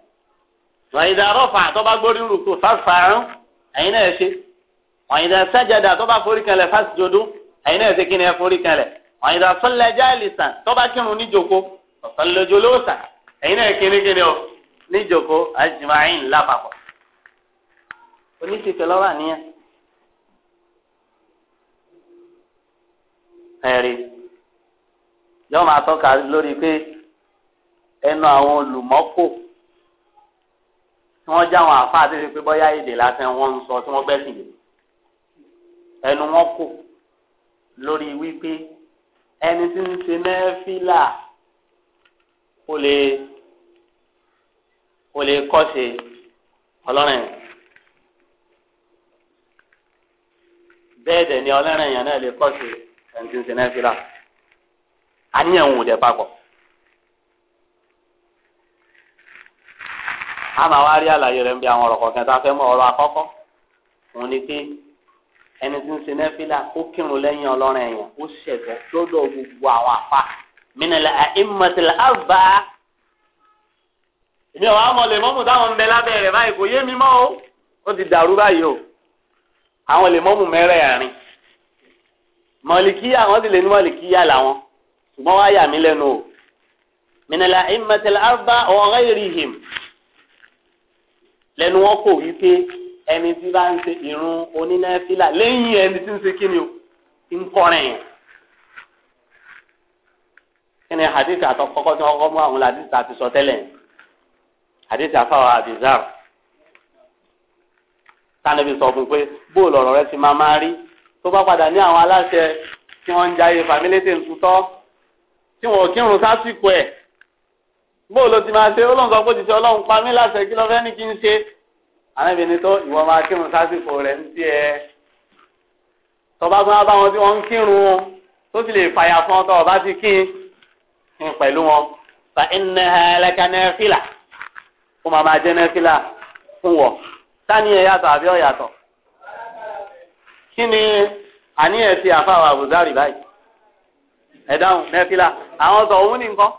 ìwà ìdàrọ́ fà tó bá gbórí rùkú fárúkà ẹ̀yin náà ṣe ọ̀yìndà sájàdà tó bá forí kanlẹ̀ fásitì ẹ̀yin náà ṣe kí ni ẹ forí kanlẹ̀ ọ̀yìndà sọ́lẹ̀ jáìlìsàn tó bá kírun níjòkó ọ̀sánlójó lóòsà ẹ̀yin náà kí ni kí ni o níjòkó ajimáyìn lápapọ̀ oníṣèfẹ́ lọ́wọ́ àníyàn ẹ̀rí yóò máa tọ́ka lórí pé ẹnu àwọn olùmọ́kò tí wọ́n já àwọn àfáà tó ṣe pé bọ́yá èdè lásán wọ́n ń sọ tí wọ́n gbẹ́sìn yìí ẹnu wọn kò lórí wípé ẹni tí ń ṣe nẹ́fìlà ó lè ó lè kọ́ṣe ọlọ́rìn bẹ́ẹ̀ dẹ̀ ni ọlọ́rìn yẹn náà lè kọ́ṣe ẹni tí ń ṣe nẹ́fìlà àníyàn wò dẹ̀ papọ̀. a máa wá rí àlàyé rẹ̀ ń bí àwọn ọ̀rọ̀ kọ̀ọ̀kan tá a fẹ́ mọ ọ̀rọ̀ àkọ́kọ́ òun ni pé ẹni tí ń ṣe nẹ́fílà ó kírun lẹ́yìn ọlọ́run ẹ̀yàn ó ṣẹ̀fẹ̀ lọ́dọ̀ gbogbo àwọn àfa mìnàlẹ̀ àìmọ̀tìlẹ̀ àbá. èmi ò wá mọ̀ lè mọ́mù táwọn ń bẹ lábẹ́ rẹ̀ báyìí kò yé mi mọ́ o ó ti dàrú báyìí o àwọn lè mọ́mù mẹ́rẹ̀ẹ̀rin mọ̀lìkíyà wọ́n ti lè ní mọ̀lìkíyà làwọn ṣùgbọ́n wá yà mí lẹ́nu o mìnàlẹ̀ àìmọ̀tìlẹ̀ àbá ọ̀rẹ́ ẹni tí bá ń ṣe irun onínẹ́fílà lẹ́yìn ẹni tí ń ṣe kíni o ń kọrin yẹn. kíni hadith àtọkọ́kọ́ tí wọ́n kọ́ mú àwọn hadith àti sọ tẹ́lẹ̀ hadith àfàwọ̀ àbizar tánàbí sọ fún pé bóòlù ọ̀rọ̀ rẹ ti máa máa rí tó bá padà ní àwọn aláṣẹ tí wọ́n ń jayé fàmílétè ń tutọ́ tí wọ́n kírun sásìkò ẹ̀ bóòlù ti máa ṣe ó lóun sọ pé ti ọlọ́run pa mí láṣẹ kí lọ́fẹ́ ní kí n ṣe anábìnrin tó ìwọ máa kírun sásìkò rẹ̀ ń tiẹ̀ tọba gbọ́n bá wọn tí wọ́n ń kírun wọn tó sì lè fàyà fún ọ tó ọba ti kí n pẹ̀lú wọn fa iná ẹlẹ́ka nẹ́fìlà fún màmá jẹ́ nẹ́fìlà fún wọ sani ẹ̀ yàtọ̀ àbí ọ̀ yàtọ̀ kí ni àníyàn ti àfàwọ̀ àbùdárì báyìí ẹ dáhùn nẹ́fìlà àwọn sọ òun ní nǹkan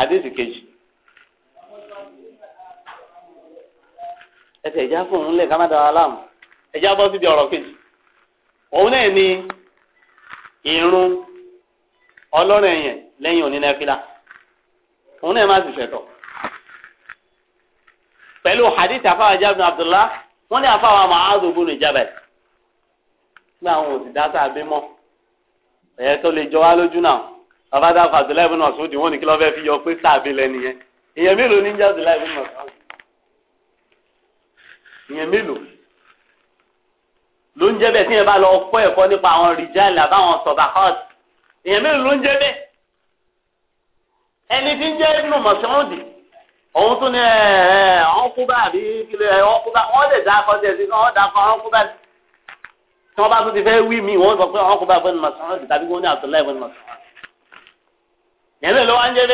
àdéhùn kejì. ẹsẹ̀ ìjà fún òun lẹ̀ ká má dára láàmú ẹjá bọ́ síbi ọ̀rọ̀ kejì òun náà ni irun ọlọ́rọ̀ ẹ̀yẹn lẹ́yìn onínẹ́fílà òun náà má sì ṣẹ̀tọ̀ pẹ̀lú hadith afáwà jábìn abdullah wọ́n ní afáwà ma'azu bùnú jabal nígbà àwọn òsì dá sáà bímọ ẹ̀yẹ tó lè jọ wá lójú náà bàbá dáfà abdullahi ibùnú ọ̀sùn òdì wọ́n ní kí lọ́ọ́ fẹ́ fi yọ pé sáà bí lẹ́nu yẹn ìyẹn mélòó ní jẹ́ abdullahi ibùnú ọ̀sùn ìyẹn mélòó ló ń jẹ́ bẹ́ẹ̀ tí yẹn bá lọ kọ́ ẹ̀kọ́ nípa àwọn rìjáàlì àbáwọn sọ̀bàkọ́t ìyẹn mélòó ló ń jẹ́ bẹ́ẹ̀ ẹni tí ń jẹ́ nínú mọ̀sánwódì òun tún ní ọ̀nkúbà àbí kílẹ̀ ọ̀nkúbà wọ́n lè dá akọ́ sí ẹ̀sìn kan wọ́n dá akọ́ ọ̀nkúbà tí wọ́n bá tún ti fẹ́ wí mi wọ́n sọ pé ọ̀nkúbà bẹ́ẹ̀ ni mọ̀sánwódì tàbí wọ́n ní àtúnláì bẹ́ẹ̀ ni mọ̀sánwódì ìyẹn mélòó wá ń jẹ́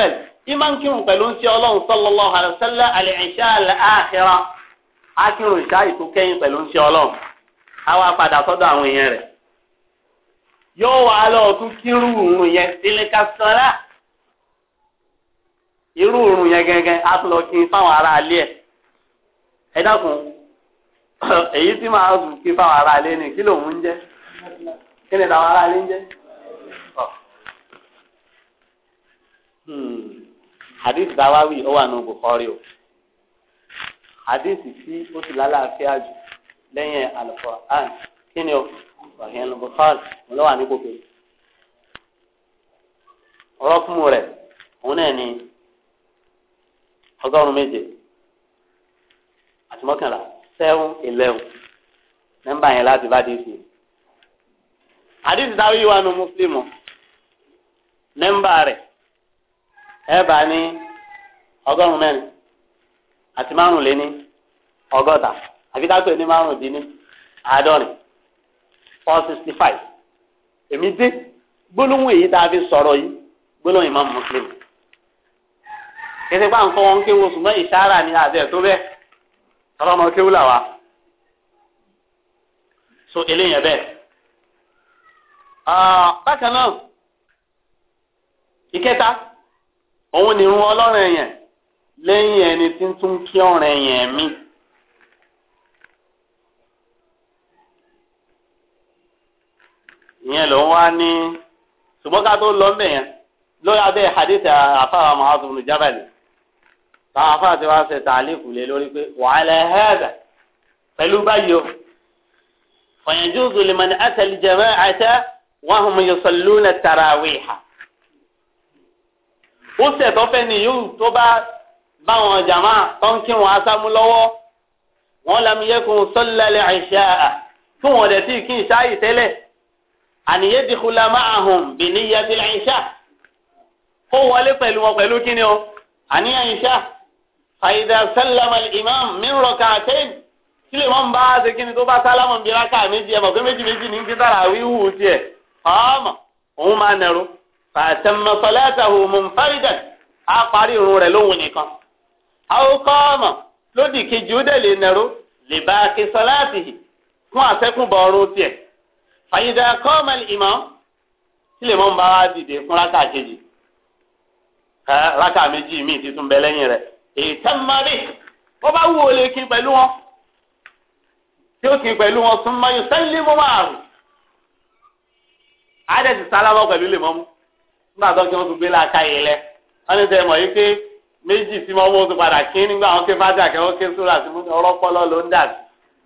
bẹ́ẹ̀ Iman nkírun pẹ̀lú ń ṣe ọlọ́run sallallahu alaihi wasallam al akírun ìṣá kẹ́yìn pẹ̀lú ń ṣe ọlọ́run àwa padà sọ́dọ̀ àwọn èèyàn rẹ̀ yóò wà á tún òrùn yẹn sọ́lá irú òrùn yẹn gẹ́gẹ́ á tún lọ kí n fáwọn ará alẹ́ ẹ̀ ẹ dákun èyí tí màá dùn kí fáwọn ará alẹ́ hadith dawawi ó wà ní bukhari o hadith tí ó sì lálàáfíà jù lẹ́yìn al-Qur'an kí ni o sahih bukhari ló wà ní gbogbo rọ́pùmù rẹ̀ òun náà ni ọgọ́rùn-ún méje àti mọ́kànlá seven eleven nọ́mbà yẹn láti bá dé sí i hadith dawawi wà ní muslimu nọ́mbà rẹ̀ ẹ bá ní ọgọ́rùn mẹ́rin àti márùn lé ní ọgọ́ta àfi ká pè ní márùn dín ní àádọ́rin four sixty five èmi dé gbólóhùn èyí tá a fi sọ̀rọ̀ yìí gbólóhùn Imam Muslim kẹsẹ̀ bá ń kọ́ wọn kéwòn ṣùgbọ́n ìṣára ni àti ẹ̀ tó bẹ́ẹ̀ ọlọ́mọ kéwòn là wá so eléyìn bẹ́ẹ̀ ah, bákan náà ìkẹta. òun ni irun ọlọ́run ẹ̀yàn lẹ́yìn ẹni tí ń tún kí ẹ̀yàn mi. ìyẹn ló wá ní ṣùgbọ́n tó lọ yẹn lórí abẹ́ hadith àfàwà bin jabal ti wá ṣe lé pé wàhálà pẹ̀lú báyìí o fọyín ó sẹ̀tọ́ fẹ́ nìyún tó bá báwọn jàmá tó ń kírun asámú lọ́wọ́ wọn lam yakun sọ́lálẹ̀ àìṣáà tí wọn dẹ̀ tí kí n ṣáàyè tẹ́lẹ̀ àníyé dìkúlá máàhùn bì ní yẹtí àìṣá kó wọlé pẹ̀lú wọn pẹ̀lú kíni o àní àìṣá fàyidà sálámà imam min rak'atayn kí lè wọ́n bá a ṣe kíni tó bá sálámà bí rákà méjì ẹ̀ mọ̀ pé méjì méjì ní kí fàtẹ́mọ sọlẹ́tà hùmùn fárídẹ̀n á parí irun rẹ̀ lóhùn nìkan. àwòkọ́ ọmọ lódì kejì ó dẹ̀ lè nàró lè bá a ké sọlẹ́tì yìí fún àtẹ́kùnbọ̀ ọrùn tiẹ̀. fàyídà kọ́ọ̀mọ̀ ìmọ̀ tí lè mọ́ ń bá wa dìde fún rákà kejì. rákà méjì míì ti tún bẹ lẹ́yìn rẹ̀. ìtẹ́mọ̀lì ó bá wù ó lè kí pẹ̀lú wọn. tí ó kí pẹ̀lú wọn súnmọ́ yóò sẹ́ńlẹ̀ mọ́ máa rù. á dẹ̀ ti sálábọ̀ pẹ̀lú lè mọ́ mú. nígbà tó kí wọn tún gbé láàka yìí lẹ wọn ní sẹ mọ yìí pé méjì sí padà kí nígbà wọn ké fájà kẹ wọn ké sóra sí ọlọpọlọ ló ń dà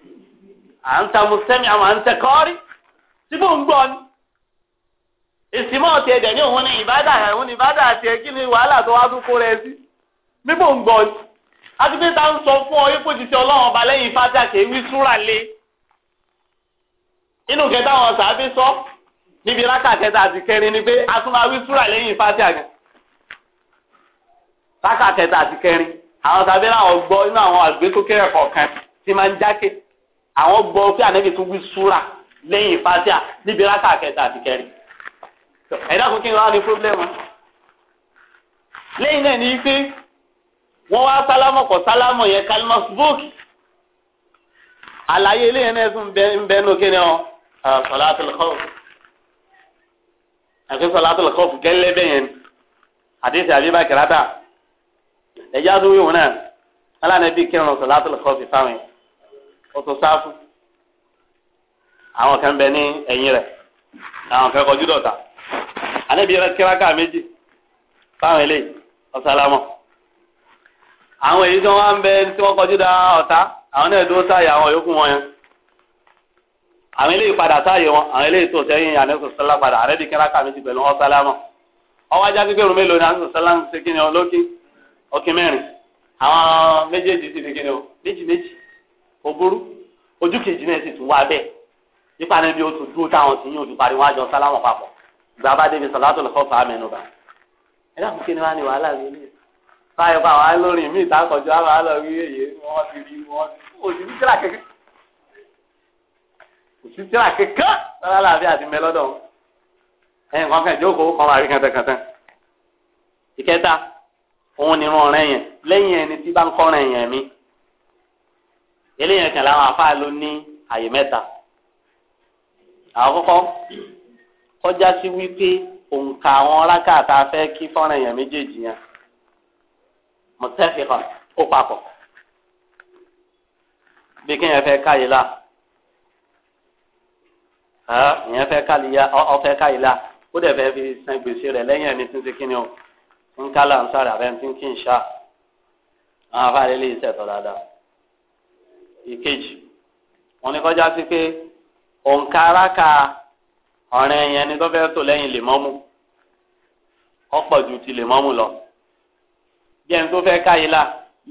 sí. à ń ta mùsẹ́mi àwọn à ń tẹ tí mò ń gbọ́ ni. ti ẹ̀dẹ̀ ní òun ìbádà òun ta ń sọ fún ọ ọlọ́run ọba lẹ́yìn fájà wí níbi rákà kẹta àti kẹrin ni pé a tún máa wí súrà lẹ́yìn fásitì àgàn rákà kẹta àti kẹrin àwọn tàbí làwọn gbọ́ inú àwọn àgbétókè ẹ̀kọ́ kan tí máa ń jákè àwọn gbọ́ pé ànábì tún wí súrà lẹ́yìn fásitì à níbi rákà kẹta àti kẹrin ẹ̀dá kò kí ni wọ́n ní pírọ́blẹ́mù lẹ́yìn náà ni pé wọ́n wá sálámọ̀ kọ̀ sálámọ̀ yẹn kalimọ̀ bóòkì àlàyé eléyìí náà ń bẹ́ẹ̀ kí ni ọ àti sọlátùl kọ́ọ̀fù gẹ́lẹ́ bẹ́yẹn àdéhùn àbíbá kìláta ẹ̀já tó wíwò náà alánàbí kírun sọlátùl kọ́ọ̀fù fáwọn ọ̀tún sáfù àwọn kan bẹ ní ẹ̀yìn rẹ̀ àwọn kan kọjú dọ̀tà ànábi rẹ kíráká méjì fáwọn eléyìí ọ̀sálámọ̀ àwọn èyí tí wọ́n ń bẹ tí wọ́n kọjú da ọ̀tá àwọn náà dúró sáyà àwọn yòókù wọn yẹn àwọn eléyìí padà sáàyè wọn àwọn eléyìí tó sẹ́yìn ànẹ́sọ̀ sọ́lá padà àrẹ́bí kẹ́ráka méjì pẹ̀lú wọn sálámọ̀ ọwọ́ ajá gbígbèrú mélòó ni ànẹ́sọ̀ sọ́lá ń ṣe kí ni ọ lókì ọkì mẹ́rin àwọn méjèèjì ti fi kí ni o méjì méjì ò burú ojú kejì náà sì tún wá bẹ́ẹ̀ nípa níbi o tún dúró táwọn sì yín ojú parí wọn àjọ sálámọ̀ papọ̀ gbàgbá débi sọ̀látò lọ́kọ̀ fà á mẹ́nu bá ẹ dákun kí wá ní wàhálà mi ní báyọ̀ bá wàá lórí mi ìtàkọ̀jọ́ kò sí tíra kankan lọ́la láàbí àti mẹ́lọ́dọ̀ wọn ẹ̀yìn kan kàn jókòó kan máa rí kàntàkàntà ìkẹta òun ni wọn rẹ̀ yẹn lẹ́yìn ẹni tí bá ń kọ́rin yẹn mi eléyẹn kan làwọn afáà ló ní àyè mẹ́ta àkọ́kọ́ kọjá sí wípé òǹkà àwọn rákàtà fẹ́ kí fọ́nrán èèyàn méjèèjì yẹn mọ̀tẹ́fì kan ó papọ̀ bí kéèyàn fẹ́ káyìí láà ìyẹn fẹ́ kálíyà ọfẹ́ káyìlá ó dẹ̀ fẹ́ fi san gbèsè rẹ̀ lẹ́yìn ẹni tí ń ṣe kíni o ń kálà ń sáré abẹ́ tí ń kí ń ṣá àwọn afárẹ́ lè ṣẹ̀tọ̀ dáadáa. ìkejì wọn ni kọjá sí pé òǹkà aráka ọ̀rẹ́ yẹn ni tó fẹ́ tò lẹ́yìn lèmọ́mù ọ̀pọ̀ ju ti lèmọ́mù lọ bí ẹni tó fẹ́ káyìlá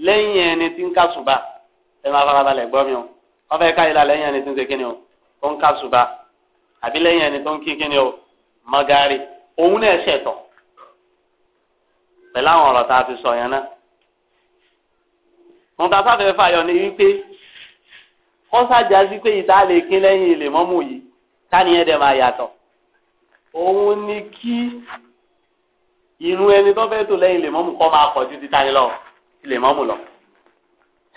lẹ́yìn ẹni tí ń kásùbà ẹ máa farabalẹ̀ gbọ́ mi o wọ́n fẹ́ káyìlá lẹ́yìn ẹni tí ń ṣe kíni o ó ń kásùbà àbí lẹ́yìn ẹni tó ń kíkí ni o mọ́gárì òun náà ṣẹ̀tọ̀ pẹ̀lú àwọn ọ̀rọ̀ tá a fi sọ yẹn náà. mo ta sáfẹ́ fàyọ ni wípé wọ́n ṣàjà sí pé ìta lè kín lẹ́yìn ilé mọ́mú yìí káníyẹn dẹ̀ máa yàtọ̀ òun ni kí irun ẹni tó fẹ́ tò lẹ́yìn ilé mọ́mú kọ́ máa pọ̀ ju títa ni lọ ilé mọ́mú lọ.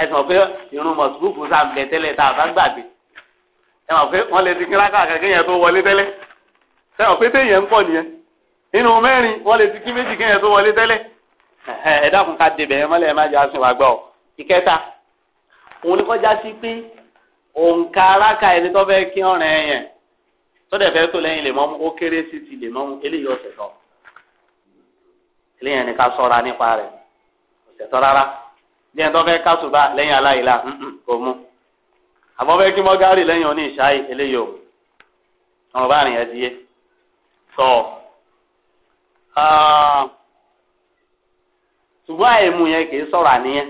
ẹ pé irun mọ̀sùlùkù sáà ń bẹ tẹ́lẹ̀ tá a bá gbàgbé ẹ mọ̀ pé wọ́n lè ti kíra káàkiri yẹn tó wọlé tẹ́lẹ̀ ẹ mọ̀ pé téèyàn ń pọ̀ nìyẹn nínú mẹ́rin wọ́n lè ti kí méjì kéèyàn tó wọlé tẹ́lẹ̀ ẹ dákun ká débẹ̀ yẹn mọ́lẹ̀ ẹ má jẹ́ àsùn wàgbà ọ̀ ìkẹta òun ni kọjá sí pé òǹkà aráka ẹni tó fẹ́ kí ọ̀rìn ẹ̀yẹn tó dẹ̀ fẹ́ tó lẹ́yìn lè mọ́mú ó kéré sí ti lè mọ́mú eléyìí ọ̀sẹ̀ tọ́ eléyìí ẹni ká sọ́ra nípa rẹ̀ ọ̀sẹ̀ tọ́ rárá bí ẹni tó fẹ́ kásùbà lẹ́yìn aláìlá kò mú àmọ́ bẹ́ẹ̀ kí mọ́gárì lẹ́yìn oní ìṣáì eléyìí o ọmọ bá rìn ẹ́ di yé sọ ṣùgbọ́n àìmú yẹn kì í sọ̀rọ̀ àníyẹn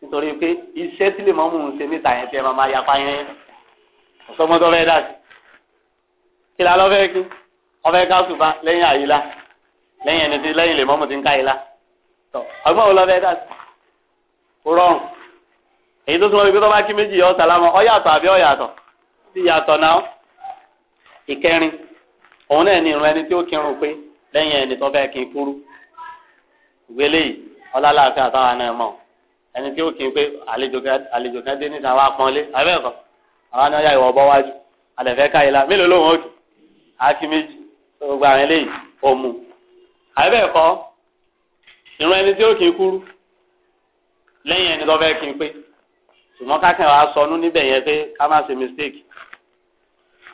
nítorí pé iṣẹ́ tí lè mọ́ mú un ṣe níta yẹn tí ẹ máa máa yapa yẹn yẹn ọ̀sọ́mọ́tọ́ fẹ́ dà sí kí la lọ́fẹ́ kí ọfẹ́ ká sùn bá lẹ́yìn àyílá lẹ́yìn ẹni tí lẹ́yìn lè mọ́mù ti ń ká yìí lá ọgbọ́n wo lọ́fẹ́ dà sí ó rọrùn èyí tó túnmọ̀ wípé tó bá kí méjì yọ sàlámù ọ̀yàtọ̀ àbí ọ̀yàtọ̀ sí yàtọ̀ náà ìkẹrin òun náà ní irun ẹni tí ó kírun pé lẹ́yìn ẹni tó fẹ́ kí n kúrú ìwélé yìí ọlálàáfíà táwa náà mọ̀ ẹni tí ó kí n pé àlejò kan dé níta wá pọ́nlé abẹ́ẹ̀kọ́ àwọn ni ọ̀yà ìwọ̀ bọ́ wájú alẹ́fẹ́ káyìlá mélòó lòun ó dùn méjì gbogbo àwọn eléyìí ó mu abẹ́ẹ̀kọ́ irun ẹni tí ó kí n kúrú lẹ́yìn ẹni tó fẹ́ kí n pé ṣùgbọ́n kákẹ́ wa sọnù níbẹ̀ yẹn pé ká má ṣe mistake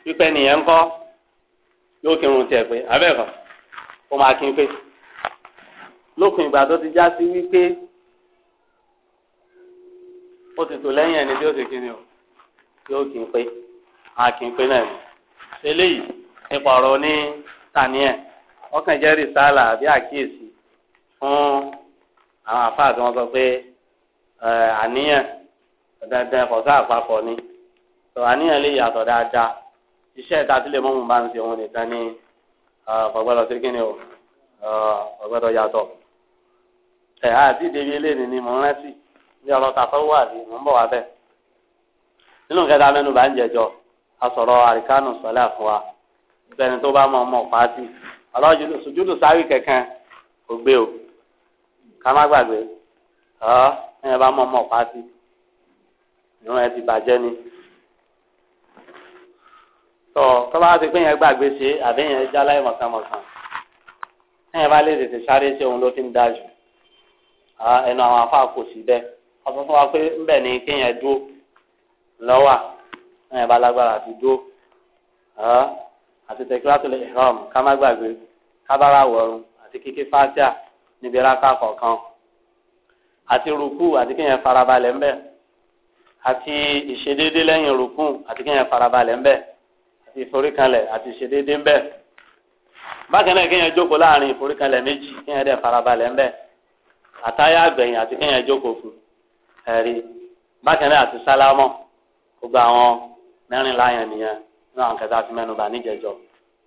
pípẹ́ nìyẹn ń kọ́ yóò kírun tiẹ̀ pé abẹ́ẹ̀kọ́ ó máa kí n pé lókun ìgbà tó ti já sí wípé ó ti tò lẹ́yìn ẹni tí ó ti kí ni o yóò kí n pé máa kí n pé náà eléyìí nípa ọ̀rọ̀ ní tàníẹ̀ ọkàn jẹ́ rìsálà àbí àkíyèsí fún àwọn àfáà tí wọ́n sọ pé àníyàn dandan kọ̀ọ̀ká àpapọ̀ ni sọ̀rọ̀ àníyàn lè yàtọ̀ dáadáa iṣẹ́ ìta tí lè bá ń ṣe òun nìkan ní ọ̀gbọ́dọ̀ sí kíni o ọ̀gbọ́dọ̀ yàtọ̀ ẹ̀ àti ìdèbí eléyìí ni mò ń rántí bí ọlọ́ta tó wà ní mò ń bọ̀ wá bẹ́ẹ̀ nínú kẹta mẹ́nu bá ń jẹjọ asọ̀rọ̀ àríkánù sọ́lá fún wa tó bá mọ̀ ọmọ pàtì ọlọ́jú sáwì kẹ̀kẹ́ kò o ká má bá mọ̀ ọmọ pàtì ìran ẹ ti bàjẹ́ ni tọ tọ́ba ti pé yẹn gbàgbé ṣe àbí yẹn já láì mọ̀kànmọ̀kàn ẹ̀yìn bá lè tètè sáré ṣe òun ló fi ń da jù ẹnu àwọn afá kò sí bẹ́ẹ̀ ọ̀sán fún wa pé ńbẹ̀ ni kéèyàn dúró lọ́wà ẹ̀yìn bá lágbára àti dúró àti tẹ̀kíwátò lè hàn ká má gbàgbé kábàrà wọ̀run àti kíkí fátíà níbi rákà kọ̀ọ̀kan àti rúkú àti kéèyàn farabalẹ̀ ńbẹ̀ àti ìṣedéédé lẹ́yìn rukun àti kéèyàn farabalẹ̀ ńbẹ̀ àti ìforíkalẹ̀ àti ìṣedéédé ńbẹ̀ bákan náà kéèyàn jókòó láàrin ìforíkalẹ̀ méjì kéèyàn dẹ̀ farabalẹ̀ ńbẹ̀ àtàyà àgbẹ̀yìn àti kéèyàn jókòó fún ẹ̀rí bákan náà àti sálámọ̀ gbogbo àwọn mẹ́rìnlá yẹn nìyẹn ní àwọn kẹta fi mẹ́nu bà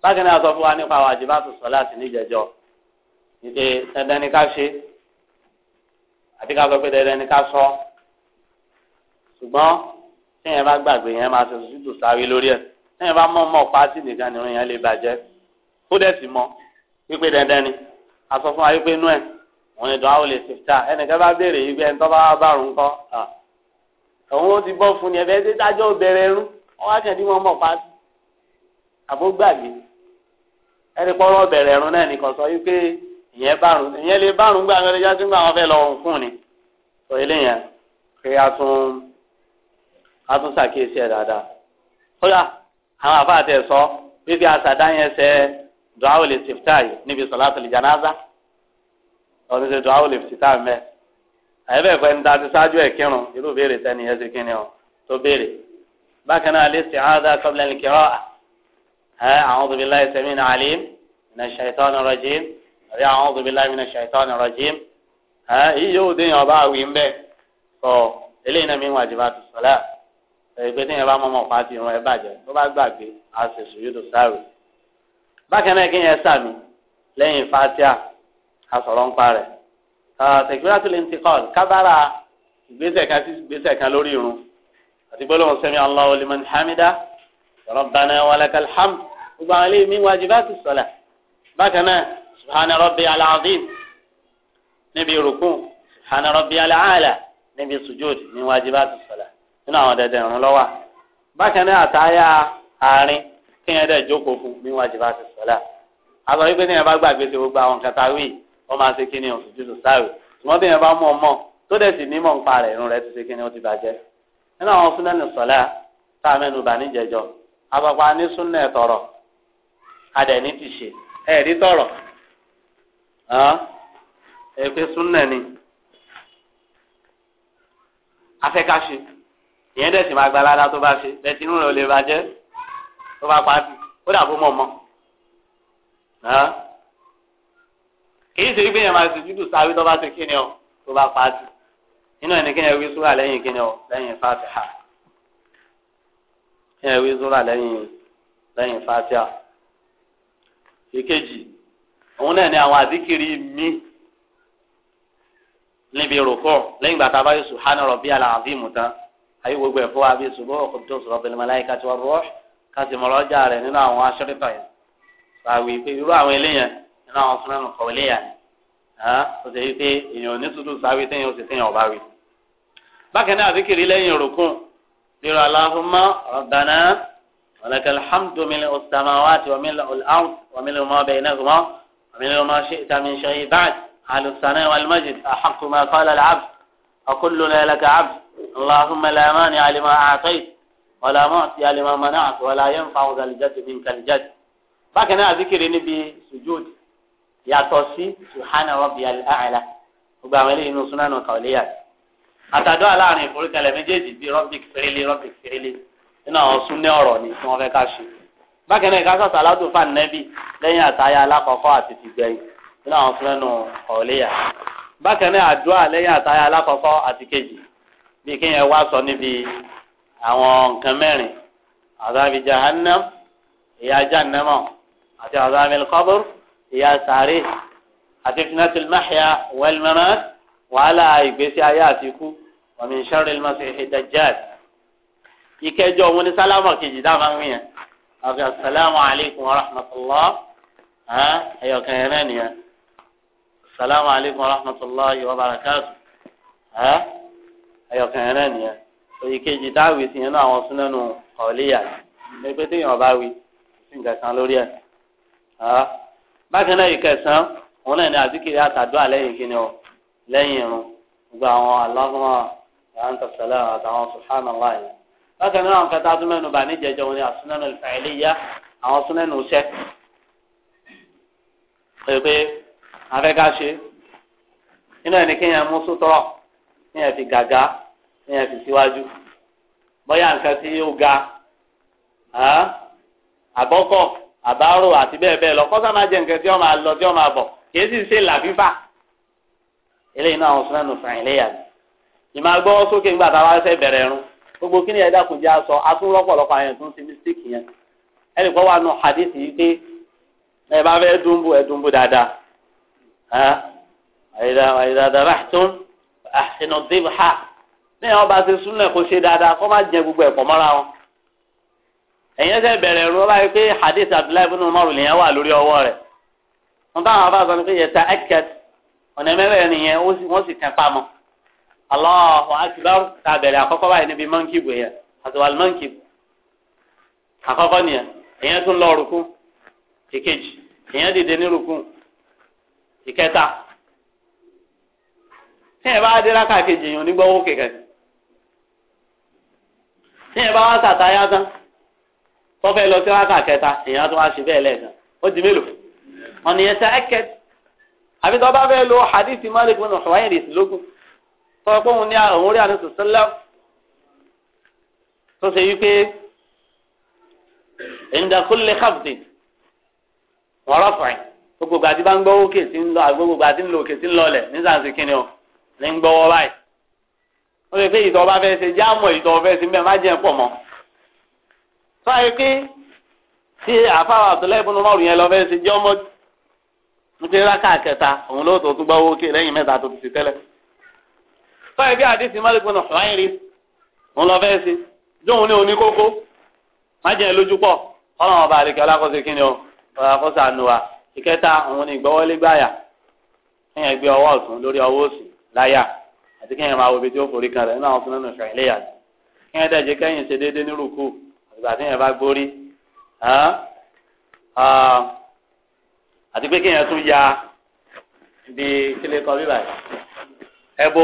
bákan náà sọ fún wa nípa àwọn àjẹbátò sọ láti níjẹ̀jọ́ ìdè ni ká ṣe àti ká sọ pé dandan ṣùgbọ́n téèyàn bá gbàgbé yẹn máa ṣe sùdù sáré lórí ẹ̀ téèyàn bá mọ̀ mọ̀ pàṣẹ nìkan nìrun yẹn lè bàjẹ́ ó dẹ̀ sì mọ̀ wípé dandan ni a sọ fún wa wípé inú ẹ̀ wọ́n ní dùn àwọn lè ṣe ta ẹnìkan bá béèrè yìí pé ẹni tó bá bá rùn kọ́ òun ó ti bọ́ fún ni ẹ bẹ́ẹ̀ dájọ́ bẹ̀rẹ̀ rún wọ́n wá kàn dí mọ̀ mọ̀ pàṣẹ àbógbàgbé ẹni pọ́nrọ́ bẹ̀rẹ̀ rún náà nìkan sọ wípé ìyẹn bá rùn ìyẹn lè bá rùn gbà wọn lè já sí gbà wọn fẹ́ a tún ṣàkíyèsí ẹ̀ dáadáa kódà àwọn àfáàtẹ̀ sọ bíbí àṣàdá yẹn ṣe dùáwò lè ṣèpítà yìí níbi sọ̀látul jánásà ọdún ṣe dùáwò lè ṣèpítà mẹ́ àyẹ̀bẹ̀ fẹ́ ń ta ti ṣáájú ẹ̀ kírun irú béèrè tẹ́ni yẹn ṣe kíni ọ tó béèrè bákan náà lè ṣe àádá qabla al-qira'ah a'udhu billahi sami'il 'alim minash shaitanir rajim àbí a'udhu billahi minash shaitanir rajim èyí yóò dé ọba àwìn bẹ́ẹ̀ sọ eléyìí náà mi wà jìbá tó sọ̀lá ẹgbẹ́ tí yẹn bá mọ́mọ́ pa ti ràn ẹ́ bàjẹ́ tó bá gbàgbé a sì sùn yóò tó sáré bákan náà kí yẹn sàmì lẹ́yìn fatia asọ̀rọ̀ ń parẹ́ tẹ̀gbẹ́rẹ́ tó lè ń ti kọ́ kábàárà ìgbésẹ̀ kan sí ìgbésẹ̀ kan lórí irun àti gbólóhùn sẹ́mi Allahu liman hamida rabbana walakal hamd gbogbo àwọn eléyìí mi wajibati salah bákan náà subhana rabbiyal azim níbi rukun subhana rabbiyal ala níbi sujud mi wajibati salah nínú àwọn dẹdẹ ìrún lọ́wà bákan náà àtàyà àárín kí yẹn dẹ̀ jókòó fún bí wọ́n ti bá ti sọ́lá àtọ̀ wípé tí yẹn bá gbàgbé ti gbogbo àwọn nǹkan táwí wọ́n máa ṣe kíni oṣù jùlọ sáré ṣùgbọ́n tí yẹn bá mọ̀ mọ̀ tó dẹ̀ sì nímọ̀ nípa rẹ̀ irun rẹ̀ ti ṣe kíni ó ti bàjẹ́ nínú àwọn súnẹ́nì sọ́lá tá a mẹ́nu bà níjẹjọ àpapọ̀ ní súnẹ́ tọrọ adẹ̀ ní ti ṣe ẹ̀ẹ́dí tọrọ ẹ̀ẹ́pẹ́ súnẹ́ ni afẹ́káṣe ìyẹn dẹ̀ sì máa gba ládàá tó bá ṣe bẹ́ẹ̀ tí inú rẹ̀ ò lè bàjẹ́ tó bá pa sí ó dàbó mọ̀ mọ́ kì í ṣe wípé yẹn máa ṣe júdù sáré tó bá ṣe kíni ọ tó bá pa sí inú ẹni kí yẹn wí lẹ́yìn kíni ọ lẹ́yìn fàtíà kí yẹn wí súrà lẹ́yìn lẹ́yìn fàtíà ìkejì òun náà ni àwọn àdíkiri mi níbi rògbò lẹ́yìn gbàtà báyìí subhana rabbiyal azim tán ayé gbogbo ẹ̀ fún wa bí ṣùgbọ́n ọkùnrin tó sọ̀rọ̀ bẹ̀rẹ̀ màláíkà tí wọ́n rọ́ káti mọ̀lọ́jà rẹ̀ nínú àwọn aṣọ́rìtà yẹn sàwí pé irú àwọn eléyẹn nínú àwọn súnmọ́nù kọ̀wé léyà ni ó ṣe wípé èèyàn ní tútù sàwí téèyàn ó sì téèyàn ọ̀bá wí. bákan náà àdìkìrì lẹ́yìn òrùkún lérò aláhùnmọ́ ọ̀gbàná ọ̀lẹ́kẹ̀ alhamdulilayi ọ̀sàmáwáàtì wàmílẹ̀ ọ̀lẹ́ اللهم لا مانع لما أعطيت ولا معطي لما منعت ولا ينفع ذا الجد منك الجد bákan náà àzikiri níbi sujud yàtọ̀ sí subhana rabbiyal a'la gbogbo àwọn eléyìí inú súnánù kàwéléyà àtàdó aláàrin ìforúkẹlẹ̀ méjèèjì bíi rọbìk fèrèlé rọbìk fèrèlé nínú àwọn súnné ọ̀rọ̀ ni tí wọn fẹ́ ká ṣe bákan náà ìkásọ sàlátù fàn nẹbì lẹ́yìn àtàyà alákọọkọ àti tìgbẹ̀yìn nínú àwọn súnánù kàwéléyà bákan náà àdúrà lẹ́yìn àtàyà alákọọkọ àti kejì bí kéèyàn wá sọ níbi àwọn nǹkan mẹ́rin azabi jahannam ìyà jahannamọ àti azabi alqabr ìyà sàárè àti fitnatul mahya wal mamat wàhálà ìgbésí ayé àti ikú wa min sharril masihid dajjal ìkẹjọ òun ni sálámù kejì dáhùn àwọn yẹn àti asalaamu wa rahmatulah ẹyọkàn yẹn náà nìyẹn asalaamu wa rahmatulah wa barakatuh ẹyọkàn yẹn náà nìyẹn òyì kejì dáwì sí yẹn náà àwọn súnẹ́nu ọ̀ọ́lẹ́yà ní pé téèyàn bá wí sí nǹkan kan lórí ẹ̀ bákan náà ìkẹsàn òun náà ní àdìkiri àtàdúrà lẹ́yìn kíni o lẹ́yìn irun gbogbo àwọn aláfọmọ àǹtàṣẹlẹ àtàwọn sùhánà láàyè bákan náà àwọn kẹta tó mẹ́nu bà níjẹjọ wọn ni àsúnẹ́nu ìfẹ̀lẹ́yà àwọn súnẹ́nu iṣẹ́ pé afẹ́ká ṣe nínú ẹni kéèyàn mú sútọ́rọ̀ kéèyàn fi gàgá ní ẹ fi síwájú bóyá nǹkan tí ó ga àbọ́kọ̀ àbárò àti bẹ́ẹ̀ bẹ́ẹ̀ lọ kọ́sà máa jẹ nǹkan tí ó máa lọ tí ó máa bọ̀ kìí sì ṣe làfífà eléyìí náà àwọn sùnmẹ́nu fẹ̀yìn léyà ni ìmọ̀ agbọ́ sókè ńgbà tá a wá fẹ́ bẹ̀rẹ̀ ẹ̀rún gbogbo kí ni ẹ̀dá kùn jẹ́ aṣọ atúnlọ́pọ̀lọpọ̀ àyàn tó ń ti mísíkì yẹn ẹnì kan wà nù hadith yìí pé ẹ bá fẹ́ dùnbù ẹ dùnbù dáadáa ẹ àyè dáadáa rà tó àṣìnà dèbò ha lẹ́yìn ọba ṣe súnlẹ̀ kó ṣe dáadáa kó má jẹ gbogbo ẹ̀kọ́ mọ́ra wọn. ẹ̀yin ẹsẹ̀ bẹ̀rẹ̀ ẹ̀rú ọba yìí pé hadith abdullahi bin umar lèyàn wà lórí ọwọ́ rẹ̀ wọn táwọn afa sọ ni pé yẹta ẹkẹt ọ̀nà mẹ́rẹ̀ nìyẹn wọ́n sì tẹ̀ pamọ́ Allahu akbar ta bẹ̀rẹ̀ àkọ́kọ́ báyìí níbi mọ́ńkìbù yẹn àtiwàlì mọ́ńkìbù àkọ́kọ́ nìyẹn èyàn tún lọ rùkú ìkejì èyàn dìde ní rùkú ìkẹta tí ẹ bá dé rákà kejì yìí onígbọ́wọ́ kẹkẹ́ ní ìbá wá sàtáyá tán tó fẹ́ lọ sí wákà kẹta èèyàn tó wá sí bẹ́ẹ̀ lẹ́ẹ̀kan ó di mélòó ọ̀nà yẹn ta ẹ̀kẹ́ àbí tó bá fẹ́ lo hadith Malik bin Huwayrith ìsìlógún tó pé òun ní òun rí àná sọ̀sọ́lá tó ṣe wípé inda kulli khafdin wa raf'in gbogbo àti bá ń gbọ́ òkè sí ń lọ àgbogbo àti ń lo òkè sí ń lọlẹ̀ nígbà tí kíni ní ń gbọ́wọ́ báyìí ó lè pé ìtọ̀ ọba fẹ́ ṣe jáàmọ̀ ìtọ̀ ọba fẹ́ ṣe mẹ́rin má jẹ́ pọ̀ mọ́. sọ àyè pé tí àfáwà àtúlẹ̀ ìbùnú mọ́rùn yẹn lọ fẹ́ ṣe jẹ́ ọmọ nítorí rákà kẹta òun ló tó tún gbọ́ owó kí lẹ́yìn mẹ́ta tó ti tẹ́lẹ̀. sọ àyè pé àdìsí mọ́lẹ́kùn náà láyìn rí òun lọ fẹ́ ṣe jóun ní oníkókó má jẹ́ lójú pọ̀ ọlọ́run ọba àdìkẹ́ ọlákọ́sí ni o ọlákọ́sí àánú wa àti kéèyàn máa wo ibi tí ó forí kalẹ̀ nínú àwọn fúnnú ìṣẹ̀lẹ̀yà kéèyàn dẹ̀ jẹ́ kéèyàn ṣe déédéé ní rúkú ìgbà téèyàn bá gbórí àti pé kéèyàn tún ya ibi kílé kan bíbà ẹ̀bù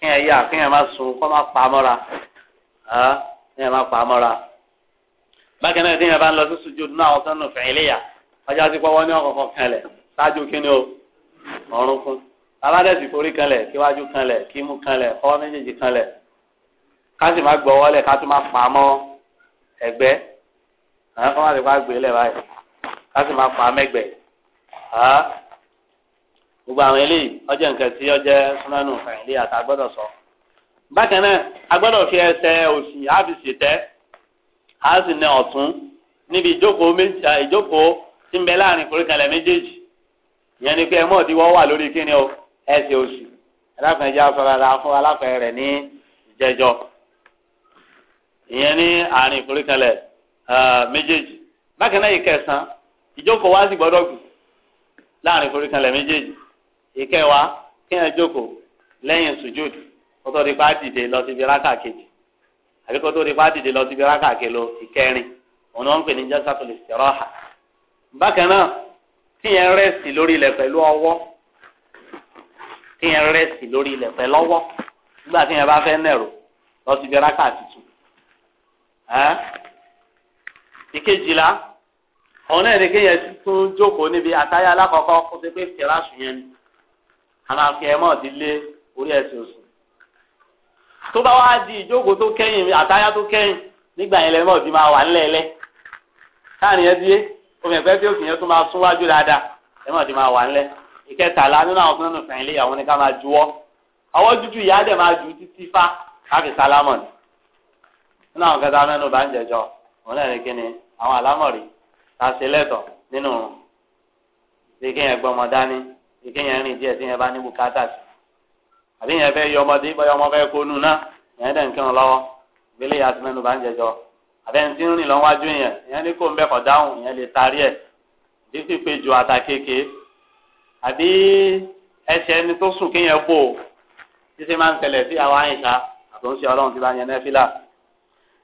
kéèyàn yà kéèyàn má sun kó má pa mọ́ra kéèyàn má pa mọ́ra bákan náà téèyàn bá ń lọ sí sùjúdù nínú àwọn fúnnú ìṣẹ̀lẹ̀yà ọjà ti pọ́wọ́ ní ọkọ̀ọ̀kan kalẹ̀ ṣáájú kí ni o ọ̀run fún. aládẹ́sì forí kanlẹ̀ kíwájú kanlẹ̀ kímú kanlẹ̀ ọwọ́ méjèèjì kanlẹ̀ ká sì má gbọ́wọ́ lẹ̀ ká tún má pa mọ ẹgbẹ àwọn kan má ti pa gbé lẹ̀ báyìí ká sì má pa mẹ́gbẹ́ gbogbo àwọn eléyìí ọjọ́ nǹkan tí sọ. bákan náà fi ẹsẹ òsì níbi o ẹsẹ̀ oṣù aláfẹnjẹ asọra la fún rẹ ní ìjẹjọ ìyẹn ní àárín ìforíkalẹ̀ méjèèjì bákan náà ìkẹsàn ìjókòó wá sí gbọ́dọ̀ gùn láàrin ìforíkalẹ̀ méjèèjì ìkẹwàá kéèyàn jókòó sùjúdù kótó di lọ síbi rákà kejì àbí kótó lọ síbi rákà kelo ìkẹrin òun ni wọn ń pè ní jásàtò lè bákan náà kéèyàn rẹ́sì lórí ilẹ̀ pẹ̀ lọ́wọ́ nígbà téèyàn bá fẹ́ nẹ̀rọ lọ sí ibi rákà tuntun. ìkejìlá ọ̀hún náà ni kéèyàn tún jókòó níbi àtayá alákọ̀ọ́kọ́ kó ṣe pé fìràṣù yẹn ni àmọ́ àfihàn mọ́ ti lé orí ẹ̀sìn oṣù. tó bá wá di ìjókòó tó kẹ́yìn àtayá tó kẹ́yìn nígbà yẹn lẹ́mọ̀ ti máa wà ńlẹ̀ẹ́lẹ́ káàrin yẹn díẹ̀ omi ẹ̀fẹ́ tí òkè yẹn tún máa súnwájú dáadáa lẹ́mọ̀ ti máa wà ńlẹ̀ ìkẹtàlá nínú àwọn fúnlẹ́nu fẹ̀yìn lé àwọn ní ká máa juwọ́ ọwọ́ dúdú ìyá dẹ̀ máa ju títí fá káfí sálámọ̀ ni àwọn kẹta mẹ́nu bá ń jẹjọ òun náà ní kíni ta ṣe lẹ́tọ̀ nínú bí kéèyàn gbọ́ ọmọ dání bí kéèyàn rìn díẹ̀ tí yẹn bá sí àbí yẹn fẹ́ yọ ọmọdé bọ́yọ ọmọ fẹ́ kó náà yẹn dẹ̀ ń kírun lọ́wọ́ ìyá mẹ́nu bá ń jẹjọ tí ń rìn yẹn yẹn ní ń dáhùn yẹn lè tarí àbí ẹsẹ̀ ẹni tó sùn kéèyàn bò ó títí máa ń tẹ̀lẹ̀ sí àwọn àyíṣà àtúnṣe ọlọ́run ti bá yẹn nẹ́fìlà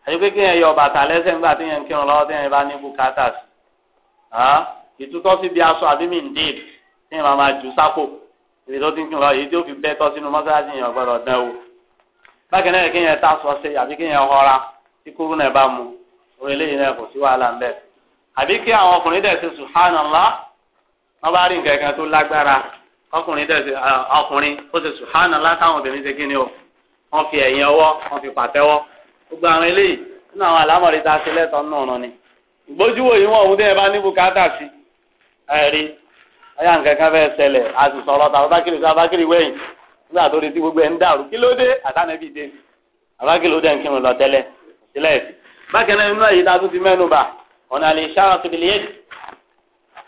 àti pé kéèyàn yọ bàtà lẹ́sẹ̀ ńgbà tí yẹn ń kírun lọ́wọ́ tí yẹn bá ní bùkátà sí ìtútọ́ sí bí aṣọ àbí mìndéèd tí yẹn máa máa jù sápò ibi tó ti ń kírun lọ èyí tí ó fi bẹ́ tọ́ sínú mọ́sálásí yẹn gbọ́dọ̀ dán o bákan náà kéèyàn tá wọ́n bá rí nǹkan kan tó lágbára ọkùnrin dẹ̀ ọkùnrin ó sì sùhánà látàwọn obìnrin ṣe kí ni o wọ́n fi ẹ̀yìn ọwọ́ wọ́n fi pàtẹ́wọ́ gbogbo àwọn eléyìí nínú àwọn àlámọ̀rí tá a ṣe lẹ́tọ̀ọ́ náà rán ni ìgbójúwò yìí wọn òun dẹ̀ bá ní bùkátà sí ẹ̀rí ọyá nǹkan kan fẹ́ẹ́ ṣẹlẹ̀ a sì sọ̀rọ̀ tàbí bákìrì sí abákìrì wẹ̀yìn nígbà tó retí gbogbo ẹ̀ ń dàrú kí ló dé àtànẹ́bí dé abákìrì ló dẹ̀ ń kírun lọ tẹ́lẹ̀ sílẹ̀ bákẹ́rẹ́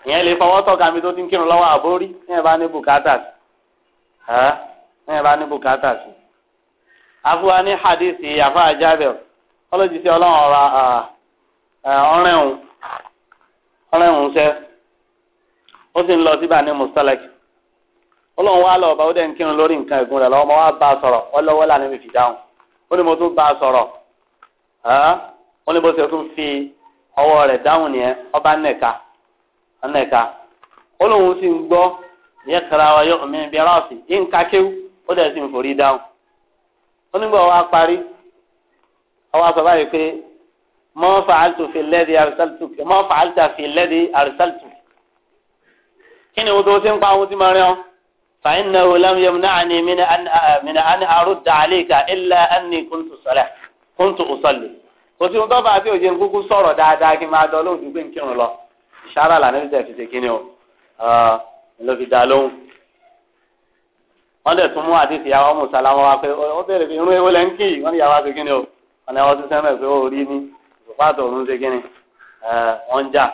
ìyẹn lè fọwọ́ tọ́ka mi tó ti ń kírun lọ́wọ́ àbórí ìyẹn bá ní bùkátà sí ìyẹn bá ní bùkátà sí. afuwa ní hadithi afa ajábẹ̀ ọlọ́jì sí ọlọ́run ọ̀ra ọ̀rẹ́hùn ọ̀rẹ́hùn sẹ́ ó sì ń lọ síbà ní mustalek ọlọ́run wa lọ ọba ó dẹ̀ ń kírun lórí nǹkan ẹ̀gún rẹ̀ lọ́wọ́ mo wá bá a sọ̀rọ̀ ọlọ́wọ́ là mi fi dáhùn ó ní mo tún bá a sọ̀rọ̀ ó ní bó ṣe tún fi ọwọ́ rẹ̀ dáhùn nìyẹn ọba nẹ̀ka ọ̀nẹ́ka olóhùn sì ń gbọ́ yẹ kara wa yọ ọ̀mí bí aráàsì yín ká kéwú ó dẹ̀ sì ń forí dáhùn onígbà wa parí ọwọ́ sọ báyìí pé mọ́ fàáltù fi lẹ́dí àrísàltù mọ́ fàáltà fi lẹ́dí àrísàltù kí ni wọ́n tó ti ń pa ohun tí mo rí ọ́ fàyín náà wò lámúyẹ mìíràn àni àrùdà àlékà ilẹ̀ ẹni kúntù sọlẹ̀ kúntù sọlẹ̀ kò sí ohun tó fà á sí òjò kúkú sọ̀rọ̀ dáadáa kí n máa dọ́ lóòdù pé n kírun lọ ìṣára là níbi tẹ̀sí ṣe kíni o ló fi dá lóhùn. wọ́n dẹ̀ tún mú àdìsí yàrá ọmọ sàlámọ́ wa pé ó béèrè pé irun ewo lẹ́ ń kì í wọ́n ní yàrá ṣe kíni o wọ́n ní àwọn sísẹ́ mẹ́ pé ó rí ní ìpàtọ̀ òun ṣe kíni wọ́n ń jà.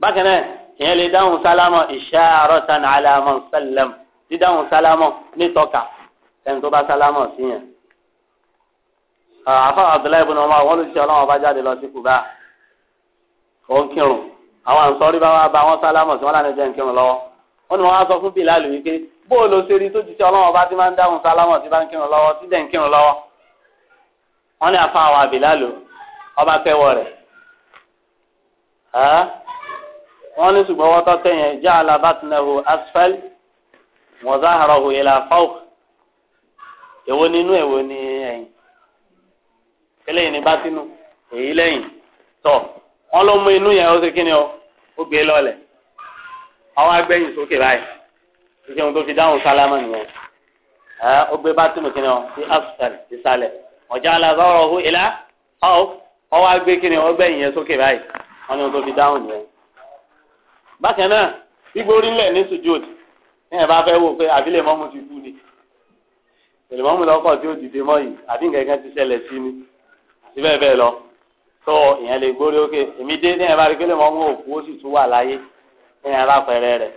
bákan náà ìyẹn lè dáhùn sálámọ̀ ìṣàrọ̀tàn àlàmọ̀ sálẹ̀m dídáhùn sálámọ̀ nítọ́ka ẹni tó bá sálámọ̀ síyàn. àfa Abdullahi ibn Umar wọn ló ọlọ́wọ́n bá jáde lọ sí Kùbá ó ń kírun àwọn àǹsọ́rí bá wá bá wọn sálámọ̀ sí wọn láti jẹ́ ń lọ́wọ́ ó ní wọn á sọ fún Bilal wípé bó o ṣe rí tó jíṣẹ́ ọlọ́wọ́ bá ti máa ń dáhùn sálámọ̀ tí bá ń lọ́wọ́ tí dẹ̀ ń lọ́wọ́ wọn ní afa àwọn Bilal ọba kẹwọ rẹ̀ wọn ní ṣùgbọ́n wọ́tọ́ tẹ̀yẹn ja'ala batnahu asfal wa zahrahu ila fawq èwo nínú èwo ní ẹ̀yìn eléyìí ní bátínú èyí lẹ́yìn tọ̀ wọn ló mú inú yẹn ó ṣe kíni o ó gbé lọlẹ àwọn agbẹyìn sókè báyìí ìṣe ohun tó fi dáhùn sálámà nìyẹn ẹ ó gbé bátìmù kíni o sí asùtàlì sísàlẹ̀ ọjà alábọrọ ọhún ìlà ọ ọwọ agbé kíni o gbẹyìn yẹn sókè báyìí wọn ni ohun tó fi dáhùn nìyẹn. bákan náà gbígbó orílẹ̀ ní sujud ní ẹ̀ bá fẹ́ wò pé àbílẹ̀ mọ́mú ti kú ni èlé mọ́mú lọ́kọ̀ tí ó dìde mọ́ yìí àbí nǹkan kan ti ṣẹlẹ̀ sí ni àti bẹ́ẹ̀ bẹ́ẹ̀ lọ tó ìyẹn lè gbórí ókè èmi dé ní ẹ̀rọ àrígbélé wọn mú òkú ó sì tún wà láyé ní ẹ̀rọ àpẹẹrẹ rẹ̀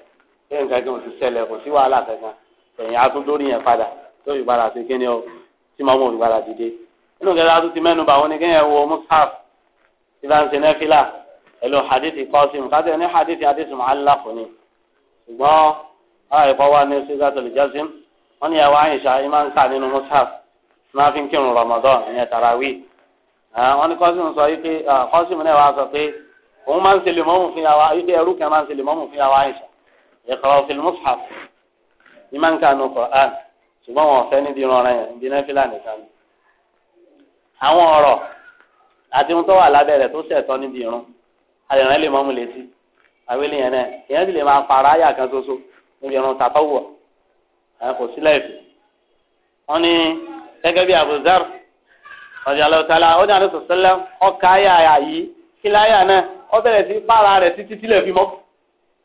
ṣé nǹkan kan ò sì ṣẹlẹ̀ kò sí wàhálà kankan ẹ̀yìn atúndórí yẹn padà tó ìgbàlà sí kíni o tí màmú olùgbàlà dìde nínú kẹta tó ti mẹ́nu bá wọn ni kéèyàn wo mushaf tí bá ń ṣe nẹ́fìlà ẹ̀lò hadithi kọ́sìmù kátẹ́ ní hadithi hadithi muhalla kò ní ṣùgbọ́n ara ní wọn ní kọ́sìmù sọ wípé kọ́sìmù náà wà sọ pé òun máa ń ṣe lèmọ́mù fún yàrá wípé ẹrú kan máa ń ṣe lèmọ́mù fún yàrá àìsàn ìkọ̀rọ̀ fìlímù fà ní máa ń kà nù kọ̀ án ṣùgbọ́n wọn fẹ́ níbi ìrànràn yẹn ìdí náà fìlà nìkan ni. àwọn ọ̀rọ̀ àti ohun tó wà lábẹ́ rẹ̀ tó ṣẹ̀tọ́ níbi ìrun àlẹ́rán lè mọ́mù létí àwílé yẹn náà èèyàn sì lè máa ọjà lọ́tàlá ó ní àdóso sẹ́lẹ̀ ọkà ayà àyí kíláyà náà ó bẹ̀rẹ̀ sí bára rẹ̀ títí tílẹ̀ fi mọ́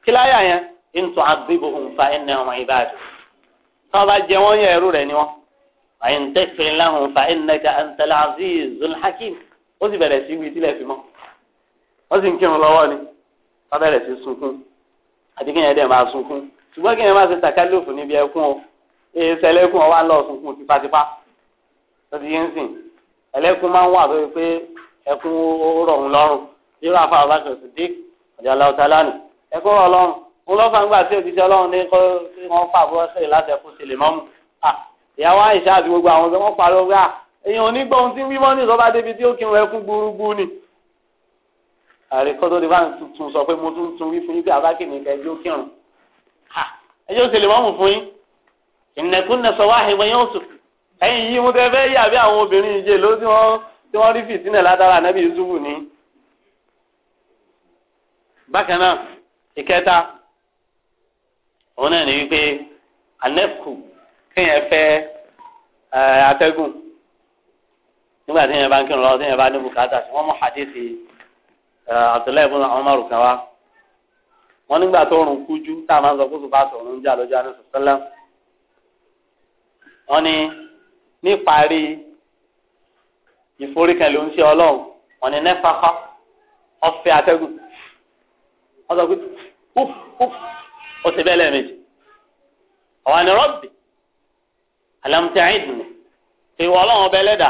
kíláyà yẹn ntọ́ àgbébò nfa ẹnẹ ọmọ ìbáàdì tí wọ́n bá jẹ wọ́n yẹ ẹrú rẹ̀ ni wọ́n àyìn tẹ́sí láhùn fa ẹnẹka ẹntẹ́lẹ̀ azizul hakim ó sì bẹ̀rẹ̀ sí wí tílẹ̀ fi mọ́ wọ́n sì ń kírun lọ́wọ́ ni wọ́n bẹ̀rẹ̀ sí sunkún àti yẹn dẹ̀ máa sunkún ṣùgbọ́n kí yẹn máa ṣe tàkálùfù níbi ẹkún o èèṣẹ̀lẹ̀kùn ọ wá lọ sunkún tipátipá lọ́dún yẹn sìn ẹlẹ́kùn máa ń wà pé pé ẹkún ó rọ̀ ń lọ́rùn nírú àfa àbáṣọ sídìk ọ̀jà lọ́tàlá nì ẹkún rọ̀ lọ́rùn ń lọ́fà ńgbà tí òbí tí ọlọ́run ní kọ́ kí wọ́n fà bọ́ sẹ́yìn láti ẹkún sí lè mọ́mù ìyàwó àìsà àti gbogbo àwọn ọ̀sẹ̀ pariwo pé èèyàn onígbọ́ ohun tí ń wímọ́ ní ìsọ́ba débi tí ó kí wọn ẹkún gbúrúgbú ni. ààrẹ kọ́tọ́ ní báyìí tuntun sọ pé mo tún tún wí fún yín pé ẹ̀yin yìí mo tẹ fẹ́ yà bí àwọn obìnrin ìje ló tí wọ́n tí wọ́n rí fìtínà látara ànábì yusufu ní. bákan náà ìkẹta òun náà ní wípé anẹ́kù kéèyàn fẹ́ atẹ́gùn nígbà tí yẹn bá ń kírun lọ́wọ́ tí yẹn bá ní bùkátà sí wọ́n mú hadithi Abdullahi ibn Umar kan wá wọ́n nígbà tó rùn kújú tá a máa ń sọ kó tó bá sọ̀rọ̀ ń jà lọ́jọ́ àná sọ̀tẹ́lẹ̀ wọ́n ní níparí ìforíkẹlẹ ń ṣe ọlọ́run wọn ni nẹ́fàkọ́ ọ̀fẹ́ atẹ́gùn wọ́n sọ pé uf uf ó ti bẹ́ẹ̀ lẹ́ẹ̀mejì ọ̀wá ni rọ́bì alámùtí àìdùnnú ìwọ ọlọ́run ọbẹ̀ lẹ́dà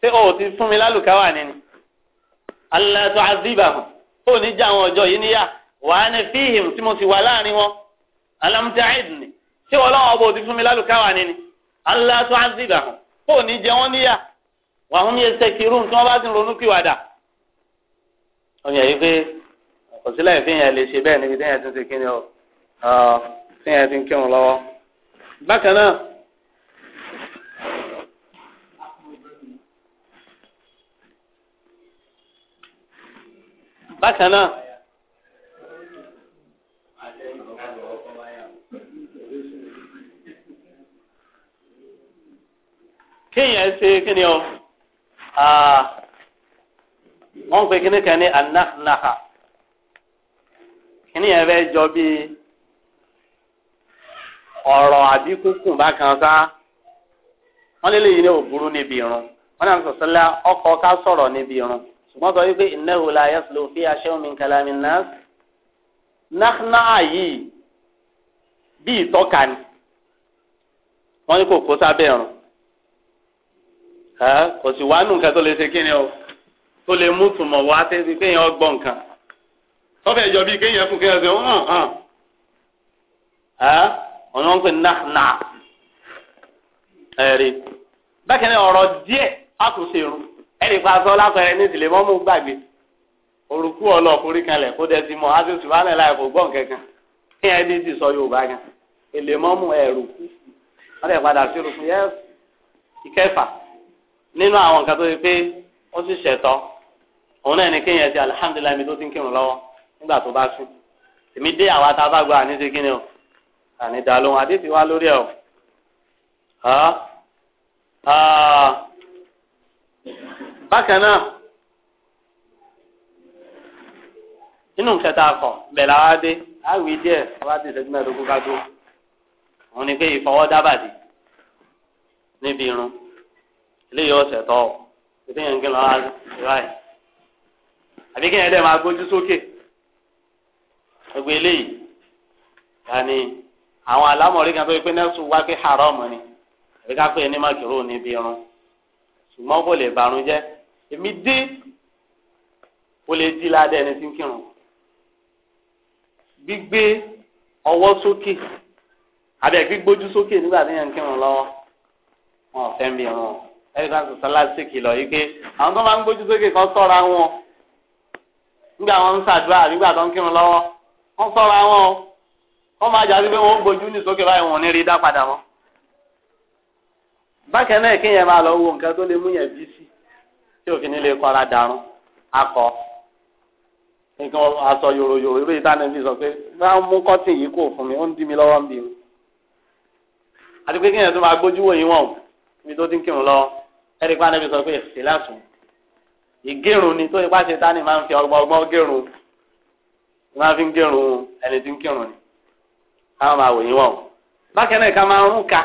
ṣé o ti fún mi lálùkáwà nínú alẹ́ tó azíbà hàn ó ní já àwọn ọjọ́ yìí níyà wàá ní fíhìm tí mo ti wà láàrin wọn alámùtí àìdùnnú ṣé ọlọ́run ọbẹ̀ ò ti fún mi lálùkáwà nínú. Allah tó á zìbà hàn kó ní jẹ wọn níyà wà wọn yẹ sẹkìrún tí wọn bá ti ronú kíwàdà. ọyàn yìí pé òsílẹ̀ ìfihàn lè ṣe bẹ́ẹ̀ níbi téèyàn ti ń ṣe kíni o téèyàn ti ń kírun lọ́wọ́. bákan náà. bákan náà. kéèyàn ṣe kíni o wọ́n pe kíni kan ní anáhànáhà kíni yẹn fẹ́ jọ bí ọ̀rọ̀ àbí kúkùn bákan sá wọ́n lé lẹ́yìn ní òbúrú níbi irun wọ́n náà sọ̀sọ́ lá ọkọ̀ ká sọ̀rọ̀ níbi irun ṣùgbọ́n sọ wípé innahu la yaslu fi shay'un min kalamin nas náhànáhà yìí bí ìtọ́ka ni wọ́n ní kò kó sábẹ́ irun kò sì wá nù nǹkan tó lè ṣe kí ni o tó lè mú tùmọ̀ wá tẹ́sí kéèyàn gbọ́ nǹkan tọ́fẹ̀ jọ bíi kéèyàn fún kéèyàn ṣe hàn hàn ọ̀nà ń pè nàhnà ẹ̀rí bákan náà ọ̀rọ̀ díẹ̀ á tún ṣe irun ẹ̀rí pa aṣọ lápẹẹrẹ ní ìdílé mọ́mú gbàgbé orúkú ọlọ́ọ̀kùnrin kan lẹ̀ kó dẹ́ ti mọ̀ á sì ṣùgbọ́n àlẹ́ láì kò gbọ́ nǹkan kan kí ẹ ní ti sọ Yorùbá kan èlé mọ́mú ẹ̀rù kú wọ́n lè padà sí irun fún yẹ́ẹ̀sì ìkẹfà nínú àwọn nǹkan tó ṣe pé ó sì ṣẹ̀tọ́ òun náà ní kéèyàn ṣe alihamudulilayi mi tó ti ń kírun lọ́wọ́ nígbà tó bá sùn èmi dé àwa tá a bá gba àníṣe kí ni o àní dá lóhun àdéhùn wá lórí ẹ o. bákan náà nínú nǹkan tá bẹ̀rẹ̀ àwa dé àwìn díẹ̀ àwa dé ìṣẹ́jú mẹ́ẹ̀ẹ́dógún ká tó òun ni pé ìfọwọ́dábàdì níbi irun ilé yọ ọsẹ tọ ìdí yẹn ń gbé lọ́wọ́ ráì àbí kí yẹn dẹ́ máa gbójú sókè gbogbo eléyìí yanni àwọn alámọ̀rí kan tó yẹ pé nẹ́sùn wá pé haram ni àbí ká pè é ní mákìrò níbi irun ṣùgbọ́n kò lè barun jẹ́ èmi dé o lè di ládẹ́ ẹni tí ń kírun gbígbé ọwọ́ sókè àbí gbígbójú sókè nígbà tí yẹn ń kírun lọ́wọ́ wọn ò fẹ́ ń bí irun o ẹ̀ka sọ̀tàlásì kìlọ̀ yìí pé àwọn tó máa ń gbójú sókè kan sọ́ra wọn nígbà wọn ń ṣàdúrà nígbà tó ń kírun lọ́wọ́ wọ́n sọ́ra wọn o wọ́n máa jà sí pé wọ́n ń gbójú ní sókè báyìí wọn ò ní rí dá padà mọ́. bákan náà kéèyàn máa lọ wo nǹkan tó lè mú yẹn bí sí tí òfin nílé kọ́ra darun akọ nǹkan aṣọ yòròyòrò eré ìtànẹ́bí sọ pé bá mú kọ́tìn yìí kò fún mi ó ń dí mi lọ́wọ́ ń bí mi àti pé kéèyàn tó máa gbójú wò yín wọ̀n ẹ̀rí pa níbi sọ pé èsì lásùn ìgérun ni tó ipá ṣe tání máa ń fi ọgbọ́n ọgbọ́n gérun máa fi ń gérun ẹni tí ń kírun ni káwọn máa wòye wọn o bákan náà ká máa ń rúka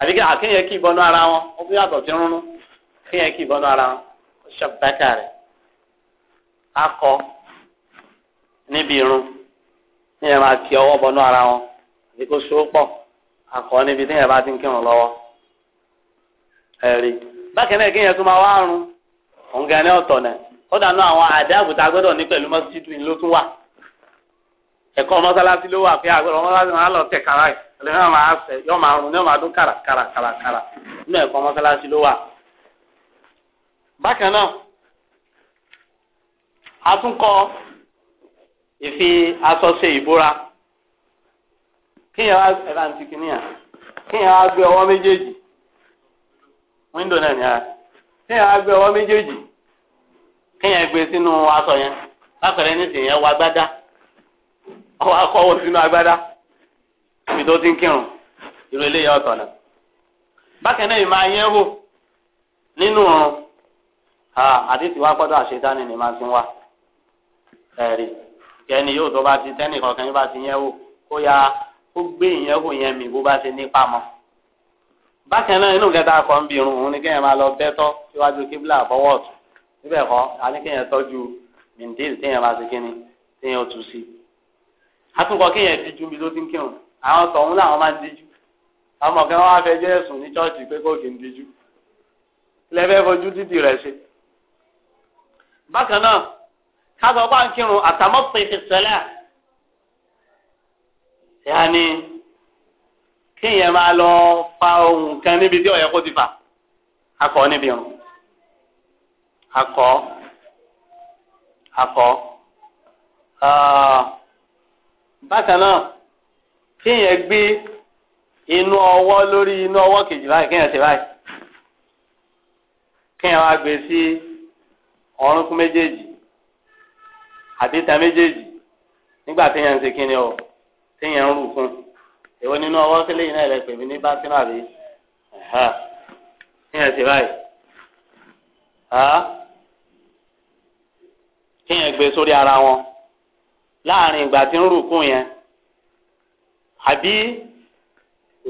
àbí kí àkéyàn kí ìbọnú ara wọn ó fi yàtọ̀ sí rúnú kéyàn kí ìbọnú ara wọn ó ṣàbùdákà rẹ̀ akọ níbi irun níyẹn máa kí ọwọ́ bọnú ara wọn àbí kó so pọ̀ akọ níbi tíyẹn bá ti ń kírun lọ́wọ́ ẹ̀rí. bákan náà kéèyàn tún máa wá àrùn òun gan ni náà ó dànù àwọn àdáàbòtà gbọ́dọ̀ ní pẹ̀lú mọ́sídù ló tún wà ẹ̀kọ́ mọ́sálásí ló wà pé àgbẹ̀rọ̀ mọ́sálásí máa lọ tẹ̀ ẹ̀ máa sẹ̀ máa máa dún kàrà kàrà kàrà kàrà nínú ẹ̀kọ́ mọ́sálásí ló wà. bákan náà a tún kọ ìfi aṣọ ṣe ìbúra windo náà ni a kéèyàn á gbé ọwọ́ méjèèjì kéèyàn gbé sínú aṣọ yẹn lápẹ̀rẹ̀ nísìnyí ẹ wọ agbádá ọwọ́ akọ́wọ́ sínú agbádá ibi tí ti ń kírun irú eléyà ọ̀tọ̀ náà bákan náà ìmọ̀ ayé nínú àti tiwa ni màá ti wá yóò tó bá ti bá ti yẹ ya kó gbé ìyẹn yẹn bákan náà inú kẹta akọ ń bi irun òun ni kéèyàn máa lọ bẹ́tọ́ síwájú kíbla àfọwọ́ ọ̀tún níbẹ̀ kọ́ a ní kéèyàn tọ́jú mìndíìl téèyàn máa ṣe kíni téèyàn ó tu sí i. àtúnkọ kéèyàn díjú mi ló ti ń kírun àwọn tọ̀hún làwọn máa ń díjú àwọn ọ̀gá wọn á fẹ́ jẹ́ ẹ̀sùn ní chọ́ọ̀chì pé kò kì í díjú lẹ́fẹ́ fojú dídì rẹ̀ ṣe. bákan náà káàtó bá ń kírun àtàmọ́pẹ́ ìfẹsẹ̀lẹ̀ kéèyàn máa lọ fa ohun kan níbi tí ọ̀yẹ́ kó ti fà akọ níbi irun akọ akọ bákan náà kéèyàn gbé inú ọwọ́ lórí inú ọwọ́ kejì báyìí kéèyàn ṣe báyìí kéèyàn wá gbé sí ọrùnkún méjèèjì àti ìta méjèèjì nígbà téèyàn ń ṣe kíni o téèyàn ń rù fún un èwo nínú ọwọ́ sílẹ̀ yìí náà rẹ̀ pèmí ní bátínà rí kíyàn sí báyìí kíyàn gbé sórí ara wọn láàrin ìgbà tí ń rùkú yẹn àbí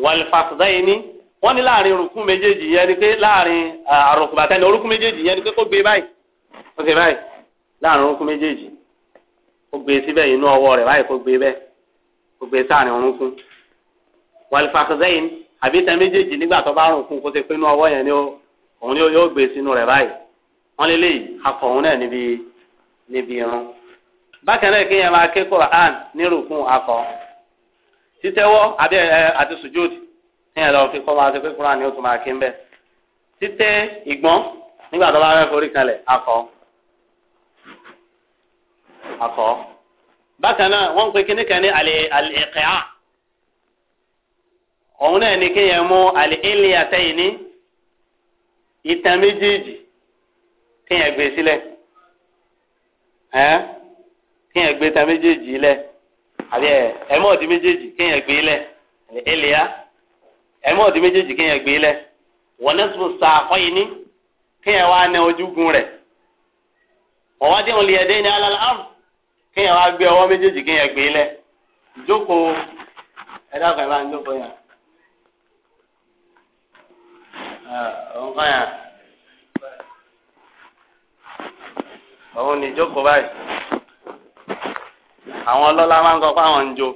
wàlfàṣẹ́yìn ní wọ́n ní láàrin rùkú méjèèjì yẹn ni pé láàrin àrùkùbàtà ni orúkú méjèèjì yẹn ni pé kó gbé báyìí ó sì báyìí láàrin orúkú méjèèjì ó gbé síbẹ̀ inú ọwọ́ rẹ̀ báyìí kó gbé bẹ́ẹ̀ kó gbé sáàrin orúkú wàlìfàkìzẹ́yìn àbí tẹ méjèèjì nígbà tó bá rùn fún kó ṣe pé inú ọwọ́ yẹn ni òun yóò gbé sínú rẹ̀ báyìí wọ́n lé léyìí afọ̀hún náà níbi níbi irun. bákan náà kéèyàn máa ké Qur'an nírù fún akọ títẹ́wọ́ àbí ẹ àti sùjúdì kéèyàn lọ fi kọ́ máa ṣe pé Qur'an ni ó tún máa ké ń bẹ̀. títẹ́ ìgbọ́n nígbà tó bá rẹ̀ forí kanlẹ̀ akọ akọ. bákan náà wọ́n ń pe kíníkan ní àlè àlè ẹ̀kẹ́ òun náà ní kéèyàn mú àlìkéèlì àtẹ̀yìn ní ìtàn méjèèjì kéèyàn gbé sílẹ̀ kéèyàn gbé ìtàn méjèèjì lẹ̀ àbí ẹ̀mọ́ ọ̀dí méjèèjì kéèyàn gbé lẹ̀ àlìkéèlìá ẹ̀mọ́ ọ̀dí méjèèjì kéèyàn gbé lẹ̀ wọ́n náà tún sa àkọ́yìn ní kéèyàn wá ná ojúgun rẹ̀ wọ́n wá dé òun lè ẹ̀dẹ́ ní alálà áàrùn kéèyàn wá gbé ọwọ́ méjèèjì kéèyàn gbé lẹ̀ ìjókòó ẹ̀dá kan ìbá ń jókòó ọ̀nkan yà òun ìjókòó báyìí àwọn ọlọ́lá máa ń kọ́ fáwọn ń jó.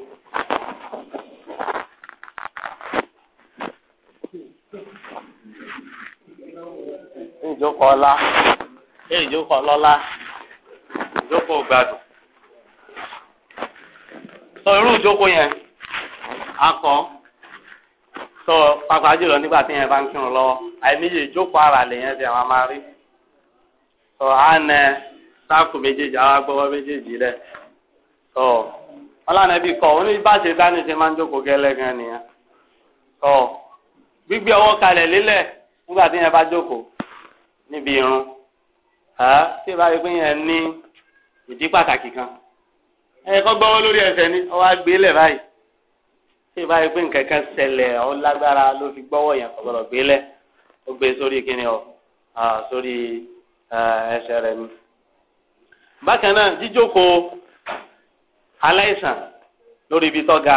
ìjókòó ọlá ìjókòó ọlọ́lá ìjókòó sọ irú ìjókòó yẹn akọ. tó pàápàá jùlọ nígbà tí yẹn bá ń kírun lọ́wọ́ àìníyè ìjókòó ara lèyẹn ti àwọn máa rí tó á nẹ sáàkù méjèèjì ara gbọ́wọ́ méjèèjì lẹ̀ tó wọn lànà bí kọ òní bá ṣe dání ṣe máa ń jókòó gẹ́lẹ́ gan nìyẹn tó gbígbé ọwọ́ kalẹ̀ lélẹ̀ nígbà tí yẹn bá jókòó níbi irun tí ìbá yẹ pé yẹn ní ìdí pàtàkì kan ẹ̀kọ́ gbọ́wọ́ lórí ẹsẹ̀ ni ọwọ́ àgbélẹ̀ báyìí tí ìbá yẹ pé nǹkan kan ṣẹlẹ̀ ọ lágbára ló fi gbọ́wọ́ yẹn kọ̀ọ̀rọ̀ gbélẹ̀ ó gbé sórí kíni ọ sórí ẹsẹ̀ rẹ̀ ni. bákan náà jíjókòó aláìsàn lórí ibi tó ga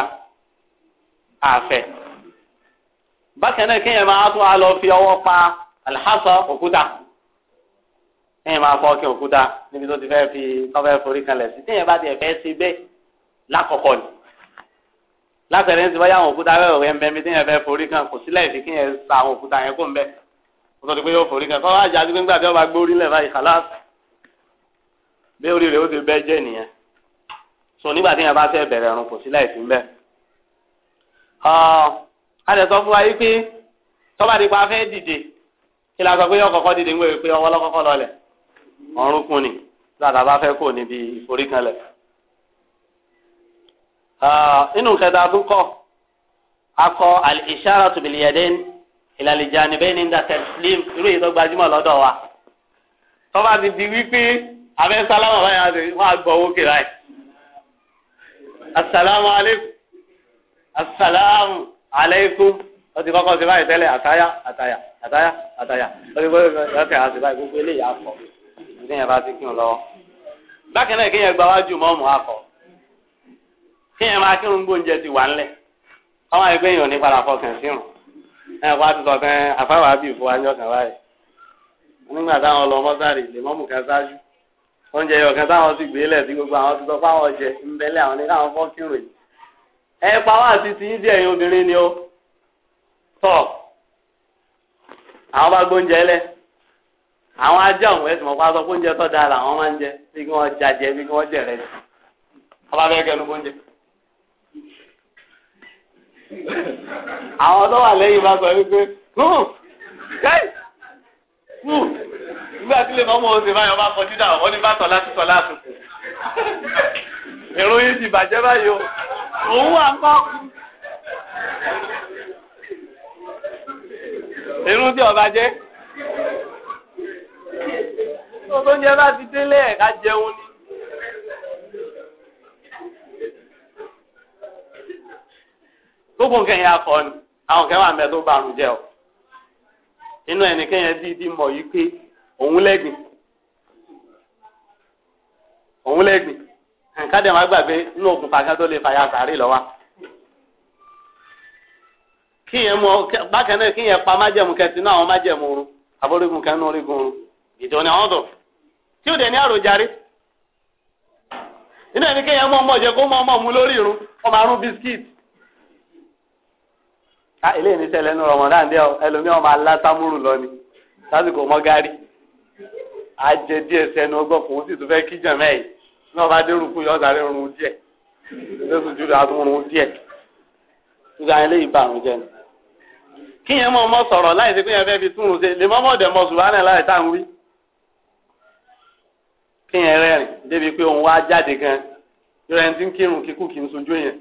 àfẹ́ bákan náà kéèyàn máa tún á lọ fi ọwọ́ pa alhassa òkúta kéèyàn máa fọ́ kí òkúta níbi tó ti fẹ́ fi kọ́ fẹ́ forí kanlẹ̀ sí téèyàn bá tiẹ̀ fẹ́ ṣe bẹ́ẹ̀ lákọ̀ọ́kọ́ ni látẹ̀lé ní ti báyà àwọn òkúta rẹ̀ rẹ̀ ń bẹ mi téèyàn fẹ́ forí kan kò sílẹ̀ ìfi kí yẹn sa àwọn òkúta yẹn kó ń bẹ kó tó di pé yóò forí kan kọ́ wá jà sí pé nígbà tí wọ́n bá gbórí lẹ̀ báyìí kàlá bí orí rẹ̀ ó ti bẹ́ jẹ́ nìyẹn so nígbà téèyàn bá fẹ́ bẹ̀rẹ̀ ọ̀run kò sílẹ̀ ìfi ń bẹ. a lè sọ fún wa yìí pé tọ́ba ti pa fẹ́ dìde kí la sọ pé ọkọ̀ọ̀kọ̀ dìde inú kẹta tó kọ akọ al-isharatu bil-yadayn ila al-janibayn inda taslim irú yìí tó gbajúmọ̀ lọ́dọ̀ wa tọ́ba ti di wípé abẹ́ sálámà báyìí àti wọ́n á gbọ́ owó kìlá yìí asalaamu aleykum asalaamu aleykum wọ́n ti kọ́kọ́ sí báyìí tẹ́lẹ̀ àtayá àtayá àtayá àtayá wọ́n ti kọ́kọ́ lọ́sẹ̀ àti báyìí gbogbo eléyìí akọ ìdíyẹn bá ti kí wọn lọ́wọ́ bákan náà kéèyàn gba wájú mọ́ọ̀mù akọ kí ẹ máa kírun gbóúnjẹ ti wà ńlẹ̀ ọmọ àgbẹ̀ èèyàn ní padà fọkàn sírun ẹ̀ wá ti sọ kan àfáwà bíi fún wájú báyìí nígbà táwọn lọ mọ́sárì lè mọ́mù kan oúnjẹ táwọn gbé lẹ̀ sí gbogbo àwọn ti sọ fáwọn ńbẹ́lẹ̀ àwọn ní káwọn yìí ẹ pa wá sí ti obìnrin ni ó oúnjẹ máa ń jẹ bí wọ́n àwọn tó wà lẹ́yìn bá sọ wípé nígbà tí lè mọ́mọ́ oṣù báyọ̀ bá kọjú dà wọ́n ní bá tọ̀ láti tọ̀ láti kù èrò yìí ti bàjẹ́ báyìí o òun wà ń kọ́ èrò tí ọba jẹ́ tó tó jẹ́ bá ti délé ẹ̀ka jẹun ni. gbogbo nǹkan yẹn akọ ni àwọn bá jẹ o inú ẹnìkan yẹn dídí mọ yìí pé òun lẹ́gbìn òun lẹ́gbìn nǹkan dẹ̀ gbàgbé inú òkùnfà kan tó lè fàyà sàárè lọ́wọ́ mọ bákan náà pa májẹ̀mú kẹtì náà àwọn májẹ̀mú oorun náà orígun oorun àwọn tí ò ní inú ọmọ jẹ kó ọmọ mu lórí irun ọmọ arún bisikíìtì. ká ah, eléyìí ní ṣẹlẹ̀ ní rọmọdán díẹ̀ ẹlòmíràn máa lá lọ ni lásìkò mọ́ gárì ajẹ díẹ̀ sẹ́nu ọgbọ́n kò ó sì tún fẹ́ kí jẹ̀mẹ́ yìí náà bá dé rúkú yọ ọ̀sàrẹ́ rún díẹ̀ lóṣù jùlọ àtúnrún díẹ̀ nígbà eléyìí bàrún jẹ ni. kí yẹn mọ̀ mọ́ sọ̀rọ̀ láì sí pé yẹn fẹ́ fi túnrún ṣe lè mọ́mọ́ dẹ̀ mọ́ sùránì láì tá à ń wí. kí yẹn rẹ́rìn débi pé òun wá jáde gan-an yọrẹ ti ń kírun kíkú kì í sojú yẹn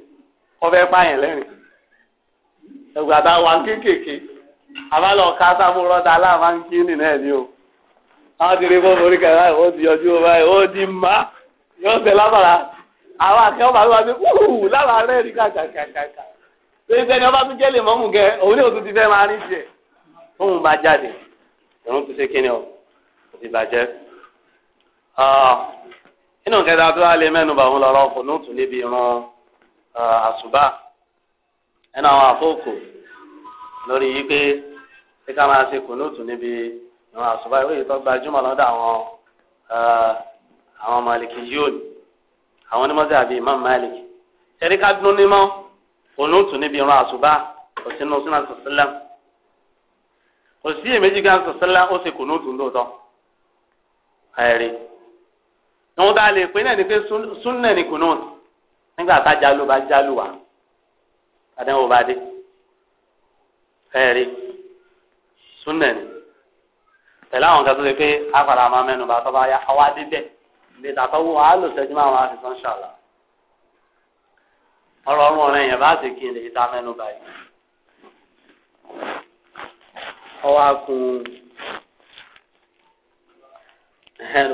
kọ́ fẹ́ pààyàn lẹ́rìn ẹgbà tá a wà kéékèèké àbálọ ká sábò rọta aláàmánkínì náà ni o àwọn ti rí fún orí kẹrẹ ó di ọjọ́ báyìí ó di má yóò tẹ lábàrá àwọn akẹ́wọ̀n bàbá wa ti wúhù lábàrá rẹ̀ rí kàkàkàkà lórí sẹ́ni ọba tún jẹ́ lè mọ́mù gẹ òun ní òtún ti fẹ́ máa rí tiẹ̀ fóun bá jáde òun tún ṣe kíni o kò ti bàjẹ́ inú kẹta tó wà lè mẹ́nu bàwọn lọ́rọ́ kò ní níbi irun àṣùbà ẹnu àwọn àfọkù lórí yìí pé ṣé ká máa ṣe kùnúùtù níbi ìwọn àṣùbá ìwé yìí tó gbajúmọ̀ lọ́dọ̀ àwọn àwọn màlìkì yóò ní àwọn onímọ̀sí àbí imam màlìkì ṣẹ́rí ká dún nímọ̀ kùnúùtù níbi ìwọn àṣùbá kò sínú àṣùsílẹ̀ kò èméjì gan àṣùsílẹ̀ ó ṣe kùnúùtù lóòótọ́ ẹ̀rí ìwọ̀n tá lè pè náà ni pé súnnà ni kùnúùtù nígbà tá jálù bá jálù wà àdánwò bá dé ẹ̀rí súnẹ̀ ni pẹ̀lú àwọn kan tó ṣe pé àpàdà máa mẹ́nu bá tọ́ bá yá àwa dé bẹ́ẹ̀ lè tàkọ́ wò á lò sẹ́jú máa wọn á fi sàn ṣàlà ọ̀rọ̀ ọ̀rùn ọ̀rẹ́ yẹn bá ti kí n lè mẹ́nu báyìí ọwọ́ akun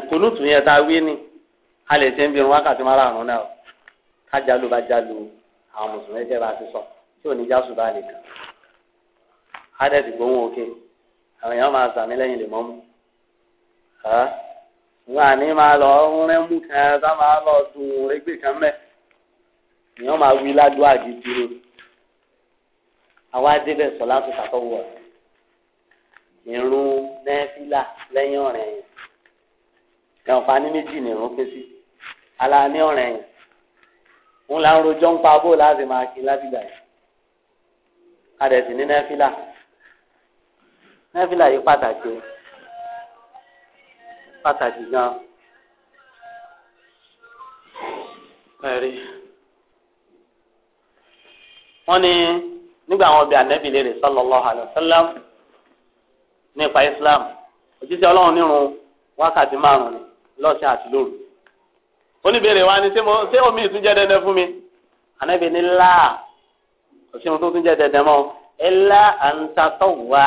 kùnúùtù yẹn tá a wí ni a lè ṣe ń bí irun wákàtí márùn-ún náà ká bá jálù àwọn mùsùlùmí jẹ́ bá ti sọ tí ò ní já ṣùgbọ́n àlè kan ádẹ́sì gbóhùn òkè àwọn èèyàn máa sàmí lẹ́yìn lè mọ́mú wọn àní máa lọ rẹ́ mú kan tá máa lọ dùn régbè kan mẹ́ èèyàn máa wí ládùú àdìdì àwọn adébẹ̀ sọ láti ṣàkọ́wọ́ ìrun nẹ́fílà lẹ́yìn ọ̀rẹ́ yẹn ẹ̀wọ̀n fani méjì ni ìrun pín sí ala ní ọ̀rẹ́ yẹn ń la ń rojọ́ ń pa bó láti máa kí láti yẹn. adẹ̀sí ní nẹ́fílà nẹ́fílà yìí pàtàkì pàtàkì gan wọ́n ní nígbà àwọn ọbẹ̀ ànẹ́bí lè rè sallallahu nípa Islam òjíṣẹ́ ọlọ́run nírun wákàtí márùn-ún lọ́sẹ̀ àti lóru oníbèrè wa ni ṣé omi ìtújẹ́ dandan fún mi ànẹ́bí láà. kò sí ohun tó tún jẹ́ dẹdẹ mọ́ ẹlá àǹtatọ̀ wá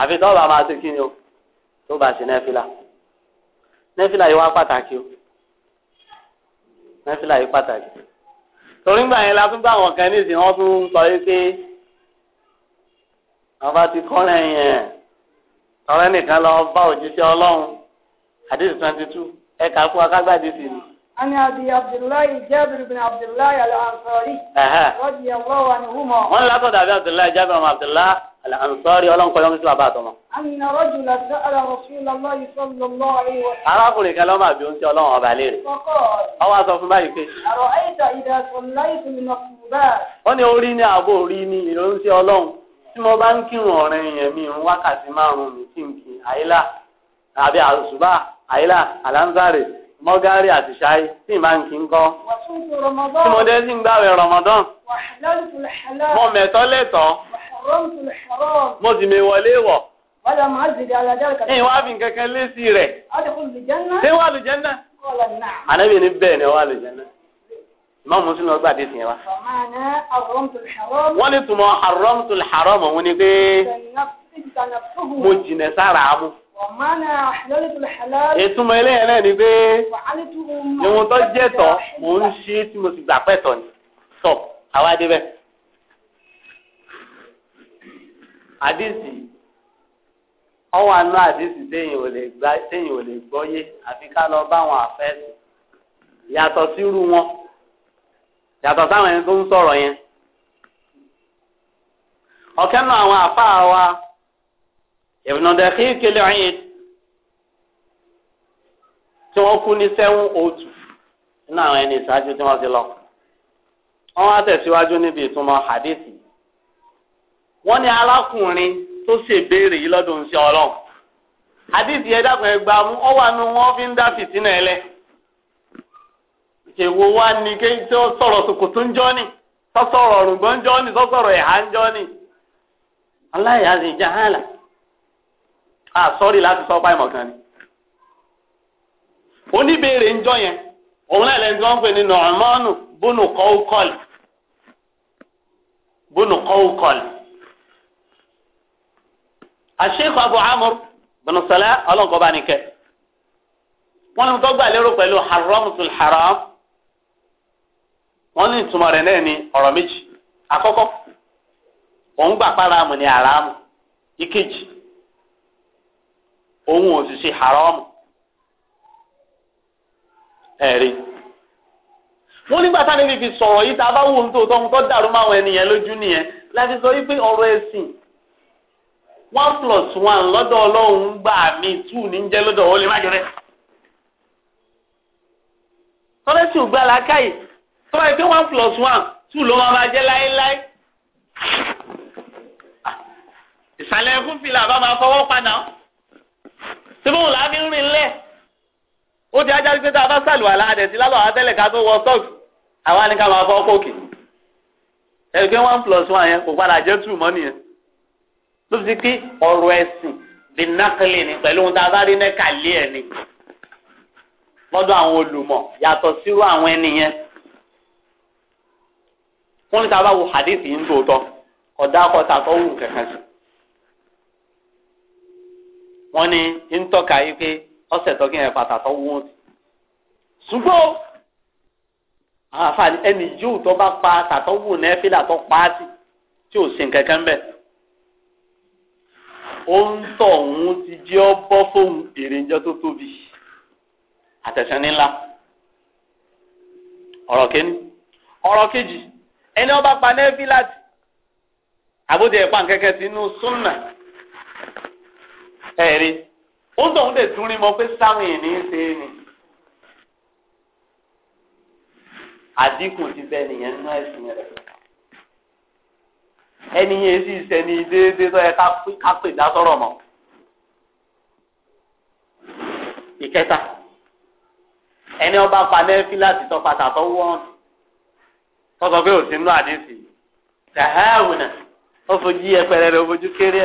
àfi tó bá máa ṣe kí ni o tó bá ṣe nẹ́fìlà nẹ́fìlà yìí wá pàtàkì o nẹ́fìlà yìí pàtàkì torí gbà yẹn la tún bá àwọn kan nísìnyí wọ́n tún sọ yìí pé wọ́n bá ti kọ́ lẹ́yìn ẹ̀ ọ̀rẹ́ nìkan lọ bá òjíṣẹ́ ọlọ́run àdéhùn twenty two ẹ̀ka fún akágbádìí sí ni. عن أبي عبد الله جابر بن عبد الله الأنصاري رضي الله عنهما من لا تدع عبد الله جابر بن عبد الله الأنصاري ولا نقول يوم مثل بعضهم أن رجلا سأل رسول الله صلى الله عليه وسلم أراكم كلام أبي أنت ولا ما بعليه فقال أو أصف ما يكفي أرأيت إذا صليت المكتوبات أنا أريني أبو أريني إذا أنت ولا tí mo bá ń kírun ọ̀rẹ́ yẹn mi ń wákàtí márùn-ún mi tí ń kí àyílà àbí àṣùbà àyílà àlánzárè mọ́gárì àti ṣáì tí ìbá ń kí ń kọ́. tí mo dé sí ń gbàwé rọmọdán. mo mẹ̀tọ́ lẹ́tọ̀ọ́. mo sì mi wọlé wọ̀. ẹ̀yin wá fi kankan lé sí rẹ̀. ṣé wà lùjẹ́nà. ànábì ni bẹ́ẹ̀ ni wà lùjẹ́nà. ìmọ̀ mùsùlùmí ọgbà dé tiẹ̀ wá. wọ́n ní tùmọ̀ àrọ́mùtùl haram òun ni pé mo jìnà sára mú ìtumọ̀ eléyẹn náà ni pé ìwọ̀n tó jẹ́ tọ́ mò ń ṣe tí mo sì gbà pẹ́ tọ́ ni sọ àwa dé bẹ́ẹ̀. àdìsí ọwọ́ àná àdìsí téèyàn ò lè gbá téèyàn ò lè gbọ́yé àfi ká lọ bá àwọn àfẹ́sì yàtọ̀ sírú wọn yàtọ̀ sáwọn ẹni tó ń sọ̀rọ̀ yẹn. ọ̀kẹ́ náà àwọn àfáà wa. Ibn Daqiq al-Eid tí wọ́n kú ní seven o oh two nínú àwọn ẹni ìṣáájú tí wọ́n ti lọ. wọ́n wá tẹ̀síwájú níbi ìtumọ̀ hadithi. wọ́n ní alákùnrin tó ṣèbéèrè yìí lọ́dún sí ọlọ́run. hadithi ẹ̀dá kan ẹgbàá mú ọ wà nù wọ́n fi ń dá fìtínà ẹlẹ́ èwo wá ní ké tí sọ̀rọ̀ sòkòtò ń jọ́ ni sọ́sọ̀rọ̀ ọ̀rùngbọ́n ń jọ́ ni sọ́sọ̀rọ̀ ẹ̀há ń jọ́ ni. aláìyá sì jẹ́ hàn láti. a ah, sọ́rí láti sọ páìmọ̀ kan ni. oníbèrè ńjọ yẹn òun náà lẹ́nu tí wọ́n ń pè ní nọ̀ọ́mọ́nù bónú kọ́ọ́kọ́lì abu amur nìkẹ́. wọ́n ní tó gbà lérò pẹ̀lú haramtul haram. wọ́n ní ìtumọ̀ rẹ̀ náà ní ọ̀rọ̀ méjì àkọ́kọ́ òun gbà ní ìkejì. ohun osisi haramu ẹri. wọn nígbà táwọn ibi fi sọrọ yìí tá a bá wù ú tó tó dàrú máwọn ènìyàn lójú nìyẹn láti sọ wípé ọ̀rọ̀ ẹ̀sìn one plus one lọ́dọ̀ ọlọ́run gbà mí two ní jẹ́ lọ́dọ̀ ó lè má jọ rẹ̀ tọ́lẹ́sì ò gbà lákàyè one plus one two ló máa ma jẹ́ láéláé ah, ìsàlẹ̀ ẹkún fìlà bá máa fọwọ́ padà. síbí la làá fi rìn lẹ̀ ó ti ajá a bá sàlùwàlá àdẹ̀sí lálọ́ àtẹ́lẹ̀ tó wọ sọ́ọ̀kì ni ká máa fọ́ kókè one plus one yɛ kò padà jẹ́ two mọ́ nìyẹn ló fi pé ọ̀rọ̀ ẹ̀sìn bí ni a bá rí kàlí ni àwọn sírú àwọn ní bá wo wọ́n ní ń tọ́ka yìí pé ọ̀sẹ̀ tó kí ẹ̀ pàtàkì wọ́n ti. ṣùgbọ́n àwọn àfààní ẹni yóò tó bá pa tàtọ́wò nẹ́fìlà tó pa á sí tí ò sin kankan bẹ́ẹ̀. ó ń tọ̀ òun ti jẹ́ ọ bọ́ fóun èrèǹjọ́ tó tóbi àtẹ̀sán ńlá ọ̀rọ̀ kẹ́ni ọ̀rọ̀ kejì ẹni ọba pa nẹ́fìlà àbójẹ́ ìpa nkẹ́kẹ́ sínú súnà. ẹ̀rí ó tóun lè tún rí mọ pé sáwọn ènìyàn ṣe é ni àdínkù ti bẹ́ẹ̀ nìyẹn nínú ẹ̀sìn rẹ̀ ẹni yẹn sì sẹ́ni déédéé tó yẹ ká pè dá mọ́ ìkẹta ẹni ọba panẹ́fì láti tọpa tàtọ́ wọ́n tọ́sọ pé ò sí nínú àdéhùn tẹ̀hẹ́ àwùnà ó fojú ó fojú kéré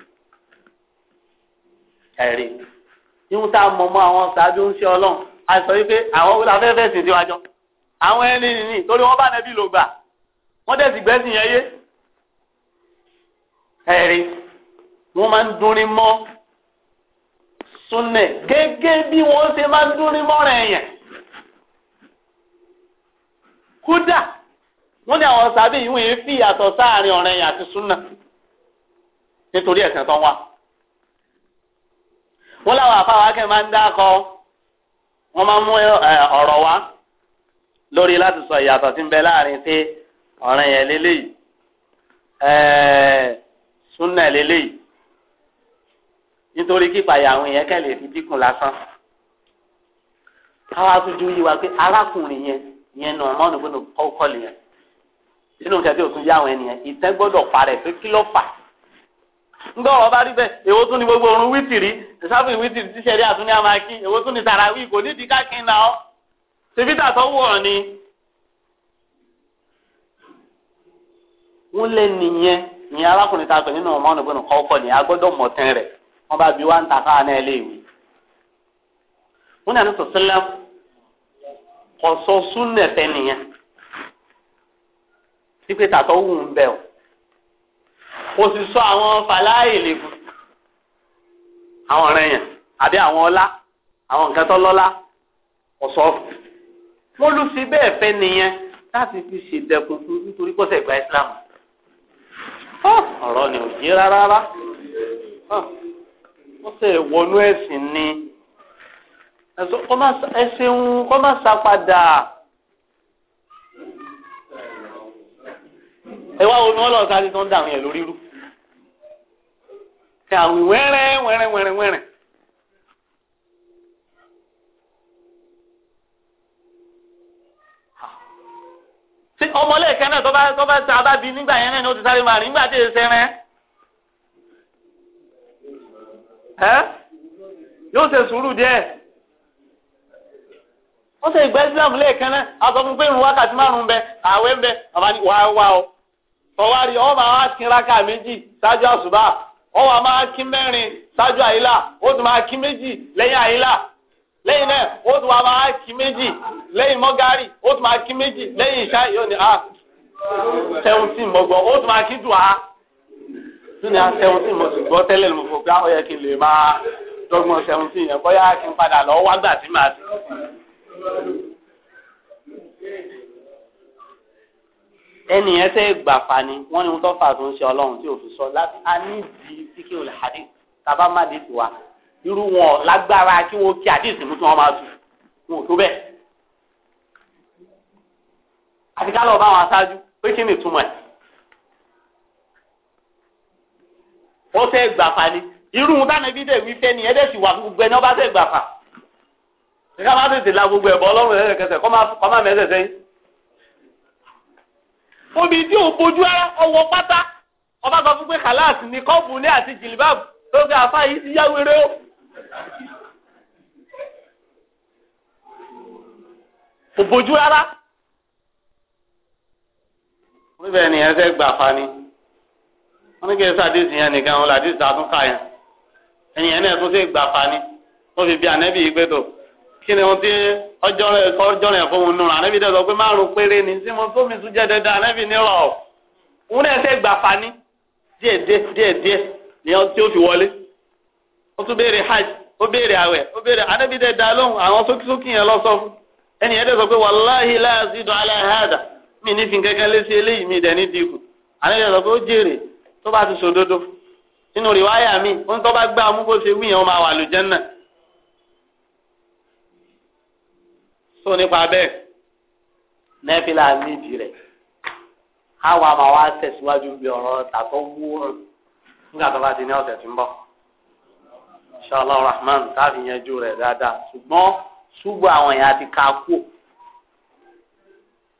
ẹ̀rí ihun tá a mọ̀ mọ́ àwọn ṣáájú ń ṣe ọlọ́run a sọ wípé àwọn wúlò afẹ́fẹ́ sì ti wájọ àwọn ẹni nìyí torí wọ́n bá nẹbí lò gbà wọ́n dẹ̀ sì gbẹ́sìn yẹn yé ẹ̀rí wọ́n máa ń dúnrín mọ́ súnẹ̀ gẹ́gẹ́ bí wọ́n ṣe máa ń dúnrín mọ́ rẹ̀ yẹn kódà wọ́n ní àwọn sábẹ́ ìwé fi ìyàtọ̀ sáàrin ọ̀rẹ́ yẹn àti súnà nítorí ẹ̀sìn tó ń wá wọ́n láwọn àfáwọn akẹ́ máa ń dákọ wọ́n máa ń mú ọ̀rọ̀ wá lórí láti sọ ìyàtọ̀ tí ń bẹ láàrin pé ọ̀ràn yẹn lélẹ́yìí súnà lélẹ́yìí nítorí kípayà àwọn èèyàn kẹ́lẹ̀ fi dínkù lásán káwá tún ju yíwa pé arákùnrin yẹn yẹn nà ọmọ ọdún gbọ́dọ̀ kọ́kọ́ lè yẹn nínú kẹtí òtún yá àwọn ẹnìyẹn ìtẹ́ gbọ́dọ̀ parẹ́ pé kí ló fà á ńgbọ́ ọ̀rọ̀ bá rí bẹ́ẹ̀ èwo tún ni gbogbo orun wítìrí ìsáfì wítìrí tí sẹ́rí àtúnyà máa kí èwo tún ni tàràwí kò nídìí káàkiri náà tìbítà tó wù ọ́ ni. wọ́n lé nìyẹn ní arákùnrin tá a pè nínú ọmọ ọ̀nà ìbùnú kọ́kọ́ ni agbọ́dọ̀ mọ̀tẹ́ rẹ̀ wọ́n bá bí wá ń ta káà náà lé ìwé. wọ́n náà ní sọ̀sílẹ̀ kọ̀sọ̀ súnẹ̀tẹ̀ nìyẹn. sípè tàtọ̀ wù ń bẹ̀ ọ́ o sì sọ àwọn fàlàyé lẹ́kùn àwọn ọ̀rẹ́ yẹn àbí àwọn ọlá àwọn nǹkan tó lọ́lá ọ̀sọ́ wọ́n lù sí bẹ́ẹ̀ fẹ́ nìyẹn láti fi ṣèdẹ̀kùn fún nítorí pọ́sẹ̀ ìgbà Islam ọ̀rọ̀ ni ò yé rárá rárá wọ́n sẹ̀ wọnú ẹ̀sìn ni ẹ̀sìn kọ́ má sá padà. ẹ wá wo ni wọ́n lọ sáré tó ń dàrú yẹn lórí rú. ṣe àwìn were were were wẹ́rẹ́. ṣé ọmọlẹ́ẹ̀kẹ́ náà tó bá tó bá bá bi nígbà yẹn náà ni ó ti sáré máa nígbà tí èyí sẹ́rẹ́ ẹ́ yóò ṣe sùúrù ṣe ìgbẹ́ islam lẹ́ẹ̀kan náà a sọ fún pé irun wákàtí márùn-ún bẹ ààwẹ̀ ń bẹ bàbá ni wàá wá wọ́n wà máa kí mẹ́rin ṣáájú àyílà ó tún máa kí méjì lẹ́yìn àyílà lẹ́yìn náà ó tún wà máa kí méjì lẹ́yìn mọ́gárì ó tún máa kí méjì lẹ́yìn ìṣá yóò ní a seventeen mọ́gbọ́n ó tún máa kí dùn á tún ní a seventeen mo sì gbọ́ tẹ́lẹ̀ mo fò gbá ó yẹ kí n lè máa dọ́gbọ́n seventeen yẹn bóyá kí n padà lọ wá gbà sí màá sí ẹnì yẹn tẹ́ gbà fani wọ́n ní wọ́n tọ́ fà tó ń ṣe ọlọ́run tí òfin sọ láti a ní ìdí síkì òlẹ̀ hadith tàbá má di tiwa irú wọn lágbára kí wọ́n kí àdéhùn mú kí wọ́n máa tù wọn ò tó bẹ́ẹ̀. àti ká lọ bá wọn aṣáájú pé kí ni ìtumọ̀ ẹ̀. wọ́n fẹ́ gbà fani irú wọn táwọn ẹbí dẹ̀ wí ni ẹ̀dẹ̀ sì wà gbogbo ẹni wọ́n bá fẹ́ gbà fà. kíkà má tètè la gbogbo ẹ̀bọ ọlọ́run ẹ̀ẹ́dẹ̀kẹsẹ̀ kọ́ má mẹ́sẹ̀ sẹ́yìn omi tí ò bójú ara ọwọ́ pátá ọba sọ fún pé kàláàsì ni kọ́ọ̀bù ní àti jìlìbáàbù tó ga àfa yìí ti yá wéré o. kò bójú rárá. wíbẹ̀ ni ẹ fẹ́ gbà fani wọ́n ní kí ẹ sàdísì yẹn nìkan wọn làdísì àtúnkà yẹn ẹ̀yìn ẹ̀ náà tún ṣe gbà fani wọ́n fi bí anẹ́bí yìí gbé kí ni ti tí ọjọ́ rẹ̀ ọjọ́ rẹ̀ fún un nù ànábì dẹ̀ pé márùn péré ni tí mo tó mi tún jẹ́ dandan òun náà ṣe gbà fani díẹ̀ díẹ̀ díẹ̀ díẹ̀ ni ohun ó fi wọlé ó tún béèrè hajj ó béèrè ó béèrè lóhùn àwọn yẹn lọ sọ fún pé láàzí dùn ní fi kankan lé sí eléyìí mi pé ó jèrè tó bá ti sòdodo rìwáyà mi ó ń tọ́ bá amúgbó ṣe ó máa tó nípa bẹ́ẹ̀ nẹ́fìlà nídìí rẹ̀ àwọn àmà wa tẹ̀síwájú bí ọ̀rọ̀ tàtọ́ wú hàn nígbà tó bá ti ní ọ̀sẹ̀ tó ń bọ̀ inshallah rahman táàbì yanjú rẹ̀ dáadáa ṣùgbọ́n ṣùgbọ́n àwọn èèyàn ti ka kú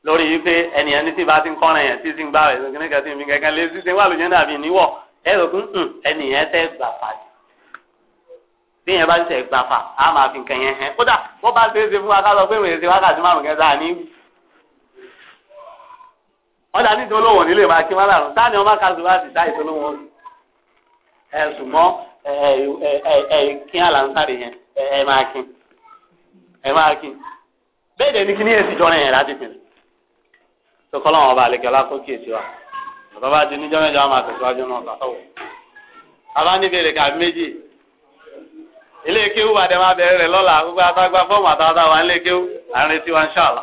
lórí yìí pé ẹnìyàn ní tí bá ti ń kọ́rin yẹn tí ti ń gbà rẹ̀ kíníkà tí mi kankan lé sí wà lóyún dàbí níwọ̀ ẹ̀rọ kún hmm, ẹnìyàn tẹ́ gbà pàdé. bí yẹn bá a tẹ̀ gbà á máa fi nǹkan yẹn hẹ́n kódà bá ṣeé ṣe fún wa ká lọ pé wákàtí márùn kẹta ní. ọ̀dà ní ìdólówó nílé máa kí táà ní ọmọ kásù bá ti dá ẹ ẹ kí yẹn ẹ máa kí ẹ máa kí. bẹ́ẹ̀ dẹ̀ kí ní èsì yẹn láti ọlá kó wa bàbá ti níjọ́ mẹ́jọ ilé kéwú bàdé máa bẹ̀rẹ̀ rẹ̀ lọ́la gbogbo àtàgbà fọ́ọ̀mù àtàwàtà wà nílé kéwú àárín tí wà ń ṣàlọ́.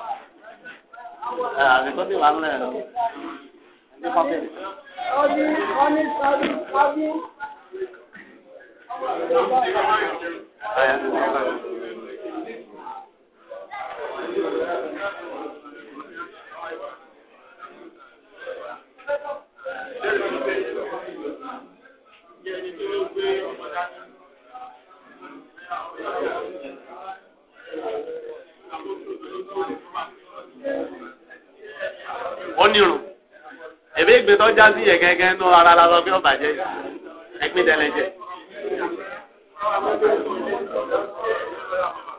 Thank you onírun èmi ìgbé tó já sí yẹn gẹ́gẹ́ nú ara la lọ bí ó bàjẹ́ ẹgbẹ́ dẹlẹ́jẹ.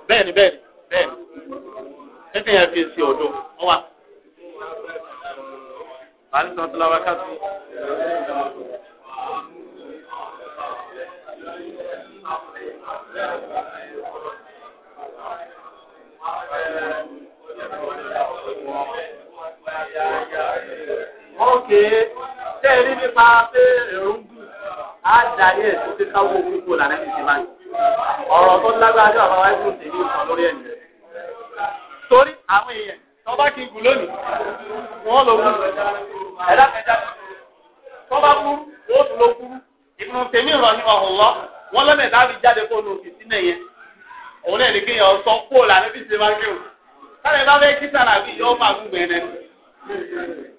bẹ́ẹ̀ni bẹ́ẹ̀ni bẹ́ẹ̀ni títí yẹn fi sí ọdún wọn wà. bàálù tó ń tún lọ wákàtí. ókè tẹ́ ẹ rí nípa pé ẹ̀rù ń dùn á darí ẹ̀ tó kíkà owó púpọ̀ lànà ìṣẹ̀lẹ̀ báyìí ọ̀rọ̀ tó lágbára jọ àbáwá ẹ̀sùn tèmi ìtàn lórí ẹ̀ nìyẹn. torí àwọn èèyàn tó bá kí n gùn lónìí wọ́n lọ wú ẹ̀dá kẹjá tó bá kú wọ́n tún lọ kú ìfúnnù tèmi ìrọ̀ ní ọ̀hún lọ. wọ́n lọ́nà ìdá fi jáde kó nu òfìsí náà yẹn òun náà ní kéèyàn sọ kó ṣe máa kírun káàdì bá fẹ́ kí sàràbí yọ máa gún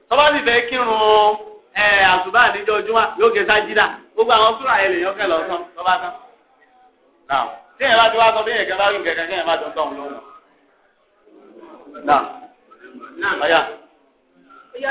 tọ́ba sì fẹ́ kírun àtúbà níjọ́ ojúmọ́ yóò gé sájídà gbogbo àwọn ẹ̀ kẹ́ tọ́ba èèyàn bá sọ bí èèyàn kẹ́ bá rí nǹkan má dọ̀tọ̀ ọ̀yà. ọ̀yà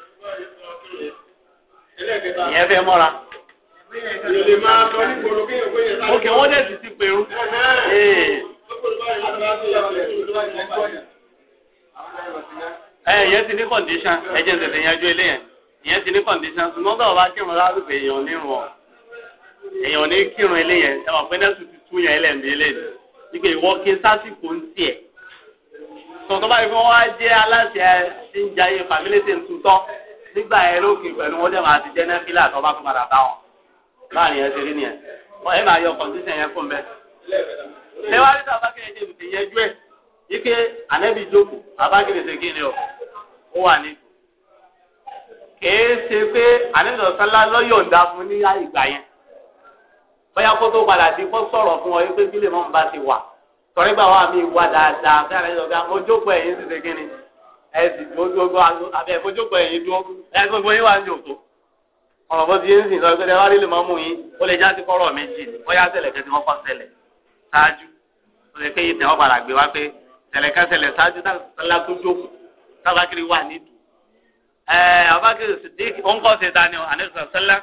ìyẹn fẹ́ mọ́ra. òkè wọ́n dẹ̀ sì ti pèrú. Eh, ẹ̀yẹ́ ti ní kọ̀ǹdíṣàn ẹ̀jẹ̀ tètè yanjú ilé yẹn ìyẹn ti ní kọ̀ǹdíṣàn ṣùgbọ́n bá ọba kírun lárúbẹ̀ èèyàn nírun ọ̀ èèyàn ní kírun ilé yẹn ẹ mọ̀ pé nẹ́sù ti tú yẹn lẹ́ǹdí ilé ni wípé ìwọ sásìkò ń tiẹ̀ sọ̀tọ́ báyìí fún wa jẹ́ aláṣẹ tí ń jayé fàmílẹ́tẹ̀ ń tutọ́ nígbà yẹn lókè pẹ̀lú wọn dẹ̀ máa ti jẹ́ nẹ́fílà tó bá tún padà bá wọn láàrin yẹn ṣe rí nìyẹn wọn ẹ máa yọ kọ̀ǹtíṣẹ̀ yẹn fún bẹ́ẹ̀. lẹ́wárí tá a bá kéré ṣe lùtì yẹn jú ẹ̀ wípé ànẹ́bí jókòó bàbá kéré ṣe kíni o ó wà ní. kèé ṣe pé ànẹ́bí ọ̀sánlá lọ́yọ̀ǹda fún ní ìgbà yẹn bóyá kó tó padà di kó sọ̀rọ̀ fún ọ wípé kílè mọ́ ẹ sì gbogbo àbẹ ìfojúpọ̀ ẹ̀yìn dúró ẹ gbogbo yín wà ní òtó ọ̀rọ̀ bó ti yé ń sìn lọ́wọ́ pẹ́ẹ́rẹ́ wá rí lè máa mú yín ó lè já sí kọ́rọ̀ méjì bóyá ṣẹlẹ̀ kẹ́sì wọ́n kọ́ ṣẹlẹ̀ ṣáájú ó lè pé ìtẹ̀wọ́ padà gbé wá pé ṣẹlẹ̀ kẹ́sẹ̀lẹ̀ ṣáájú tálá tó jókòó tábàkiri wà nídìí ẹ abakiri sidik ó ń kọ́ ṣe ta ni o anisa sẹlẹ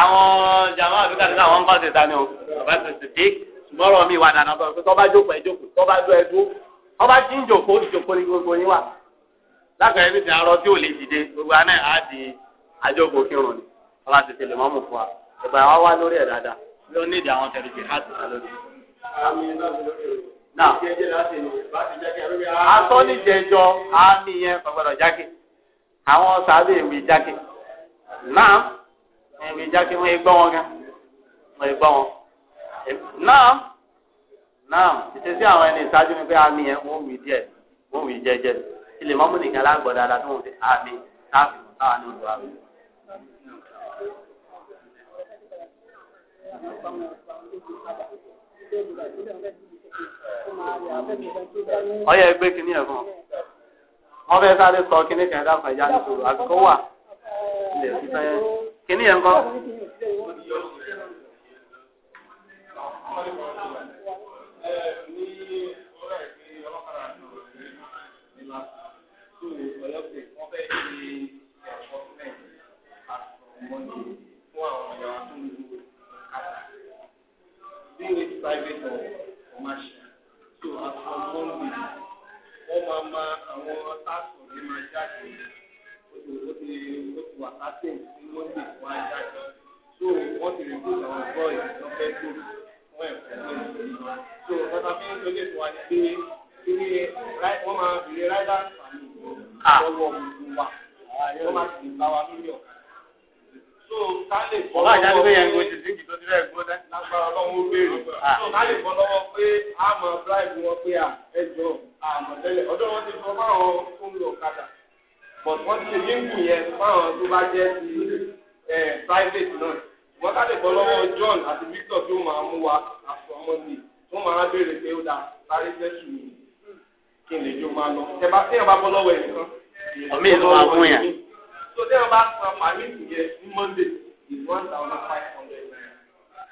àwọn jama àbíkà nígbà wọn ń kọ́ ṣe ta ni o abakiri sidik ṣùgbọ́n ọ̀rọ̀ mi wà dáná bọ̀ pé tọ́ba jókòó ẹ jókòó tọ́ba dó ẹ dó tọ́ba tí ń jókòó ìjókòó ni gbogbo yín wà. lákàrẹ́ ní a rọ tí ò lè dìde gbogbo aná ẹ̀ á di àjọkò kírun ni ọlá ti tẹlẹ mọ́mù fún wa ìgbà wa wá lórí ẹ̀ dáadáa ní ìdí àwọn tẹ̀lé ní jẹjọ àmì yẹn jákè àwọn sábẹ́ jákè náà ìwé jákè wọ́n gbọ́ wọn gan gbọ́ wọn náà náà ìṣesí àwọn ẹni ìṣáájú ni pé àmì yẹn ilé mọ́mú nìkan lágbọ̀dá la tó ń fi àmì káfí táwọn ní ìlú àmì. ọyọ ẹgbẹ́ kìíní ẹ̀fọn wọ́n fẹ́ sáré sọ kìíní kan dáfà ìyá nítorí àbíkó wà ilẹ̀ fífẹ́ kìíní yẹn kọ́. fún àwọn ọ̀yà tó ń lo kàtà bí o ti private or commercial so as from Monday wọ́n máa ma àwọn táàkì ọ̀dẹ́ máa jáde o ti o ti o ti wà sátẹ̀ sí Monday wọ́n á jáde so wọ́n ti rìn kúrò àwọn bọ́ọ̀lù lọ́fẹ́ tó wọ́n ẹ̀kọ́ lórí ìlú so ọ̀tá fi ń lóye tó wà ní pé ilé wọ́n máa bèrè ráìdá àti àwọn ọmọ ogun wa wọ́n máa sì bá wa lórí ọ̀kan. Ọlá àjáde pé yẹn ń sí ìgbìtọ́ sílẹ̀ gbóná. Lágbára ọlọ́run béèrè. Ah. Ká lè pé a bíráìbù wọn pé ah, ẹjọ́ àmọ̀tẹ́lẹ̀. Ọjọ́ wọn ti sọ fáwọn tó ń lọ ọ̀kadà. ti ṣe yíǹkù yẹn fáwọn tó bá jẹ́ ti private náà. Wọ́n ká lè John àti Victor tó máa mú wa àfọ ọmọdé tó máa béèrè pé ó dà sáré jẹ́sù kí n lè jó máa lọ. Ẹ bá so tí wọn bá san pàmìtì yẹn ní monday is one thousand five hundred naira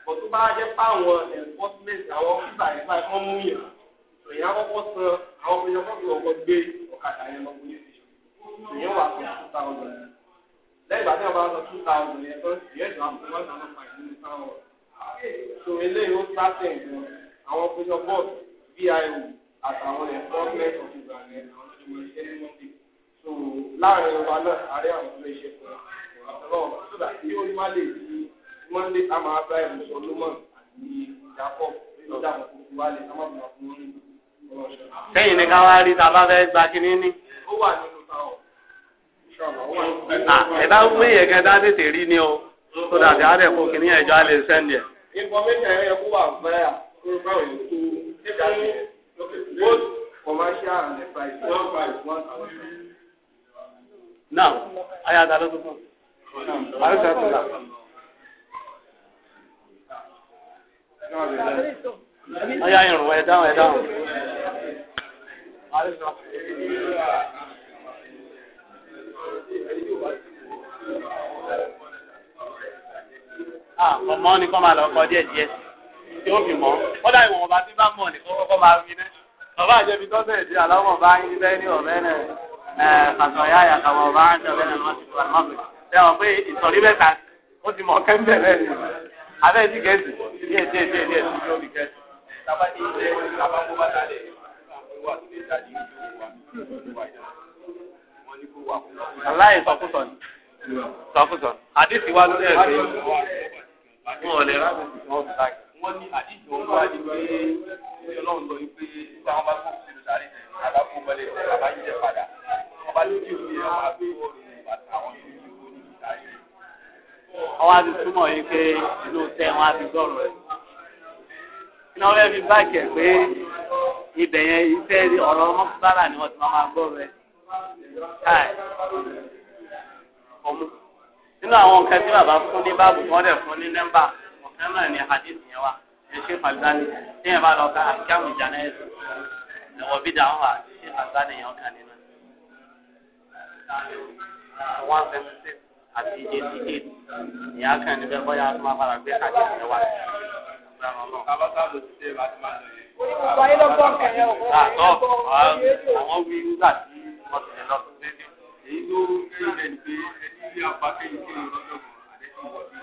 but tó bá jẹ́ fáwọn enforcement àwọn ọ́fíìsà yẹn báyìí wọ́n mú yàn èyàn kọ́kọ́ san àwọn ọmọ yẹn kọ́kọ́ ọkọ gbé ọ̀kadà yẹn lọ police station èyàn wà fún two thousand lẹ́yìn ìgbà tí wọ́n bá sọ two thousand yẹn tán ìyẹn ìgbà fún one thousand five hundred thousand so eléyìí ó sáfẹ̀ ìgbọ̀n àwọn ọkùnrin bọ́ọ̀sì vio àtàwọn enforcement officer yẹn àwọn ọmọ yẹn ní wọ́n ti so láàrin ọba náà àárẹ̀ àwọn ọmọ iṣẹ́ kan àtọwọ sódà tí ó má lè di mọ́ndé a máa bá ẹ̀rù sọ lọ́mọ àti ìdàpọ̀ ìdá àkókò wa lè ká má bàa fún wọn. sẹ́yìn ni ká wá rí tá a bá fẹ́ gba kínní ní. ó wà nínú táwọn. ẹ bá wí yẹn kẹta tètè rí ni o sódà tí a rẹ̀ kó kínní ẹ̀jọ́ a lè sẹ́ndì both commercial and the price. one price one thousand náà ayé àtàlọ́ tó kàn. àrùkà tó là. ayé àyẹ̀rù ẹ̀ dáhùn ẹ̀ dáhùn. àrùkà. Ah, ọmọ ni kọ́ máa lọ kọ díẹ̀ díẹ̀ tí ó fi mọ́ kọ́dà ìwọ̀n ọba tí bá mọ̀ ní kọ́kọ́ máa fi ná bàbá àjẹbí tọ́sẹ̀ ìdí aláwọ̀ bá yín bẹ́ẹ̀ ní ọ̀rẹ́ náà. خطاياي تواضعت بين المسجد والمغرب ṣe ọ pé ìsọ̀rí mẹ́ta ó wọ́n ní àdìsí òun wá ní pé ọlọ́run lọ pé táwọn bá tó kù sínú sáré tẹ̀ àbáfó mọ́lẹ̀ tẹ̀ bàbá yìí tẹ̀ padà wọ́n bá ní kí òun yẹ wá pé àwọn yìí ti wọ́n ní sáré. ọwọ́ àti túmọ̀ yìí pé inú tẹ wọn á gbọ́rọ̀ rẹ̀. iná wọn fi báàkì ẹ̀ pé ibẹ̀ yẹn iṣẹ́ ọ̀rọ̀ mọ́kútàlá ni wọ́n ti máa gbọ́rọ̀ rẹ̀ nínú àwọn nǹkan ọ̀kan náà ni hadith yẹn wa ẹ ṣe fàlùbáni tí yẹn bá lọ ká àkíyàmù ìjànà ẹ̀sìn ẹ̀wọ̀ bí dàwọn wà ṣe fàlùbáni yẹn ọ̀kan nínú. one seventy six àti eighty eight ìyá kan níbẹ̀ bọ́yá tó máa fara gbé hadith yẹn wa. àwọn wí nígbà tí wọ́n ti lọ sí rédíò èyí ló ń gbé ẹni pé ẹni ilé apá kéyìí kéyìí lọ́jọ́ kan àdéhùn wọ́n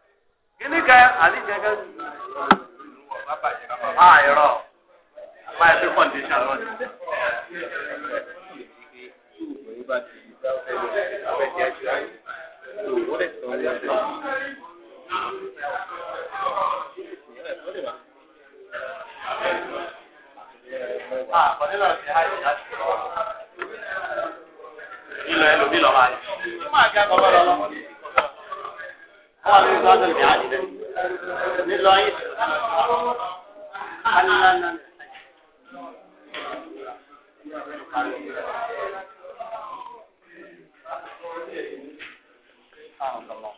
kíní kan àdìjẹ kan. a yọrọ má ẹ fi kọ́ndíṣàn lọ ni. Ilẹ̀ ẹlòmí lọ́wọ́ àyè. Ìmọ̀ àgbà kọ́ bọ́ lọ́wọ́ wọ́n lè gbọ́dọ̀ ní àdìdẹ nílò yín. Thank you.